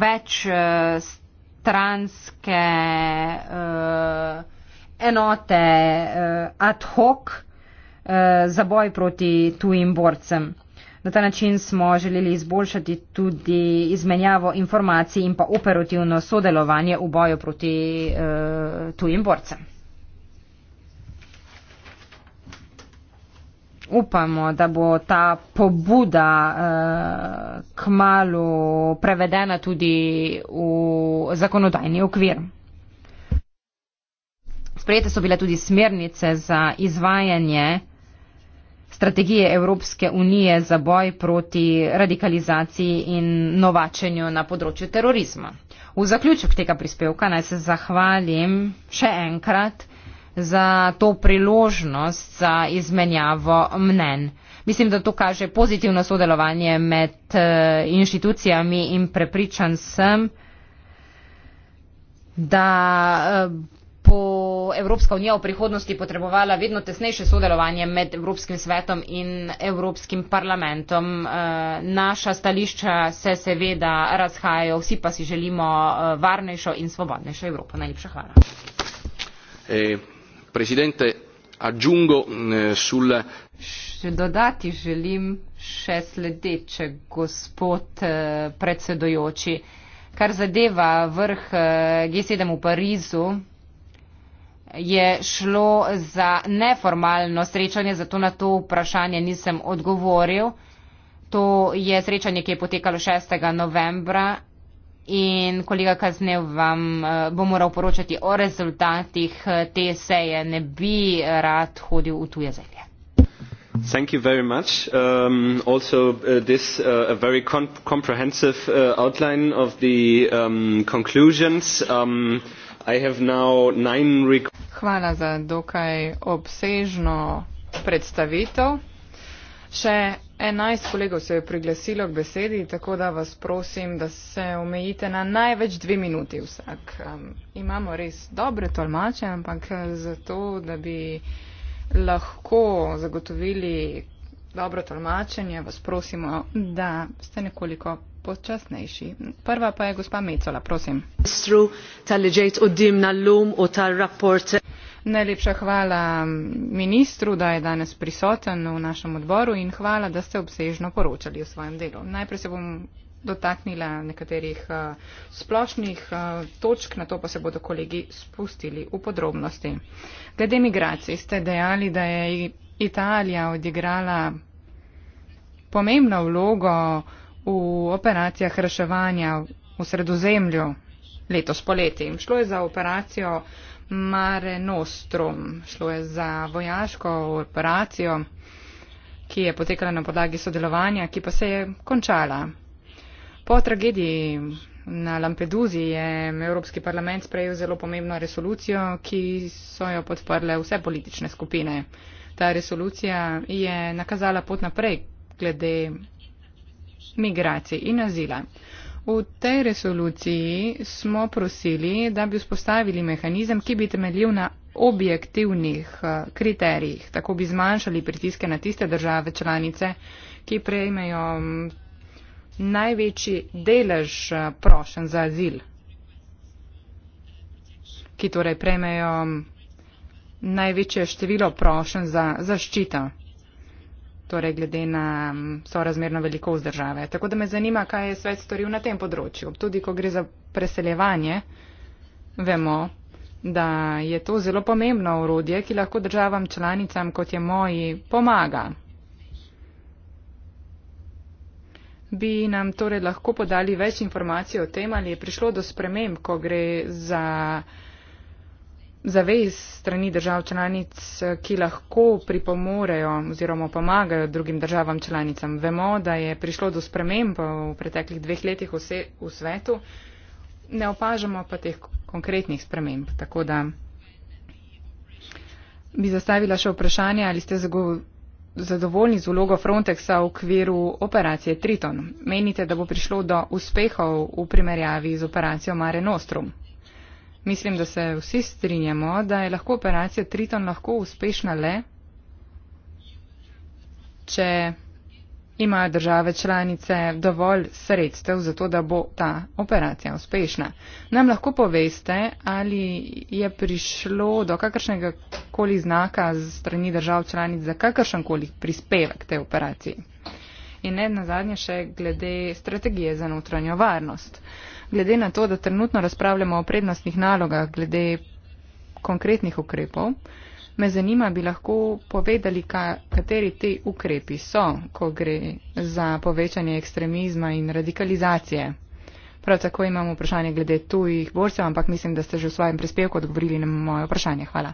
več eh, stranske eh, enote eh, ad hoc za boj proti tujim borcem. Na ta način smo želeli izboljšati tudi izmenjavo informacij in pa operativno sodelovanje v boju proti e, tujim borcem. upamo, da bo ta pobuda eh, kmalo prevedena tudi v zakonodajni okvir. Sprejete so bile tudi smernice za izvajanje strategije Evropske unije za boj proti radikalizaciji in novačenju na področju terorizma. V zaključek tega prispevka naj se zahvalim še enkrat za to priložnost za izmenjavo mnen. Mislim, da to kaže pozitivno sodelovanje med eh, inštitucijami in prepričan sem, da eh, bo Evropska unija v prihodnosti potrebovala vedno tesnejše sodelovanje med Evropskim svetom in Evropskim parlamentom. Eh, naša stališča se seveda razhajajo, vsi pa si želimo varnejšo in svobodnejšo Evropo. Najlepša hvala.
E, presidente aggiungo eh, sul
Še dodati želim še sledeče, gospod eh, predsedojoči. Kar zadeva vrh eh, G7 v Parizu, je šlo za neformalno srečanje, zato na to vprašanje nisem odgovoril. To je srečanje, ki je potekalo 6. novembra in koliko kasneje vam eh, bo moral poročati o rezultatih eh, te seje, ne bi rad hodil v tuje zemlje.
Thank you very much. Um, also, uh, this is uh, a very comp comprehensive uh, outline of the um, conclusions. Um, I have now nine
Hvala za dokaj obsežno predstavitev. Še Enajst kolegov se je priglasilo k besedi, tako da vas prosim, da se omejite na največ dve minuti vsak. Um, imamo res dobre tolmače, ampak eh, zato, da bi lahko zagotovili dobro tolmačenje, vas prosimo, da ste nekoliko počasnejši. Prva pa je gospa Mecola, prosim. Najlepša hvala ministru, da je danes prisoten v našem odboru in hvala, da ste obsežno poročali o svojem delu. Najprej se bom dotaknila nekaterih uh, splošnih uh, točk, na to pa se bodo kolegi spustili v podrobnosti. Glede migracij ste dejali, da je Italija odigrala pomembno vlogo v operacijah reševanja v sredozemlju letos poleti. Šlo je za operacijo uh, Mare Nostrum. Šlo je za vojaško operacijo, ki je potekala na podlagi sodelovanja, ki pa se je končala. Po tragediji na Lampeduzi je Evropski parlament sprejel zelo pomembno resolucijo, ki so jo podprle vse politične skupine. Ta resolucija je nakazala pot naprej glede migracij in azila. V tej resoluciji smo prosili, da bi vzpostavili mehanizem, ki bi temeljil na objektivnih eh, kriterijih. Tako bi zmanjšali pritiske na tiste države članice, ki prejmejo mm, največji delež eh, prošen za azil, ki torej prejmejo mm, največje število prošen za zaščito torej glede na mm, sorazmerno velikost države. Tako da me zanima, kaj je svet storil na tem področju. Tudi, ko gre za preseljevanje, vemo, da je to zelo pomembno urodje, ki lahko državam članicam, kot je moji, pomaga. Bi nam torej lahko podali več informacij o tem, ali je prišlo do sprememb, ko gre za zavez strani držav članic, ki lahko pripomorejo oziroma pomagajo drugim državam članicam. Vemo, da je prišlo do sprememb v preteklih dveh letih vse v svetu, ne opažamo pa teh konkretnih sprememb. Tako da bi zastavila še vprašanje, ali ste zadovoljni z vlogo Frontexa v okviru operacije Triton. Menite, da bo prišlo do uspehov v primerjavi z operacijo Mare Nostrum? Mislim, da se vsi strinjamo, da je lahko operacija Triton lahko uspešna le, če imajo države članice dovolj sredstev za to, da bo ta operacija uspešna. Nam lahko poveste, ali je prišlo do kakršnega koli znaka z strani držav članic za kakršen koli prispevek te operaciji. In ne nazadnje še glede strategije za notranjo varnost. Uh, glede na to, da trenutno razpravljamo o prednostnih nalogah glede konkretnih ukrepov, me zanima, bi lahko povedali, ka, kateri te ukrepi so, ko gre za povečanje ekstremizma in radikalizacije. Prav tako imamo vprašanje glede tujih borcev, ampak mislim, da ste že v svojem prispevku odgovorili na moje vprašanje. Hvala.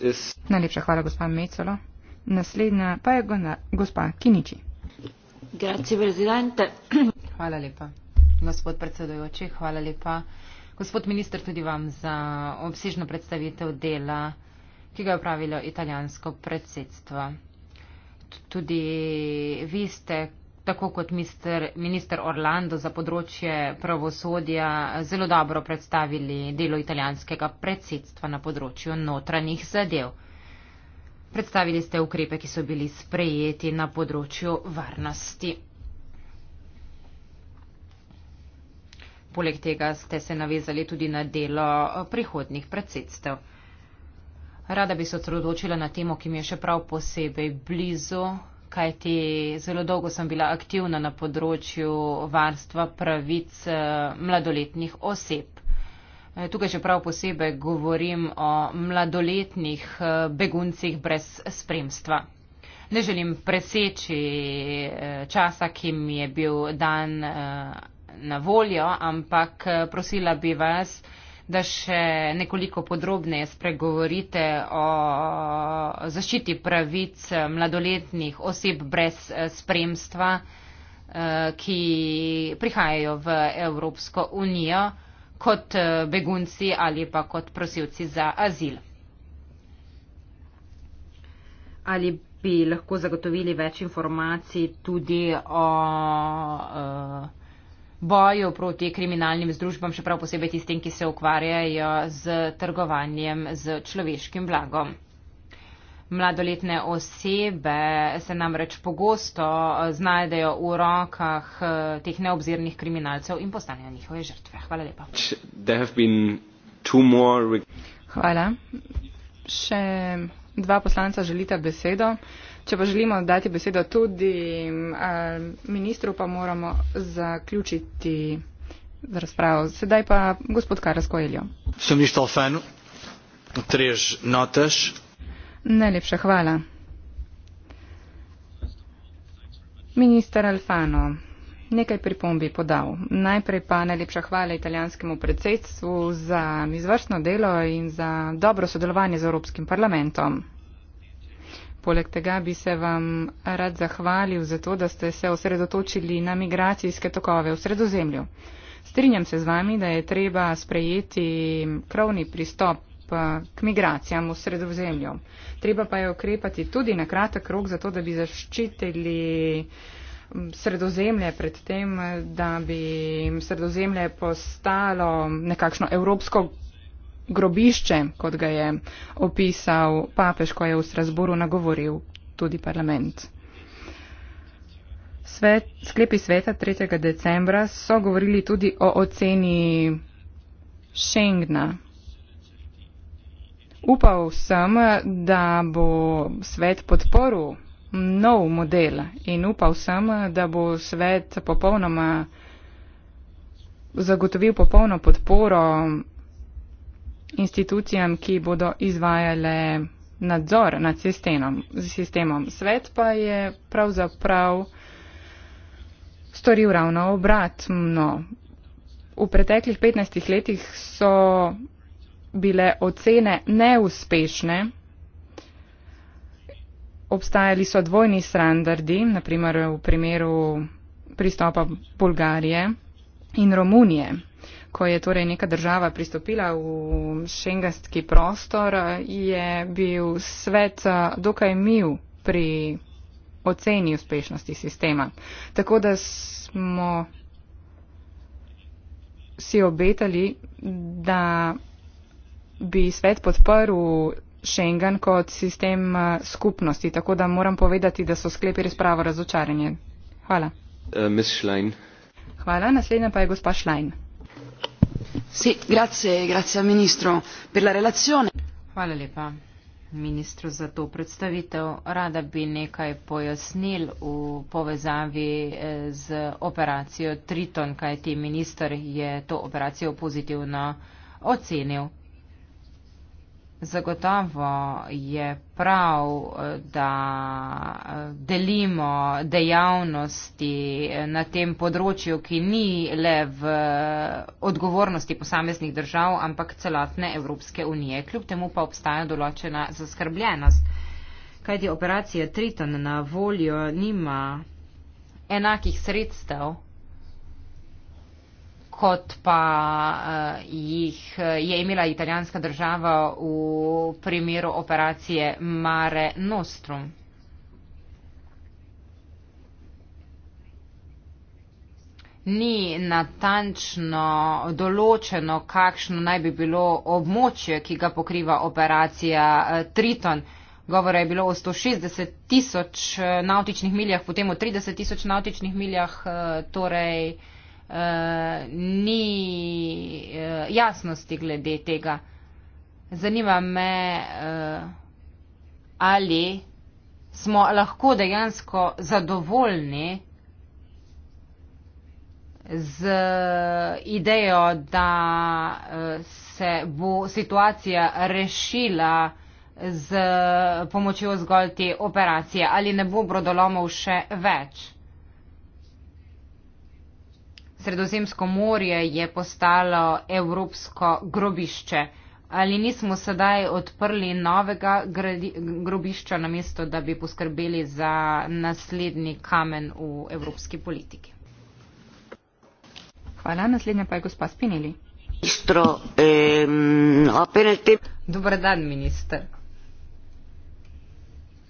Is... Najlepša hvala, gospa Mecolo. Naslednja pa je gospa Kiniči. Grazie,
Presidente. Hvala lepa
gospod predsedujoči, hvala lepa. Gospod minister, tudi vam za obsežno predstavitev dela, ki ga je upravilo italijansko predsedstvo. Tudi vi ste, tako kot mister, minister Orlando za področje pravosodja, zelo dobro predstavili delo italijanskega predsedstva na področju notranjih zadev. Predstavili ste ukrepe, ki so bili sprejeti na področju varnosti. Poleg tega ste se navezali tudi na delo eh, prihodnih predsedstev. Rada bi se osredotočila na temo, ki mi je še prav posebej blizu, kajti zelo dolgo sem bila aktivna na področju varstva pravic eh, mladoletnih oseb. Eh, tukaj še prav posebej govorim o mladoletnih beguncih brez spremstva. Ne želim preseči časa, ki mi je bil dan na voljo, ampak eh, prosila bi vas, da še nekoliko podrobneje spregovorite o zaščiti pravic eh, mladoletnih oseb brez eh, spremstva, ki prihajajo v Evropsko unijo kot begunci ali pa kot prosilci za azil. Ali bi lahko zagotovili več informacij tudi o uh, boju proti kriminalnim združbam, še prav posebej tistim, ki se ukvarjajo z trgovanjem z človeškim blagom. Mladoletne osebe se namreč pogosto znajdejo v rokah eh, teh neobzirnih kriminalcev
in postanejo njihove žrtve. Hvala lepa. Hvala. Še dva poslanca želita besedo. Če pa želimo dati besedo tudi uh, ministru, pa moramo zaključiti z razpravo. Sedaj pa gospod Karas Koeljo. Sem ništa o fenu. Trež notež. Najlepša hvala. Ministr Alfano, nekaj pripombi podal. Najprej pa najlepša hvala italijanskemu predsedstvu za izvrstno delo in za dobro sodelovanje z Evropskim parlamentom. Poleg tega bi se vam rad zahvalil za to, da ste se osredotočili na migracijske tokove v sredozemlju. Strinjam se z vami, da je treba sprejeti krovni pristop eh, k migracijam v sredozemlju. Treba pa je okrepati tudi na kratek rok, zato da bi zaščitili mm, sredozemlje pred tem, da bi sredozemlje postalo nekakšno evropsko grobišče, kot ga je opisal papež, ko je v Strasboru nagovoril tudi parlament. Svet, sklepi sveta 3. decembra so govorili tudi o oceni Schengna. Upal sem, da bo svet podporil nov model in upal sem, da bo svet popolnoma zagotovil popolno podporo institucijam, ki bodo izvajale nadzor nad sistemom. sistemom. Svet pa je pravzaprav storil ravno obratno. V preteklih 15 letih so bile ocene neuspešne, obstajali so dvojni standardi, naprimer v primeru pristopa Bulgarije in Romunije ko je torej neka država pristopila v šengenski prostor, je bil svet eh, dokaj mil pri oceni uspešnosti sistema. Tako da smo si obetali, da bi svet podprl Schengen kot sistem eh, skupnosti. Tako da moram povedati, da so sklepi res pravo razočaranje. Hvala.
Uh,
Hvala, naslednja pa je gospa Schlein
hvala lepa ministru za to predstavitev. rada bi nekaj pojasnil v povezavi eh, z operacijo triton kajti minister je to operacijo pozitivno ocenil. Zagotovo je prav, da eh, delimo dejavnosti eh, na tem področju, ki ni le v eh, odgovornosti posameznih držav, ampak celotne Evropske unije. Kljub temu pa obstaja določena zaskrbljenost, kajti operacija Triton na voljo nima enakih sredstev kot pa uh, jih eh, je imela italijanska država v primeru operacije Mare Nostrum. Ni natančno določeno, kakšno naj bi bilo območje, ki ga pokriva operacija eh, Triton. Govora je bilo o 160 tisoč nautičnih miljah, potem o 30 tisoč nautičnih miljah, torej Eh, ni uh, jasnosti glede tega. Zanima me, uh, ali smo lahko dejansko zadovoljni z idejo, da se bo situacija rešila z pomočjo zgolj te operacije, ali ne bo brodolomov še več. Sredozemsko morje je postalo evropsko grobišče. Ali nismo sedaj odprli novega gradi, grobišča na mesto, da bi poskrbeli za naslednji kamen v evropski politiki? Hvala, naslednja pa je gospa Spinili.
Ministro, eh, opere te. Dobar
dan, minister.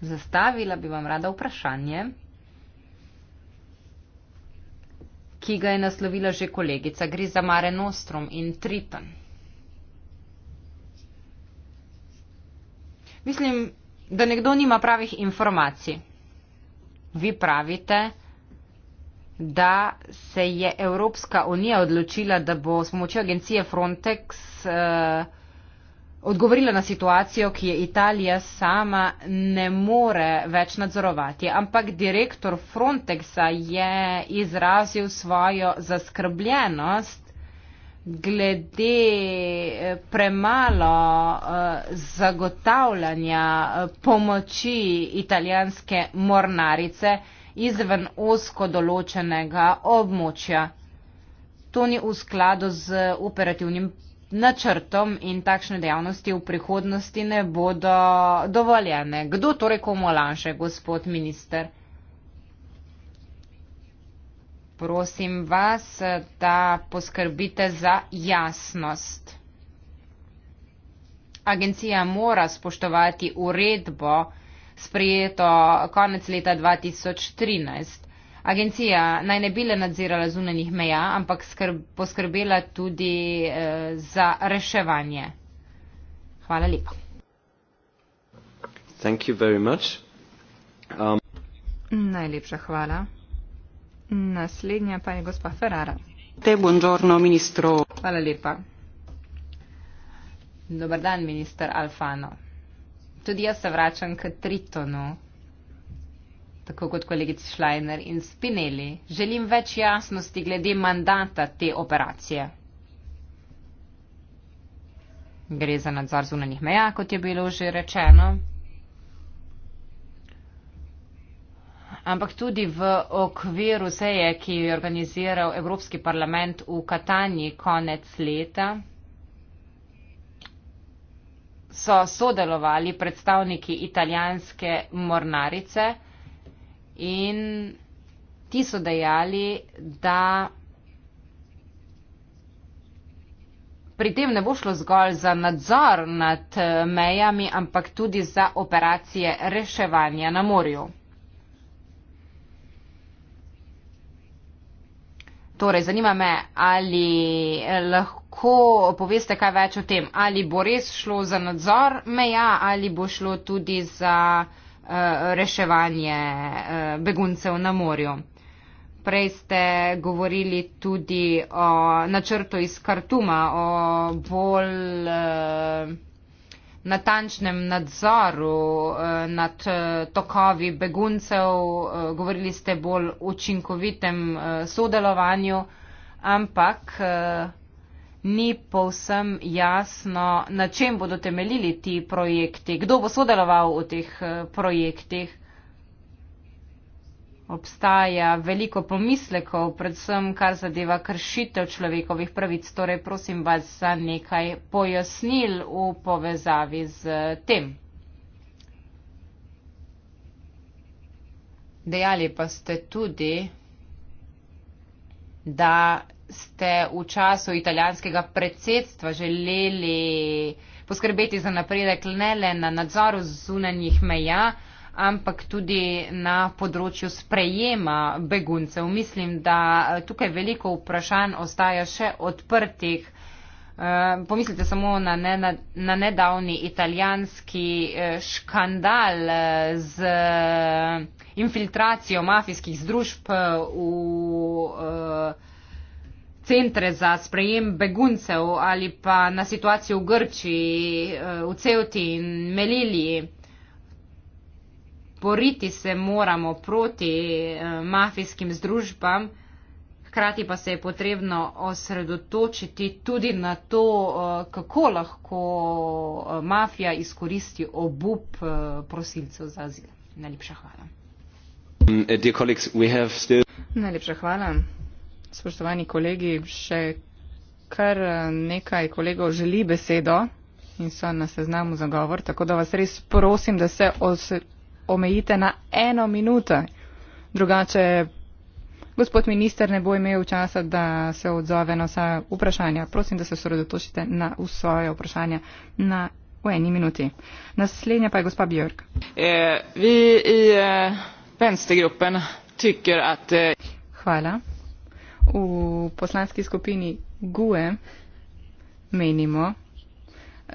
Zastavila bi vam rada vprašanje. ki ga je naslovila že kolegica. Gre za Mare Nostrum in Triton. Mislim, da nekdo nima pravih informacij. Vi pravite, da se je Evropska unija odločila, da bo s pomočjo agencije Frontex. Uh, odgovorila na situacijo, ki je Italija sama ne more več nadzorovati, ampak direktor Frontexa je izrazil svojo zaskrbljenost glede eh, premalo eh, zagotavljanja eh, pomoči italijanske mornarice izven osko določenega območja. To ni v skladu z operativnim načrtom in takšne dejavnosti v prihodnosti ne bodo dovoljene. Kdo torej komu laže, gospod minister? Prosim vas, da poskrbite za jasnost. Agencija mora spoštovati uredbo sprejeto konec leta 2013. Agencija naj ne bi le nadzirala zunanjih meja, ampak skrb, poskrbela tudi eh, za reševanje. Hvala lepa.
Um...
Najlepša hvala. Naslednja pa je gospa Ferrara.
Te buongiorno, ministro. Hvala lepa.
Dobar dan, minister
Alfano. Tudi jaz se vračam k Tritonu tako kot kolegica Schleiner in Spinelli. Želim več jasnosti glede mandata te operacije. Gre za nadzor zunanih meja, kot je bilo že rečeno. Ampak tudi v okviru seje, ki jo je organiziral Evropski parlament v Katanji konec leta, so sodelovali predstavniki italijanske mornarice, in ti so dejali, da pri tem ne bo šlo zgolj za nadzor nad eh, mejami, ampak tudi za operacije reševanja na morju. Torej, zanima me, ali lahko poveste kaj več o tem, ali bo res šlo za nadzor meja, ali bo šlo tudi za. Eh, reševanje eh, beguncev na morju. Prej ste govorili tudi o načrtu iz Kartuma, o bolj eh, natančnem nadzoru nad tokovi beguncev, govorili ste bolj učinkovitem sodelovanju, ampak ni povsem jasno, na čem bodo temeljili ti projekti, kdo bo sodeloval v teh eh, projektih. Obstaja veliko pomislekov, predvsem kar zadeva kršitev človekovih pravic. Torej, prosim vas za nekaj pojasnil v povezavi z tem. Dejali pa ste tudi, da ste v času italijanskega predsedstva želeli poskrbeti za napredek ne le na nadzoru zunanjih meja, ampak tudi na področju sprejema beguncev. Mislim, da tukaj veliko vprašanj ostaja še odprtih. Eh, pomislite samo na, ne, na, na nedavni italijanski eh, škandal eh, z infiltracijo mafijskih združb v centre za sprejem beguncev ali pa na situacijo v Grčiji, eh, v Ceuti in Meliliji. Boriti se moramo proti eh, mafijskim združbam, hkrati pa se je potrebno osredotočiti tudi na to, eh, kako lahko mafija
izkoristi obup prosilcev za azil. Najlepša hvala. Mm, Najlepša hvala spoštovani kolegi, še kar eh, nekaj kolegov želi besedo in so na seznamu za govor, tako da vas res prosim, da se omejite na eno minuto. Drugače, gospod minister ne bo imel časa, da se odzove na vsa vprašanja. Prosim, da se sredotočite na vsoje vprašanja na v eni minuti. Naslednja pa je gospa Björk. Eh, vi i eh, venstregruppen tycker att... Eh... Hvala v poslanski skupini GUE menimo,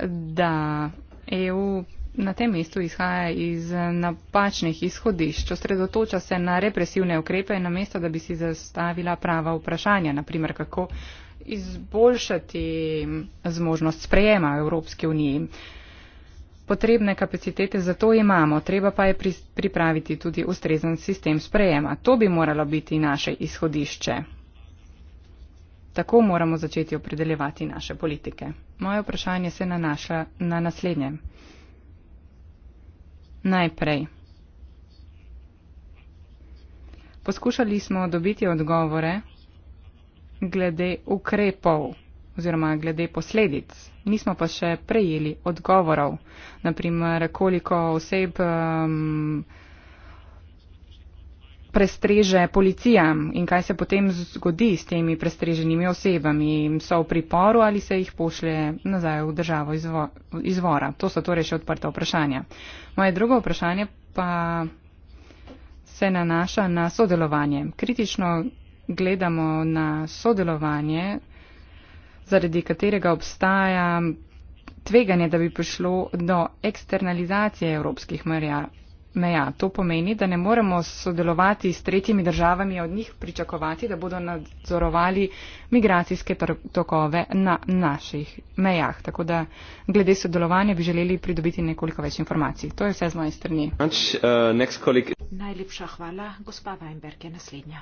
da EU na tem mestu izhaja iz napačnih izhodišč, osredotoča se na represivne ukrepe, namesto da bi si zastavila prava vprašanja, naprimer kako izboljšati zmožnost sprejema Evropske unije. Potrebne kapacitete za to imamo, treba pa je pripraviti tudi ustrezen sistem sprejema. To bi moralo biti naše izhodišče. Tako moramo začeti opredeljevati naše politike. Moje vprašanje se nanaša na naslednje. Najprej. Poskušali smo dobiti odgovore glede ukrepov oziroma glede posledic. Nismo pa še prejeli odgovorov, naprimer koliko oseb. Um, prestreže policija in kaj se potem zgodi s temi prestreženimi osebami? So v priporu ali se jih pošlje nazaj v državo izvo, izvora? To so torej še odprta vprašanja. Moje drugo vprašanje pa se nanaša na sodelovanje. Kritično gledamo na sodelovanje, zaradi katerega obstaja tveganje, da bi prišlo do eksternalizacije evropskih meja meja. To pomeni, da ne moremo sodelovati s tretjimi državami, od njih pričakovati, da bodo nadzorovali migracijske tokove na naših mejah. Tako da glede sodelovanja bi želeli pridobiti nekoliko več informacij. To je vse z moje strani.
Uh,
Najlepša hvala, gospa Weinberg je naslednja.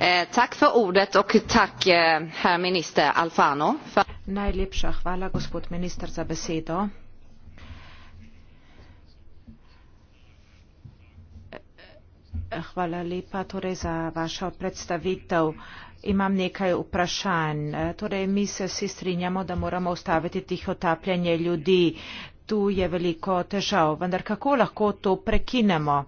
Eh, tak for ordet, ok, tak, eh, minister Alfano. Najlepša hvala, gospod minister, za besedo. Hvala lepa torej za vašo predstavitev. Imam nekaj vprašanj. Torej, mi se vsi strinjamo, da moramo ustaviti tihotapljanje ljudi. Tu je veliko težav. Vendar kako lahko to prekinemo?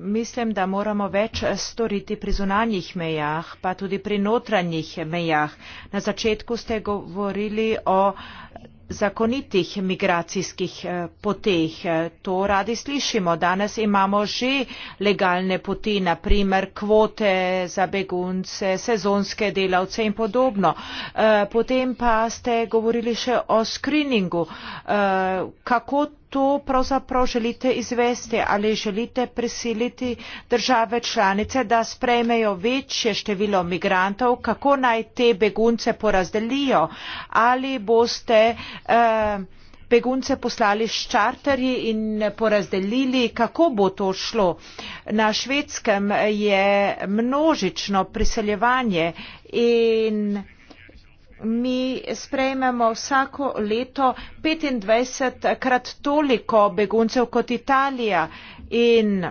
Mislim, da moramo več storiti pri zunanjih mejah, pa tudi pri notranjih mejah. Na začetku ste govorili o zakonitih migracijskih eh, poteh. Eh, to radi slišimo. Danes imamo že legalne poti, naprimer kvote za begunce, sezonske delavce in podobno. Eh, potem pa ste govorili še o skriningu. Kako to pravzaprav želite izvesti ali želite prisiliti države članice da sprejmejo večje število migrantov kako naj te begunce porazdelijo ali boste eh, begunce poslali s čarterji in porazdelili kako bo to šlo na švedskem je množično priseljevanje in mi sprejmemo vsako leto 25 krat toliko beguncev kot Italija. In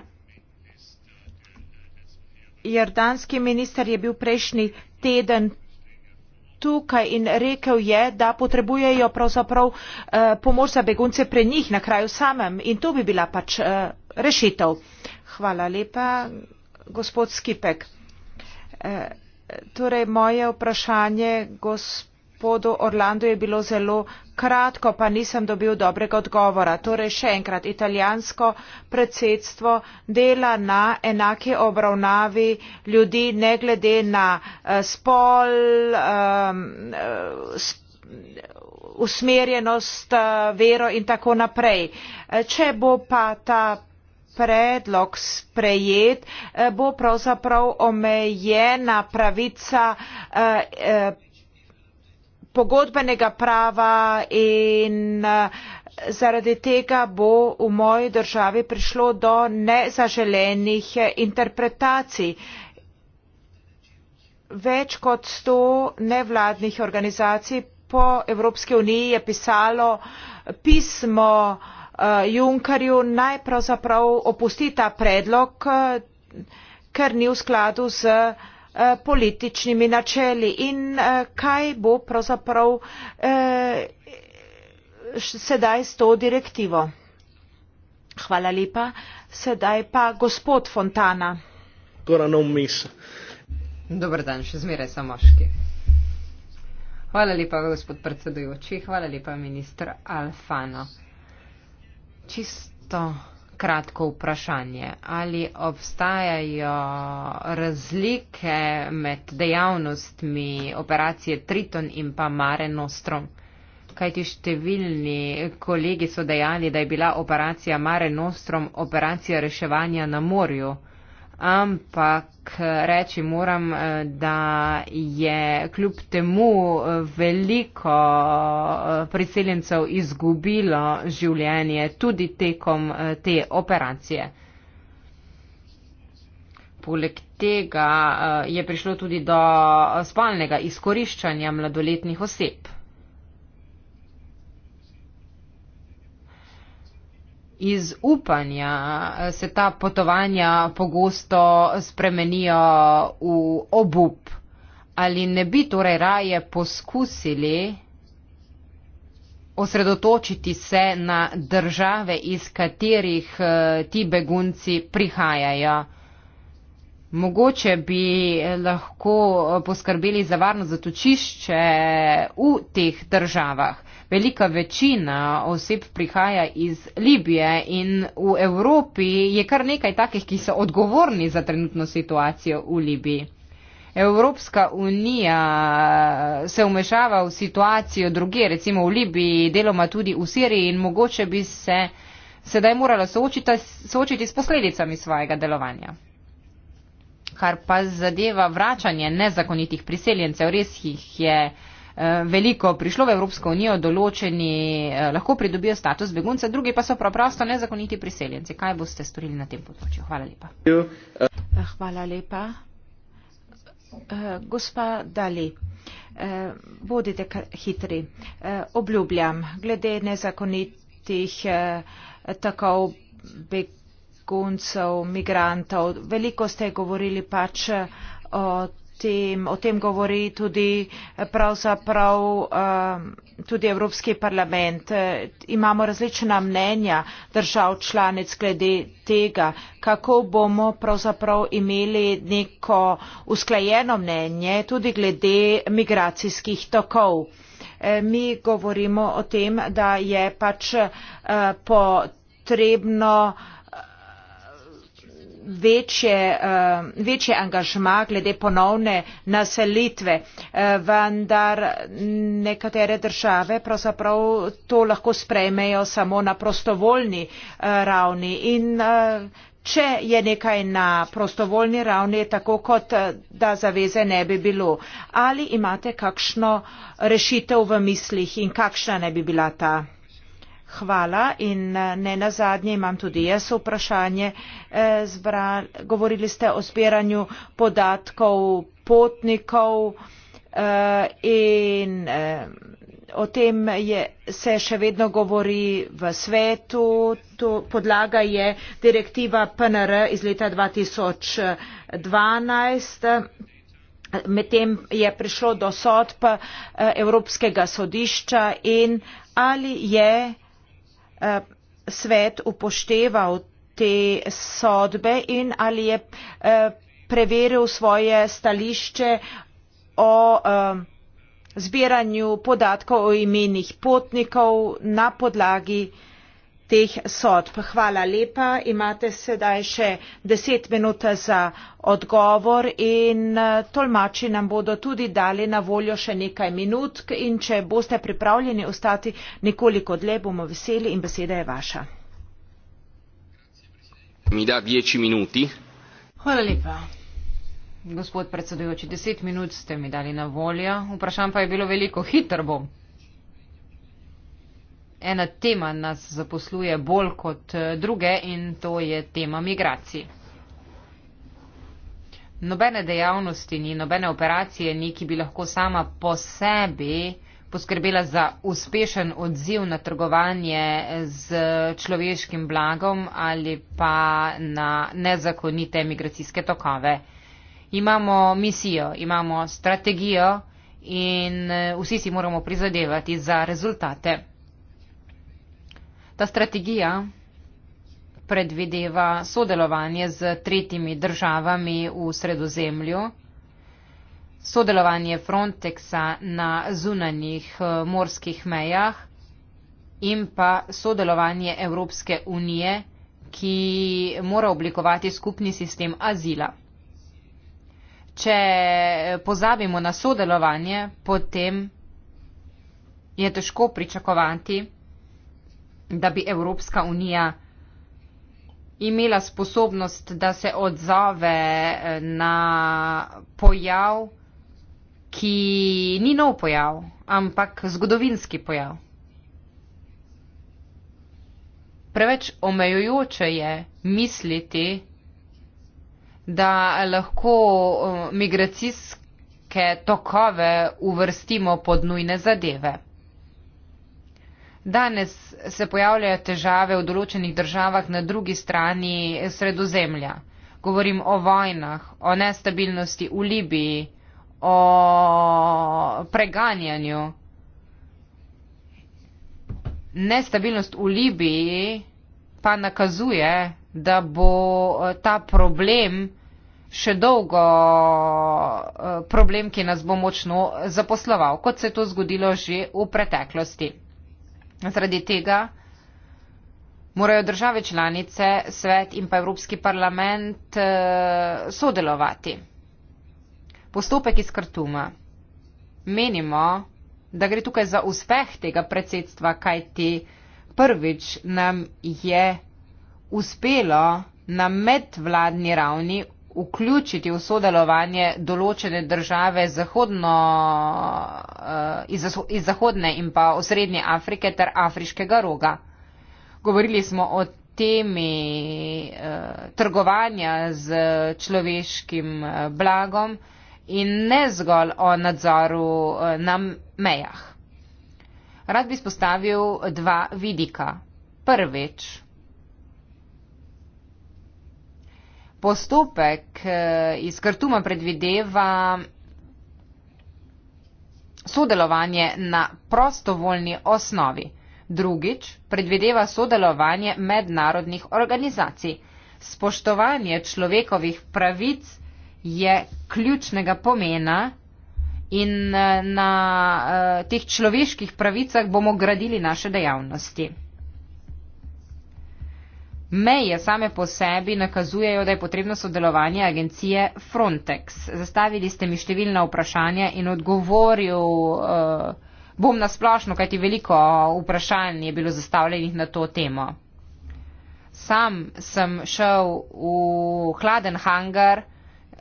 jordanski minister je bil prejšnji teden tukaj in rekel je, da potrebujejo pravzaprav uh, pomoč za begunce pre njih na kraju samem in to bi bila pač uh, rešitev. Hvala lepa, gospod Skipek. Uh, Torej, moje vprašanje gospodu Orlando je bilo zelo kratko, pa nisem dobil dobrega odgovora. Torej, še enkrat, italijansko predsedstvo dela na enake obravnavi ljudi, ne glede na eh, spol, ehm, eh, usmerjenost, eh, vero in tako naprej. Če bo pa ta predlog sprejet, eh, bo pravzaprav omejena pravica eh, eh, pogodbenega prava in zaradi tega bo v moji državi prišlo do nezaželenih interpretacij. Več kot sto nevladnih organizacij po Evropski uniji je pisalo pismo uh, Eh, junckerju naj pravzaprav opusti ta predlog eh, ker ni v skladu s eh, političnimi načeli in kaj bo pravzaprav sedaj s to direktivo. Hvala lepa. Sedaj pa gospod Fontana.
Dobar dan, še zmeraj so moški. Hvala lepa, gospod predsedujoči. Hvala lepa, ministr Alfano čisto kratko vprašanje. Ali obstajajo razlike med dejavnostmi operacije Triton in pa Mare Nostrom? Kaj ti številni kolegi so dejali, da je bila operacija Mare Nostrom operacija reševanja na morju? ampak eh, reči moram, eh, da je kljub temu eh, veliko priseljencev izgubilo življenje tudi tekom te operacije. Poleg tega je prišlo tudi do spalnega izkoriščanja mladoletnih oseb. iz upanja se ta potovanja pogosto spremenijo v obup. Ali ne bi torej raje poskusili osredotočiti se na države, iz katerih eh, ti begunci prihajajo? Mogoče bi lahko eh, poskrbeli za varno zatočišče v teh državah velika večina oseb prihaja iz Libije in v Evropi je kar nekaj takih, ki so odgovorni za trenutno situacijo v Libiji. Evropska unija eh, se umešava v situacijo druge, recimo v Libiji, deloma tudi v Siriji in mogoče bi se sedaj morala soočita, soočiti s posledicami svojega delovanja. Kar pa zadeva vračanje nezakonitih priseljencev, res jih je uh, Eh, veliko prišlo v Evropsko unijo, določeni eh, lahko pridobijo status begunca, drugi pa so preprosto nezakoniti priseljenci.
Kaj boste storili na tem področju? Hvala lepa.
Eh,
hvala lepa. Gospa Dali, bodite hitri. Obljubljam, glede nezakonitih tako beguncev, migrantov, veliko ste govorili pač o tem, o tem govori tudi pravzaprav eh, tudi Evropski parlament. Eh, imamo različna mnenja držav članic glede tega, kako bomo pravzaprav imeli neko usklajeno mnenje tudi glede migracijskih tokov. Eh, mi govorimo o tem, da je pač potrebno uh, večje, eh, večje angažma glede ponovne naselitve, eh, vendar nekatere države pravzaprav to lahko sprejmejo samo na prostovoljni eh, ravni. In če je nekaj na prostovoljni ravni, je tako, kot da zaveze ne bi bilo. Ali imate kakšno rešitev v mislih in kakšna ne bi bila ta? Hvala in eh, ne nazadnje imam tudi jaz vprašanje. Eh, zbra, govorili ste o zbiranju podatkov potnikov eh, in o tem je, se še vedno govori v svetu. To podlaga je direktiva PNR iz leta 2012. Medtem je prišlo do sodb Evropskega sodišča in ali je Eh, svet upošteval te sodbe in ali je eh, preveril svoje stališče o eh, zbiranju podatkov o imenih potnikov na podlagi teh sodb. Hvala lepa. Imate sedaj še deset minut za odgovor in eh, tolmači nam bodo tudi dali na voljo še nekaj minut in če boste pripravljeni ostati nekoliko dlje, bomo veseli in beseda je vaša.
Mi da večji minuti.
Hvala lepa. Gospod
predsedujoči, deset minut ste mi dali na voljo. Vprašanj pa je bilo veliko, hitro bom ena tema nas zaposluje bolj kot eh, druge in to je tema migracij. Nobene dejavnosti ni, nobene operacije ni, ki bi lahko sama po sebi poskrbela za uspešen odziv na trgovanje z človeškim blagom ali pa na nezakonite migracijske tokove. Imamo misijo, imamo strategijo in eh, vsi si moramo prizadevati za rezultate. Ta strategija predvideva sodelovanje z tretjimi državami v sredozemlju, sodelovanje Frontexa na zunanjih eh, morskih mejah in pa sodelovanje Evropske unije, ki mora oblikovati skupni sistem azila. Če pozabimo na sodelovanje, potem je težko pričakovati, da bi Evropska unija imela sposobnost, da se odzove eh, na pojav, ki ni nov pojav, ampak zgodovinski pojav. Preveč omejujoče je misliti, da lahko eh, migracijske tokove uvrstimo pod nujne zadeve. Danes se pojavljajo težave v določenih državah na drugi strani sredozemlja. Govorim o vojnah, o nestabilnosti v Libiji, o preganjanju. Nestabilnost v Libiji pa nakazuje, da bo eh, ta problem še dolgo eh, problem, ki nas bo močno zaposloval, kot se je to zgodilo že v preteklosti. Zaradi tega morajo države članice, svet in pa Evropski parlament eh, sodelovati. Postopek iz Kartuma. Menimo, da gre tukaj za uspeh tega predsedstva, kajti prvič nam je uspelo na medvladni ravni vključiti v sodelovanje določene države zahodno, eh, iz Zahodne in pa osrednje Afrike ter Afriškega roga. Govorili smo o temi eh, trgovanja z človeškim eh, blagom in ne zgolj o nadzoru na mejah. Rad bi spostavil dva vidika. Prvič, postopek eh, iz Kartuma predvideva sodelovanje na prostovoljni osnovi. Drugič, predvideva sodelovanje mednarodnih organizacij. Spoštovanje človekovih pravic je ključnega pomena in eh, na eh, teh človeških pravicah bomo gradili naše dejavnosti. Meje same po sebi nakazujejo, da je potrebno sodelovanje agencije Frontex. Zastavili ste mi številna vprašanja in odgovoril uh, bom na splošno, kajti veliko vprašanj je bilo zastavljenih na to temo. Sam sem šel v hladen hangar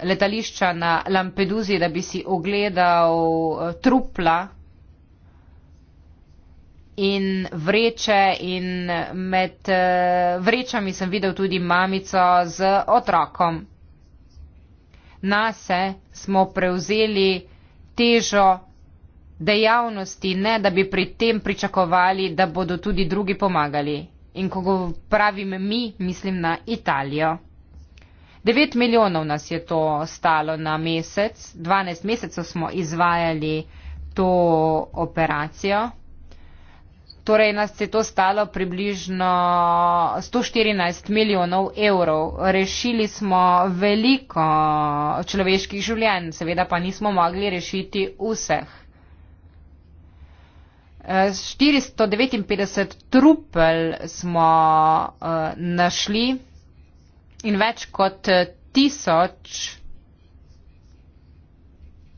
letališča na Lampeduzi, da bi si ogledal eh, trupla, in vreče in med eh, vrečami sem videl tudi mamico z otrokom. Nase smo prevzeli težo dejavnosti, ne da bi pri tem pričakovali, da bodo tudi drugi pomagali. In ko pravim mi, mislim na Italijo. 9 milijonov nas je to stalo na mesec, 12 mesecev smo izvajali to operacijo torej nas je to stalo približno 114 milijonov evrov. Rešili smo veliko človeških življenj, seveda pa nismo mogli rešiti vseh. 459 trupel smo eh, našli in več kot eh, tisoč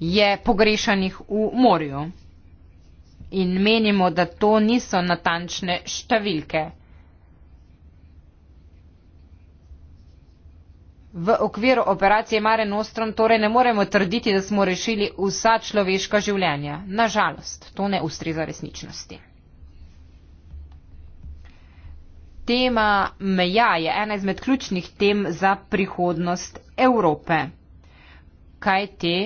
je pogrešanih v morju in menimo, da to niso natančne številke. V okviru operacije Mare Nostrom torej ne moremo trditi, da smo rešili vsa človeška življenja. Nažalost, to ne ustriza resničnosti. Tema meja je ena izmed ključnih tem za prihodnost Evrope. Kaj te?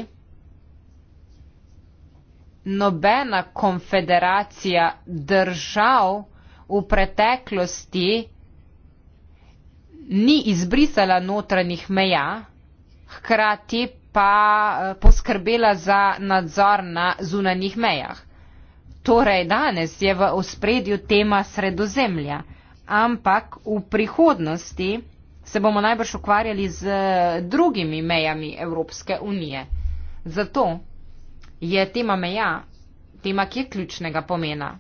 nobena konfederacija držav v preteklosti ni izbrisala notranjih meja, hkrati pa eh, poskrbela za nadzor na zunanjih mejah. Torej danes je v ospredju tema sredozemlja, ampak v prihodnosti se bomo najbrž ukvarjali z drugimi mejami Evropske unije. Zato je tema meja, tema, ki je ključnega pomena.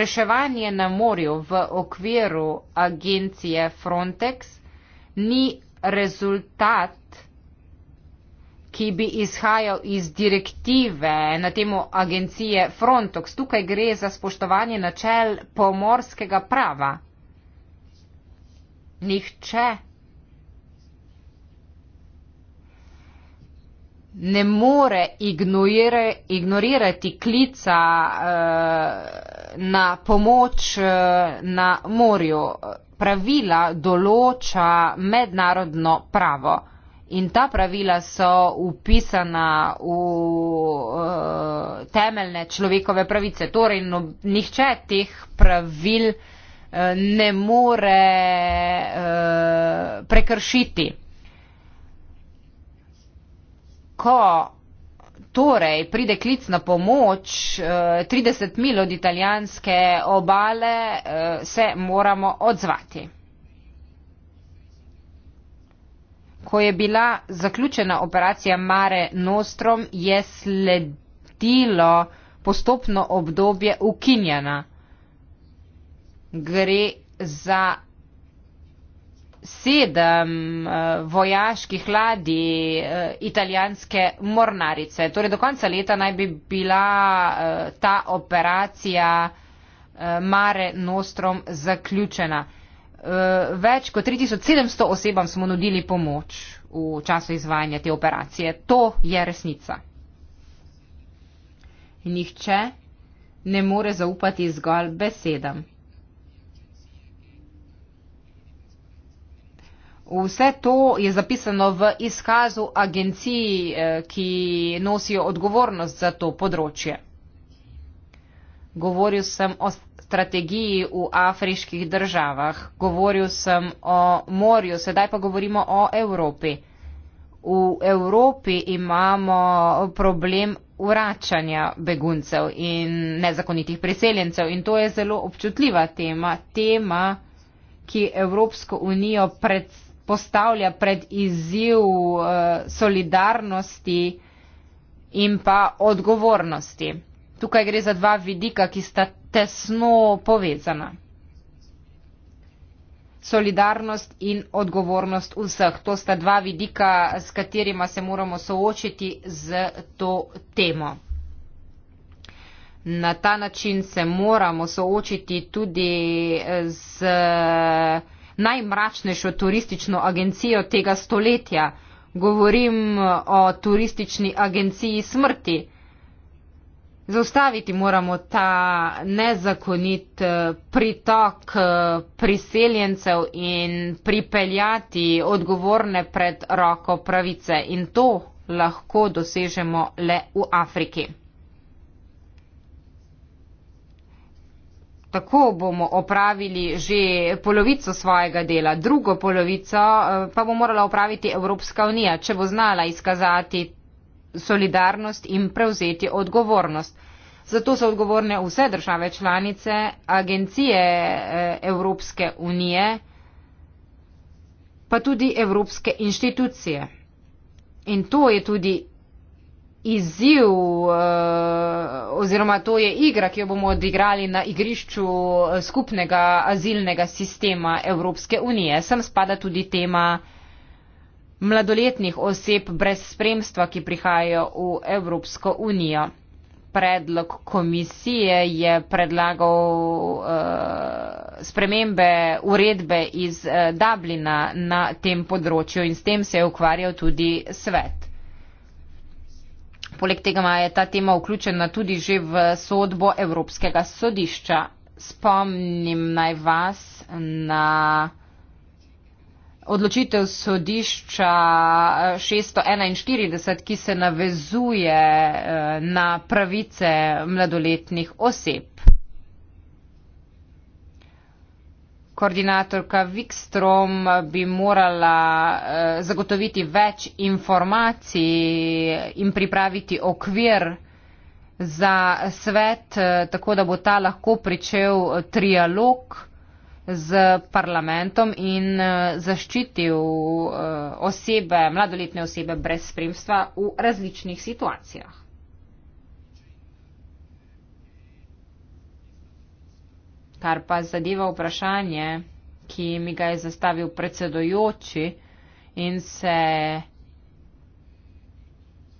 Reševanje na morju v okviru agencije Frontex ni rezultat, ki bi izhajal iz direktive na temo agencije Frontex. Tukaj gre za spoštovanje načel pomorskega prava. Nihče ne more ignorire, ignorirati klica uh, na pomoč uh, na morju. Pravila določa mednarodno pravo in ta pravila so upisana v uh, temeljne človekove pravice. Torej, no, nihče teh pravil uh, ne more uh, prekršiti ko torej pride klic na pomoč 30 eh, mil od italijanske obale, eh, se moramo odzvati. Ko je bila zaključena operacija Mare Nostrom, je sledilo postopno obdobje ukinjena. Gre za sedem eh, vojaških ladij eh, italijanske mornarice. Torej do konca leta naj bi bila eh, ta operacija Mare Nostrom zaključena. Več kot 3700 osebam smo nudili pomoč v času izvajanja te operacije. To je resnica. Nihče ne more zaupati zgolj besedam. Vse to je zapisano v izkazu agenciji, eh, ki nosijo odgovornost za to področje. Govoril sem o strategiji v afriških državah, govoril sem o morju, sedaj pa govorimo o Evropi. V Evropi imamo problem vračanja beguncev in nezakonitih priseljencev in to je zelo občutljiva tema, tema, ki Evropsko unijo predstavlja postavlja pred izziv eh, solidarnosti in pa odgovornosti. Tukaj gre za dva vidika, ki sta tesno povezana. Solidarnost in odgovornost vseh. To sta dva vidika, s katerima se moramo soočiti z to temo. Na ta način se moramo soočiti tudi z. Uh, najmračnejšo turistično agencijo tega stoletja. Govorim eh, o turistični agenciji smrti. Zaustaviti moramo ta nezakonit eh, pritok eh, priseljencev in pripeljati odgovorne pred roko pravice. In to lahko dosežemo le v Afriki. Tako bomo opravili že polovico svojega dela. Drugo polovico eh, pa bo morala opraviti Evropska unija, če bo znala izkazati solidarnost in prevzeti odgovornost. Zato so odgovorne vse države članice, agencije eh, Evropske unije, pa tudi evropske inštitucije. In to je tudi izziv eh, oziroma to je igra, ki jo bomo odigrali na igrišču eh, skupnega azilnega sistema Evropske unije. Sem spada tudi tema mladoletnih oseb brez spremstva, ki prihajajo v Evropsko unijo. Predlog komisije je predlagal uh, spremembe uredbe iz uh, Dublina na tem področju in s tem se je ukvarjal tudi svet. Poleg tega je ta tema vključena tudi že v sodbo Evropskega sodišča. Spomnim naj vas na odločitev sodišča 641, ki se navezuje eh, na pravice mladoletnih oseb. koordinatorka Wikstrom bi morala eh, zagotoviti več informacij in pripraviti okvir za svet, eh, tako da bo ta lahko pričel trialog z parlamentom in eh, zaščitil eh, osebe, mladoletne osebe brez spremstva v različnih situacijah. Kar pa zadeva vprašanje, ki mi ga je zastavil predsedojoči in se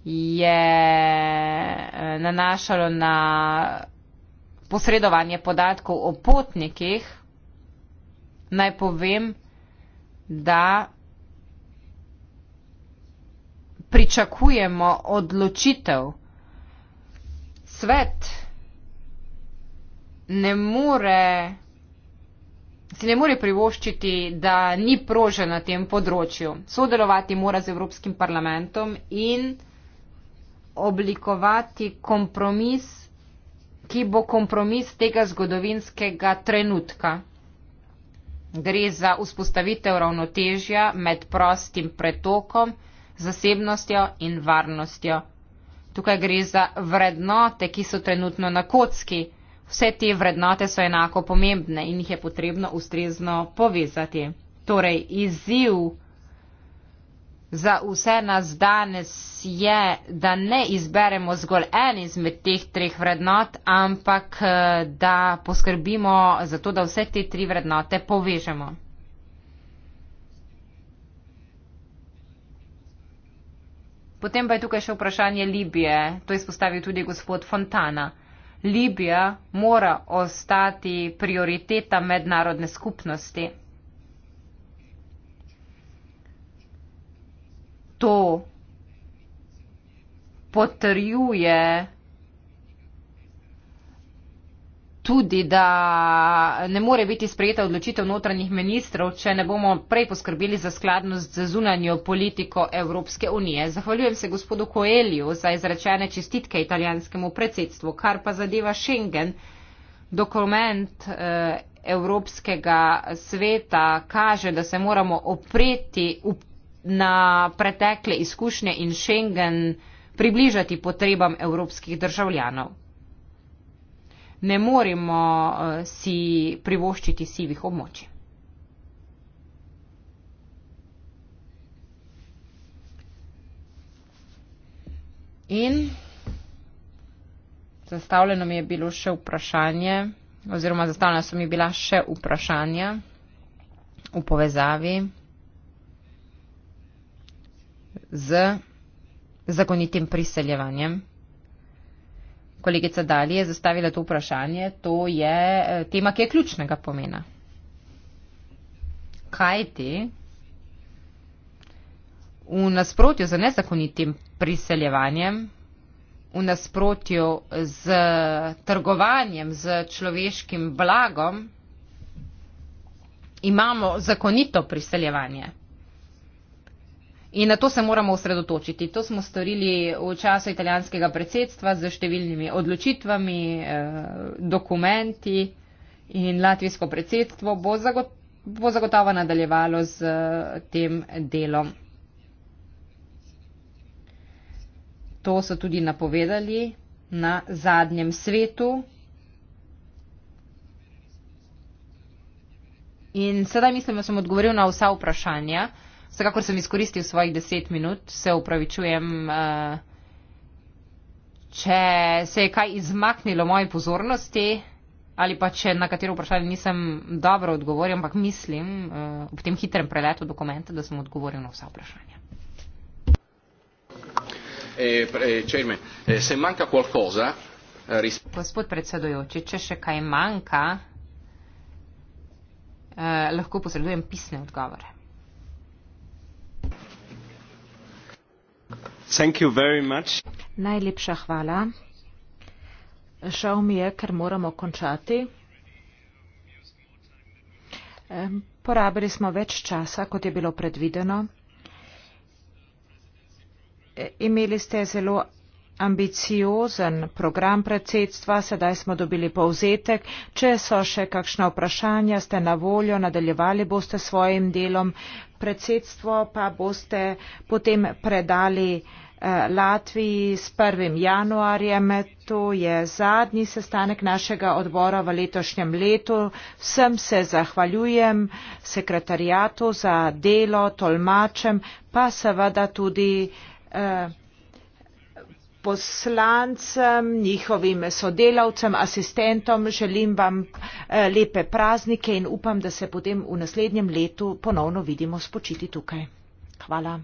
je eh, nanašalo na posredovanje podatkov o potnikih, naj povem, da pričakujemo odločitev. Svet ne more, si ne more privoščiti, da ni prožen na tem področju. Sodelovati mora z Evropskim parlamentom in oblikovati kompromis, ki bo kompromis tega zgodovinskega trenutka. Gre za vzpostavitev ravnotežja med prostim pretokom, zasebnostjo in varnostjo. Tukaj gre za vrednote, ki so trenutno na kocki. Vse te vrednote so enako pomembne in jih je potrebno ustrezno povezati. Torej, izziv za vse nas danes je, da ne izberemo zgolj en izmed teh treh vrednot, ampak eh, da poskrbimo za to, da vse te tri vrednote povežemo. Potem pa je tukaj še vprašanje Libije, to je izpostavil tudi gospod Fontana. Libija mora ostati prioriteta mednarodne skupnosti. To potrjuje tudi, da ne more biti sprejeta odločitev notranjih ministrov, če ne bomo prej poskrbeli za skladnost z zunanjo politiko Evropske unije. Zahvaljujem se gospodu Koelju za izrečene čestitke italijanskemu predsedstvu, kar pa zadeva Schengen, dokument eh, Evropskega sveta kaže, da se moramo opreti na pretekle izkušnje in Schengen približati potrebam evropskih državljanov ne moremo eh, si privoščiti sivih območij. In zastavljeno mi je bilo še vprašanje, oziroma zastavljena so mi bila še vprašanja v povezavi z zakonitim priseljevanjem kolegica Dali je zastavila to vprašanje, to je eh, tema, ki je ključnega pomena. Kaj ti v nasprotju z nezakonitim priseljevanjem, v nasprotju z trgovanjem z človeškim blagom, imamo zakonito priseljevanje? In na to se moramo osredotočiti. To smo storili v času italijanskega predsedstva z številnimi odločitvami, eh, dokumenti in latvijsko predsedstvo bo, zagot bo zagotovo nadaljevalo z eh, tem delom. To so tudi napovedali na zadnjem svetu. In sedaj mislim, da sem odgovoril na vsa vprašanja. Vsekakor sem izkoristil svojih deset minut, se upravičujem, uh, eh, če se je kaj izmaknilo moje pozornosti ali pa če na katero vprašanje nisem dobro odgovoril, ampak mislim uh, ob tem hitrem preletu dokumenta, da sem odgovoril na vsa vprašanja.
Eh,
Gospod predsedujoči, če še kaj manjka, uh, lahko posredujem pisne odgovore.
Najlepša hvala. Žal mi je, ker moramo končati. Porabili smo več časa, kot je bilo predvideno. E, imeli ste zelo ambiciozen program predsedstva, sedaj smo dobili povzetek. Če so še kakšna vprašanja, ste na voljo, nadaljevali boste svojim delom. Predsedstvo pa boste potem predali. Latviji s 1. januarjem. To je zadnji sestanek našega odbora v letošnjem letu. Vsem se zahvaljujem, sekretarijatu za delo, tolmačem, pa seveda tudi eh, poslancem, njihovim sodelavcem, asistentom. Želim vam eh, lepe praznike in upam, da se potem v naslednjem letu ponovno vidimo spočiti tukaj. Hvala.